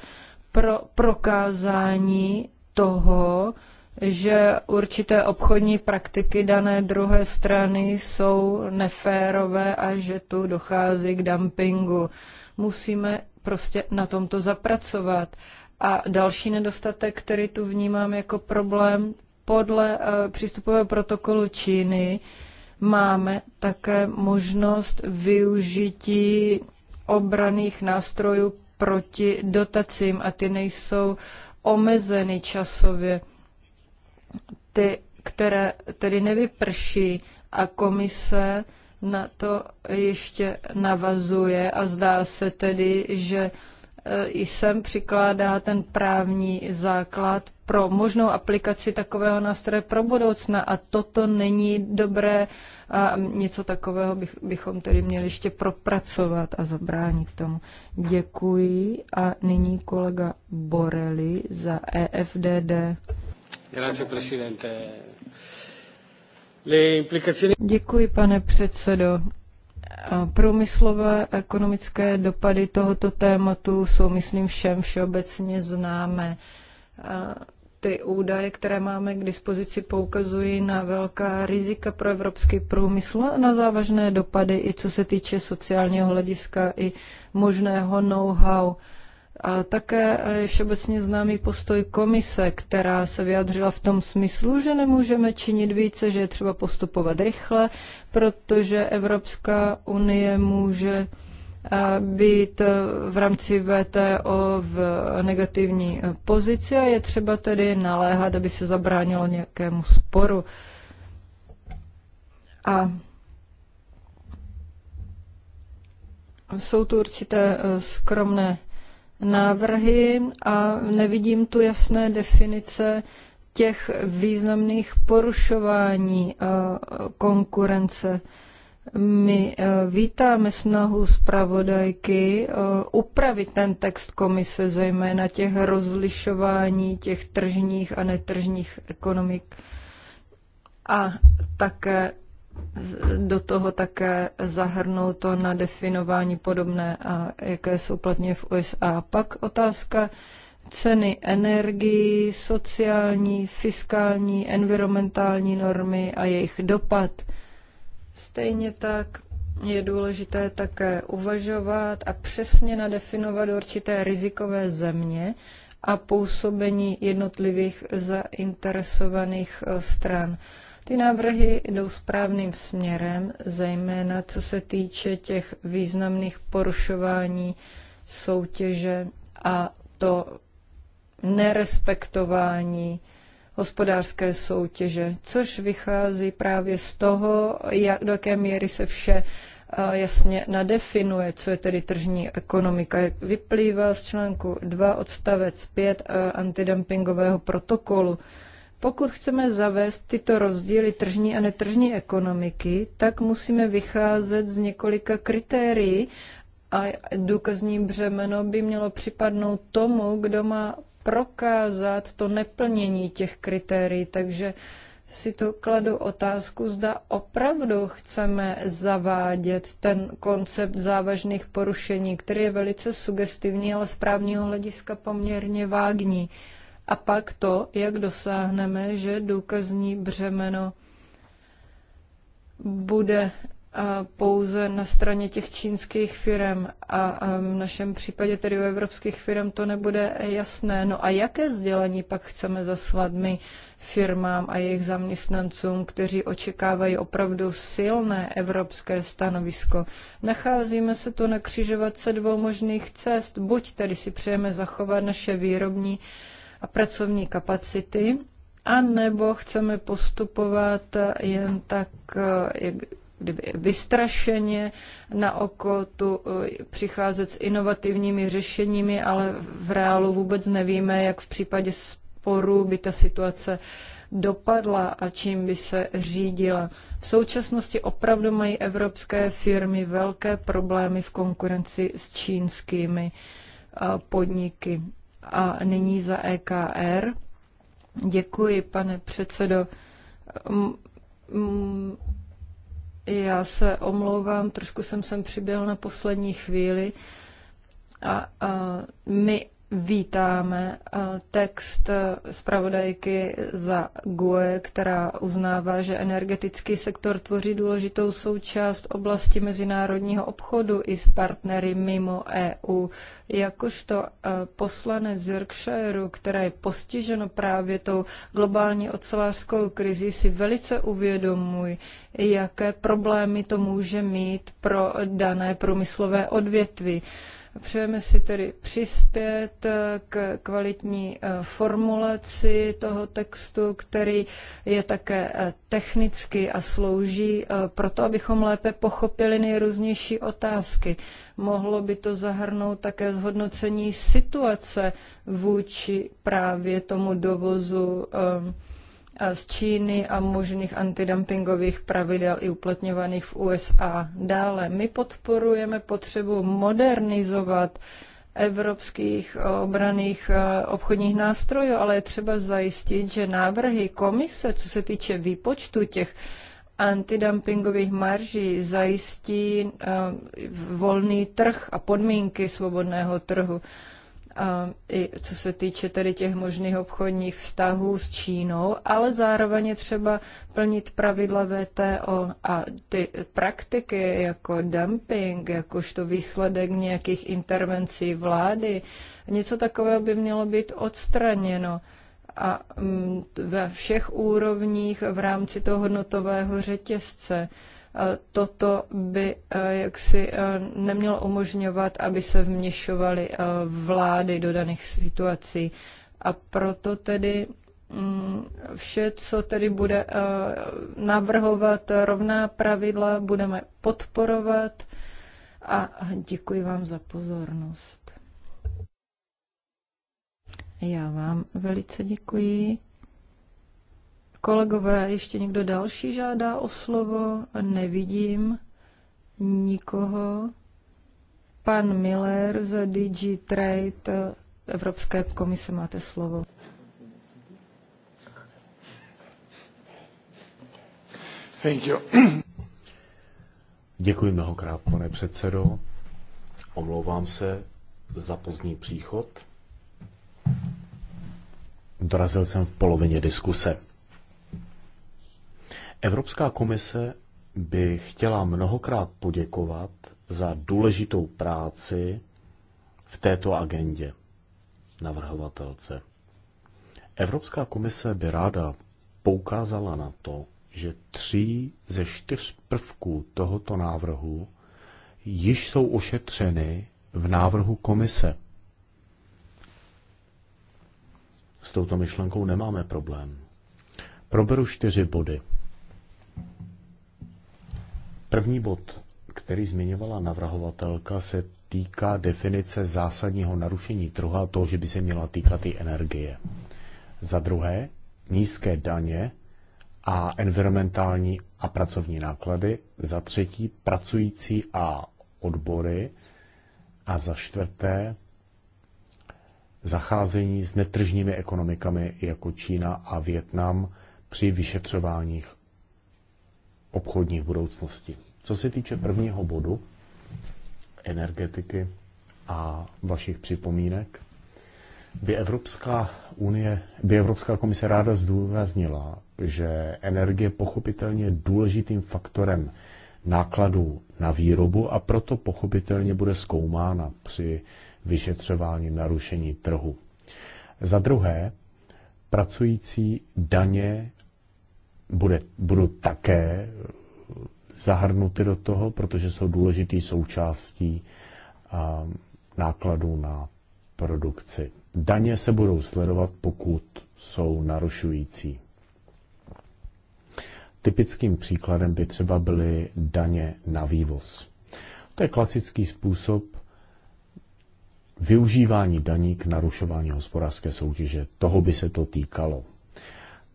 pro prokázání toho, že určité obchodní praktiky dané druhé strany jsou neférové a že tu dochází k dumpingu. Musíme prostě na tomto zapracovat. A další nedostatek, který tu vnímám jako problém, podle eh, přístupového protokolu Číny máme také možnost využití obraných nástrojů proti dotacím a ty nejsou omezeny časově. Ty, které tedy nevyprší a komise na to ještě navazuje a zdá se tedy, že Eh, i sem přikládá ten právní základ pro možnou aplikaci takového nástroje pro budoucna a toto není dobré a něco takového bych, bychom tedy měli ještě propracovat a zabránit tomu. Děkuji a nyní kolega Borelli za EFDD. Děkuji, pane předsedo. Průmyslové a ekonomické dopady tohoto tématu jsou, myslím, všem všeobecně známé. Ty údaje, které máme k dispozici, poukazují na velká rizika pro evropský průmysl a na závažné dopady, i co se týče sociálního hlediska, i možného know-how. A také je všeobecně známý postoj komise, která se vyjadřila v tom smyslu, že nemůžeme činit více, že je třeba postupovat rychle, protože Evropská unie může eh, být eh, v rámci VTO v negativní eh, pozici a je třeba tedy naléhat, aby se zabránilo nějakému sporu. A jsou tu určité skromné návrhy a nevidím tu jasné definice těch významných porušování eh, konkurence. My eh, vítáme snahu zpravodajky eh, upravit ten text komise, zejména těch rozlišování těch tržních a netržních ekonomik a také do toho také zahrnout to na definování podobné, a jaké jsou platně v USA. Pak otázka ceny energii, sociální, fiskální, environmentální normy a jejich dopad. Stejně tak je důležité také uvažovat a přesně nadefinovat určité rizikové země a působení jednotlivých zainteresovaných eh, stran. Ty návrhy jdou správným směrem, zejména co se týče těch významných porušování soutěže a to nerespektování hospodářské soutěže, což vychází právě z toho, jak, do jaké míry se vše jasně nadefinuje, co je tedy tržní ekonomika. Jak vyplývá z článku 2 odstavec 5 antidumpingového protokolu, pokud chceme zavést tyto rozdíly tržní a netržní ekonomiky, tak musíme vycházet z několika kritérií a důkazní břemeno by mělo připadnout tomu, kdo má prokázat to neplnění těch kritérií. Takže si tu kladu otázku, zda opravdu chceme zavádět ten koncept závažných porušení, který je velice sugestivní, ale z právního hlediska poměrně vágní. A pak to, jak dosáhneme, že důkazní břemeno bude pouze na straně těch čínských firm a v našem případě tedy u evropských firm to nebude jasné. No a jaké sdělení pak chceme zaslat my firmám a jejich zaměstnancům, kteří očekávají opravdu silné evropské stanovisko? Nacházíme se tu na křižovatce dvou možných cest. Buď tedy si přejeme zachovat naše výrobní a pracovní kapacity, a nebo chceme postupovat jen tak, eh, jak kdyby vystrašeně na oko tu eh, přicházet s inovativními řešeními, ale v reálu vůbec nevíme, jak v případě sporu by ta situace dopadla a čím by se řídila. V současnosti opravdu mají evropské firmy velké problémy v konkurenci s čínskými eh, podniky a nyní za EKR. Děkuji, pane předsedo. Já se omlouvám, trošku jsem sem přiběhl na poslední chvíli. A, a my Vítáme eh, text eh, zpravodajky za GUE, která uznává, že energetický sektor tvoří důležitou součást oblasti mezinárodního obchodu i s partnery mimo EU. Jakožto eh, poslanec z Yorkshireu, které je postiženo právě tou globální ocelářskou krizi, si velice uvědomuji, jaké problémy to může mít pro dané průmyslové odvětví. Přejeme si tedy přispět eh, k kvalitní eh, formulaci toho textu, který je také eh, technicky a slouží proto, abychom lépe pochopili nejrůznější otázky. Mohlo by to zahrnout také zhodnocení situace vůči právě tomu dovozu z Číny a možných antidumpingových pravidel i uplatňovaných v USA. Dále my podporujeme potřebu modernizovat evropských eh, obraných eh, obchodních nástrojů, ale je třeba zajistit, že návrhy komise, co se týče výpočtu těch antidumpingových marží, zajistí eh, volný trh a podmínky svobodného trhu i co se týče tedy těch možných obchodních vztahů s Čínou, ale zároveň je třeba plnit pravidla VTO a ty praktiky jako dumping, jakožto výsledek nějakých intervencí vlády, něco takového by mělo být odstraněno a mm, ve všech úrovních v rámci toho hodnotového řetězce. Eh, toto by eh, jaksi eh, nemělo umožňovat, aby se vměšovaly vlády do daných situací. A proto tedy mm, vše, co tedy bude navrhovat rovná pravidla, budeme podporovat a děkuji vám za pozornost. Já vám velice děkuji. Kolegové, ještě někdo další žádá o slovo? Nevidím nikoho. Pan Miller z DG Trade Evropské komise máte slovo. Thank you. Děkuji mnohokrát, pane předsedo. Omlouvám se za pozdní příchod. Dorazil jsem v polovině diskuse. Evropská komise by chtěla mnohokrát poděkovat za důležitou práci v této agendě navrhovatelce. Evropská komise by ráda poukázala na to, že tří ze čtyř prvků tohoto návrhu již jsou ošetřeny v návrhu komise. S touto myšlenkou nemáme problém. Proberu čtyři body. První bod, který zmiňovala navrhovatelka, se týká definice zásadního narušení trhu a toho, že by se měla týkat i energie. Za druhé, nízké daně a environmentální a pracovní náklady. Za třetí, pracující a odbory. A za čtvrté, zacházení s netržními ekonomikami jako Čína a Větnam při vyšetřováních obchodních budoucností. Co se týče prvního bodu, energetiky a vašich připomínek, by Evropská unie, by Evropská komise ráda zdůraznila, že energie pochopitelně je důležitým faktorem nákladů na výrobu a proto pochopitelně bude zkoumána při vyšetřování narušení trhu. Za druhé, pracující daně bude, budou také zahrnuty do toho, protože jsou důležitý součástí nákladů na produkci. Daně se budou sledovat, pokud jsou narušující. Typickým příkladem by třeba byly daně na vývoz. To je klasický způsob využívání daní k narušování hospodářské soutěže. Toho by se to týkalo.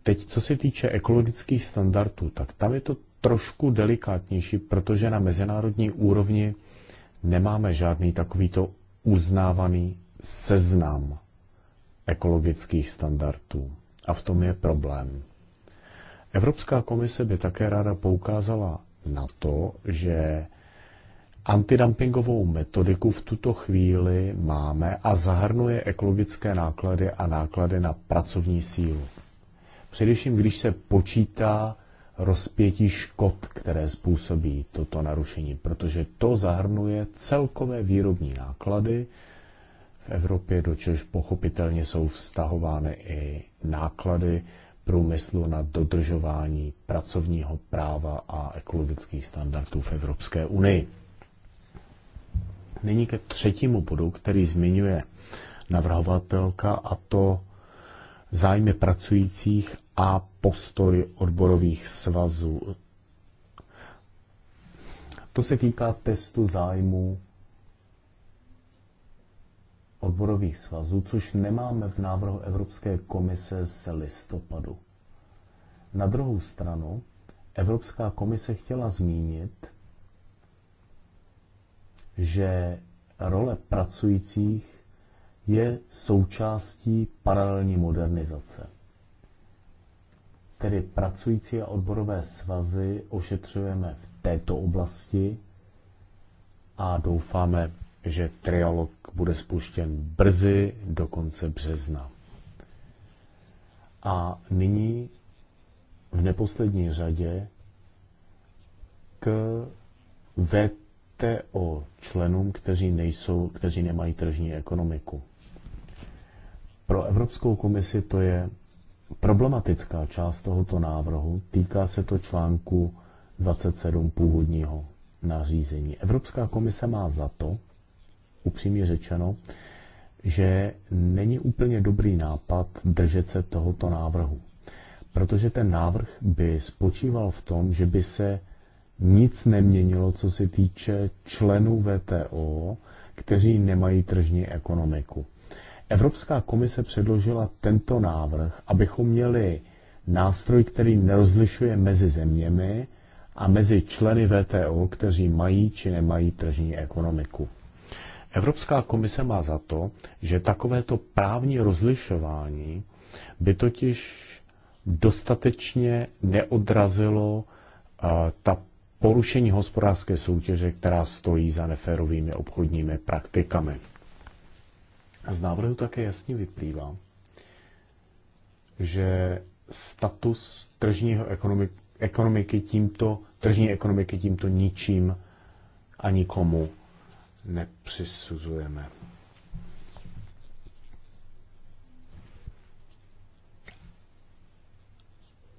Teď, co se týče ekologických standardů, tak tam je to trošku delikátnější, protože na mezinárodní úrovni nemáme žádný takovýto uznávaný seznam ekologických standardů. A v tom je problém. Evropská komise by také ráda poukázala na to, že antidumpingovou metodiku v tuto chvíli máme a zahrnuje ekologické náklady a náklady na pracovní sílu. Především, když se počítá rozpětí škod, které způsobí toto narušení, protože to zahrnuje celkové výrobní náklady v Evropě, do čehož pochopitelně jsou vztahovány i náklady průmyslu na dodržování pracovního práva a ekologických standardů v Evropské unii. Nyní ke třetímu bodu, který zmiňuje navrhovatelka, a to zájmy pracujících a postoj odborových svazů. To se týká testu zájmu odborových svazů, což nemáme v návrhu Evropské komise z listopadu. Na druhou stranu, Evropská komise chtěla zmínit, že role pracujících je součástí paralelní modernizace tedy pracující a odborové svazy ošetřujeme v této oblasti a doufáme, že trialog bude spuštěn brzy do konce března. A nyní v neposlední řadě k VTO členům, kteří, nejsou, kteří nemají tržní ekonomiku. Pro Evropskou komisi to je Problematická část tohoto návrhu týká se to článku 27 původního nařízení. Evropská komise má za to, upřímně řečeno, že není úplně dobrý nápad držet se tohoto návrhu. Protože ten návrh by spočíval v tom, že by se nic neměnilo, co se týče členů VTO, kteří nemají tržní ekonomiku. Evropská komise předložila tento návrh, abychom měli nástroj, který nerozlišuje mezi zeměmi a mezi členy VTO, kteří mají či nemají tržní ekonomiku. Evropská komise má za to, že takovéto právní rozlišování by totiž dostatečně neodrazilo eh, ta porušení hospodářské soutěže, která stojí za neférovými obchodními praktikami. Z návrhu také jasně vyplývá, že status tržního ekonomik, ekonomiky tímto, tržní ekonomiky tímto ničím a nikomu nepřisuzujeme.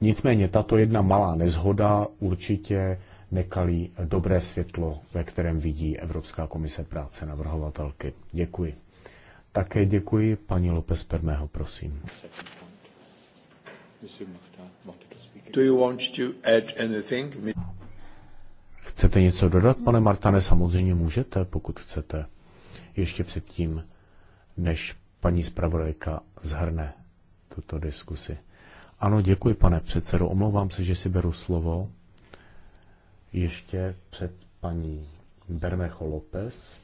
Nicméně tato jedna malá nezhoda určitě nekalí dobré světlo, ve kterém vidí Evropská komise práce navrhovatelky. Děkuji. Také děkuji. Paní López Permého, prosím. Do you want to add anything? Chcete něco dodat, pane Martane? Samozřejmě můžete, pokud chcete. Ještě předtím, než paní zpravodajka zhrne tuto diskusi. Ano, děkuji, pane předsedo. Omlouvám se, že si beru slovo ještě před paní Bermecho López.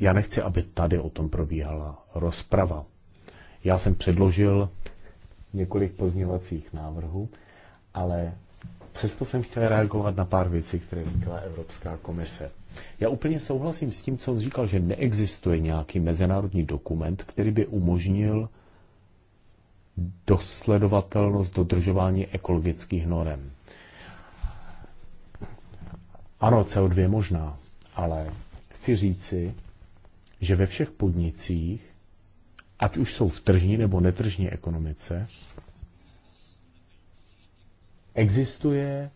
Já nechci, aby tady o tom probíhala rozprava. Já jsem předložil několik pozněvacích návrhů, ale přesto jsem chtěl reagovat na pár věcí, které říkala Evropská komise. Já úplně souhlasím s tím, co on říkal, že neexistuje nějaký mezinárodní dokument, který by umožnil dosledovatelnost dodržování ekologických norem. Ano, CO2 možná, ale chci říci, že ve všech podnicích, ať už jsou v tržní nebo netržní ekonomice, existuje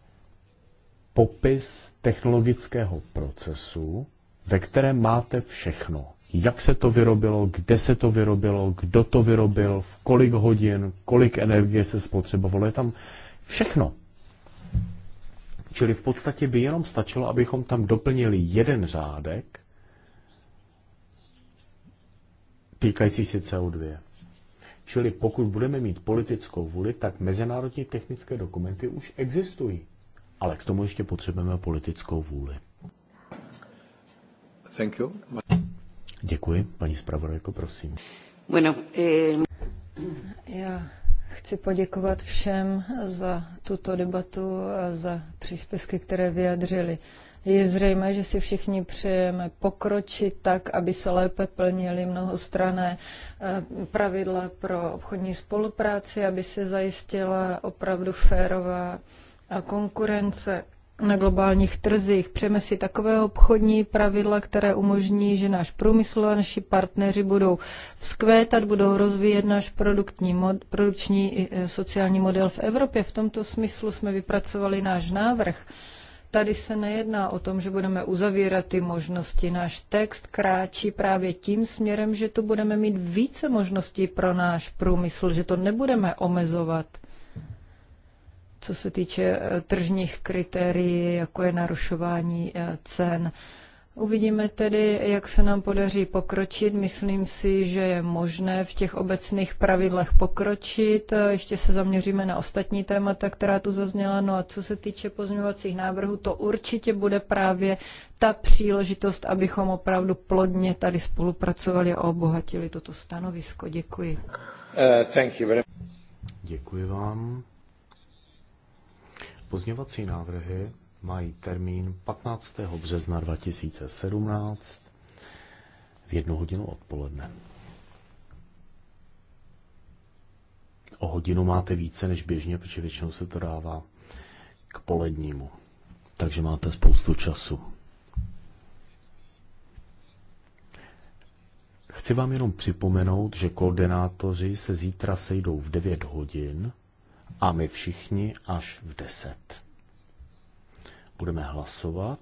popis technologického procesu, ve kterém máte všechno. Jak se to vyrobilo, kde se to vyrobilo, kdo to vyrobil, v kolik hodin, kolik energie se spotřebovalo, je tam všechno. Čili v podstatě by jenom stačilo, abychom tam doplnili jeden řádek, týkající se CO2. Čili pokud budeme mít politickou vůli, tak mezinárodní technické dokumenty už existují. Ale k tomu ještě potřebujeme politickou vůli. Thank you. Děkuji. Paní zpravodajko, prosím. Bueno, eh... Já chci poděkovat všem za tuto debatu a za příspěvky, které vyjadřili. Je zřejmé, že si všichni přejeme pokročit tak, aby se lépe plnily mnohostrané eh, pravidla pro obchodní spolupráci, aby se zajistila opravdu férová konkurence na globálních trzích. Přejeme si takové obchodní pravidla, které umožní, že náš průmysl a naši partneři budou vzkvétat, budou rozvíjet náš produktní, mod, produkční i eh, sociální model v Evropě. V tomto smyslu jsme vypracovali náš návrh. Tady se nejedná o tom, že budeme uzavírat ty možnosti. Náš text kráčí právě tím směrem, že tu budeme mít více možností pro náš průmysl, že to nebudeme omezovat co se týče eh, tržních kritérií, jako je narušování eh, cen. Uvidíme tedy, jak se nám podaří pokročit. Myslím si, že je možné v těch obecných pravidlech pokročit. Ještě se zaměříme na ostatní témata, která tu zazněla. No a co se týče pozměňovacích návrhů, to určitě bude právě ta příležitost, abychom opravdu plodně tady spolupracovali a obohatili toto stanovisko. Děkuji. Uh, thank you very... Děkuji vám. Pozměňovací návrhy mají termín 15. března 2017 v jednu hodinu odpoledne. O hodinu máte více než běžně, protože většinou se to dává k polednímu. Takže máte spoustu času. Chci vám jenom připomenout, že koordinátoři se zítra sejdou v 9 hodin a my všichni až v 10. Budeme hlasovat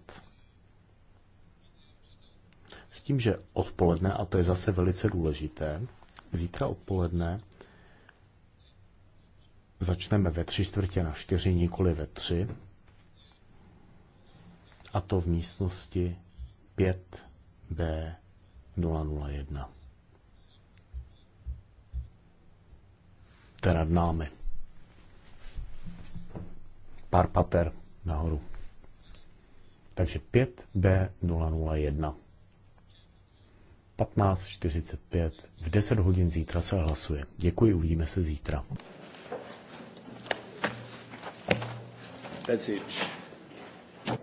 s tím, že odpoledne, a to je zase velice důležité, zítra odpoledne začneme ve tři čtvrtě na čtyři, nikoli ve tři, a to v místnosti 5B001. To je nad námi. Pár pater nahoru. Takže 5B001. 15.45 v 10 hodin zítra se hlasuje. Děkuji, uvidíme se zítra. That's it.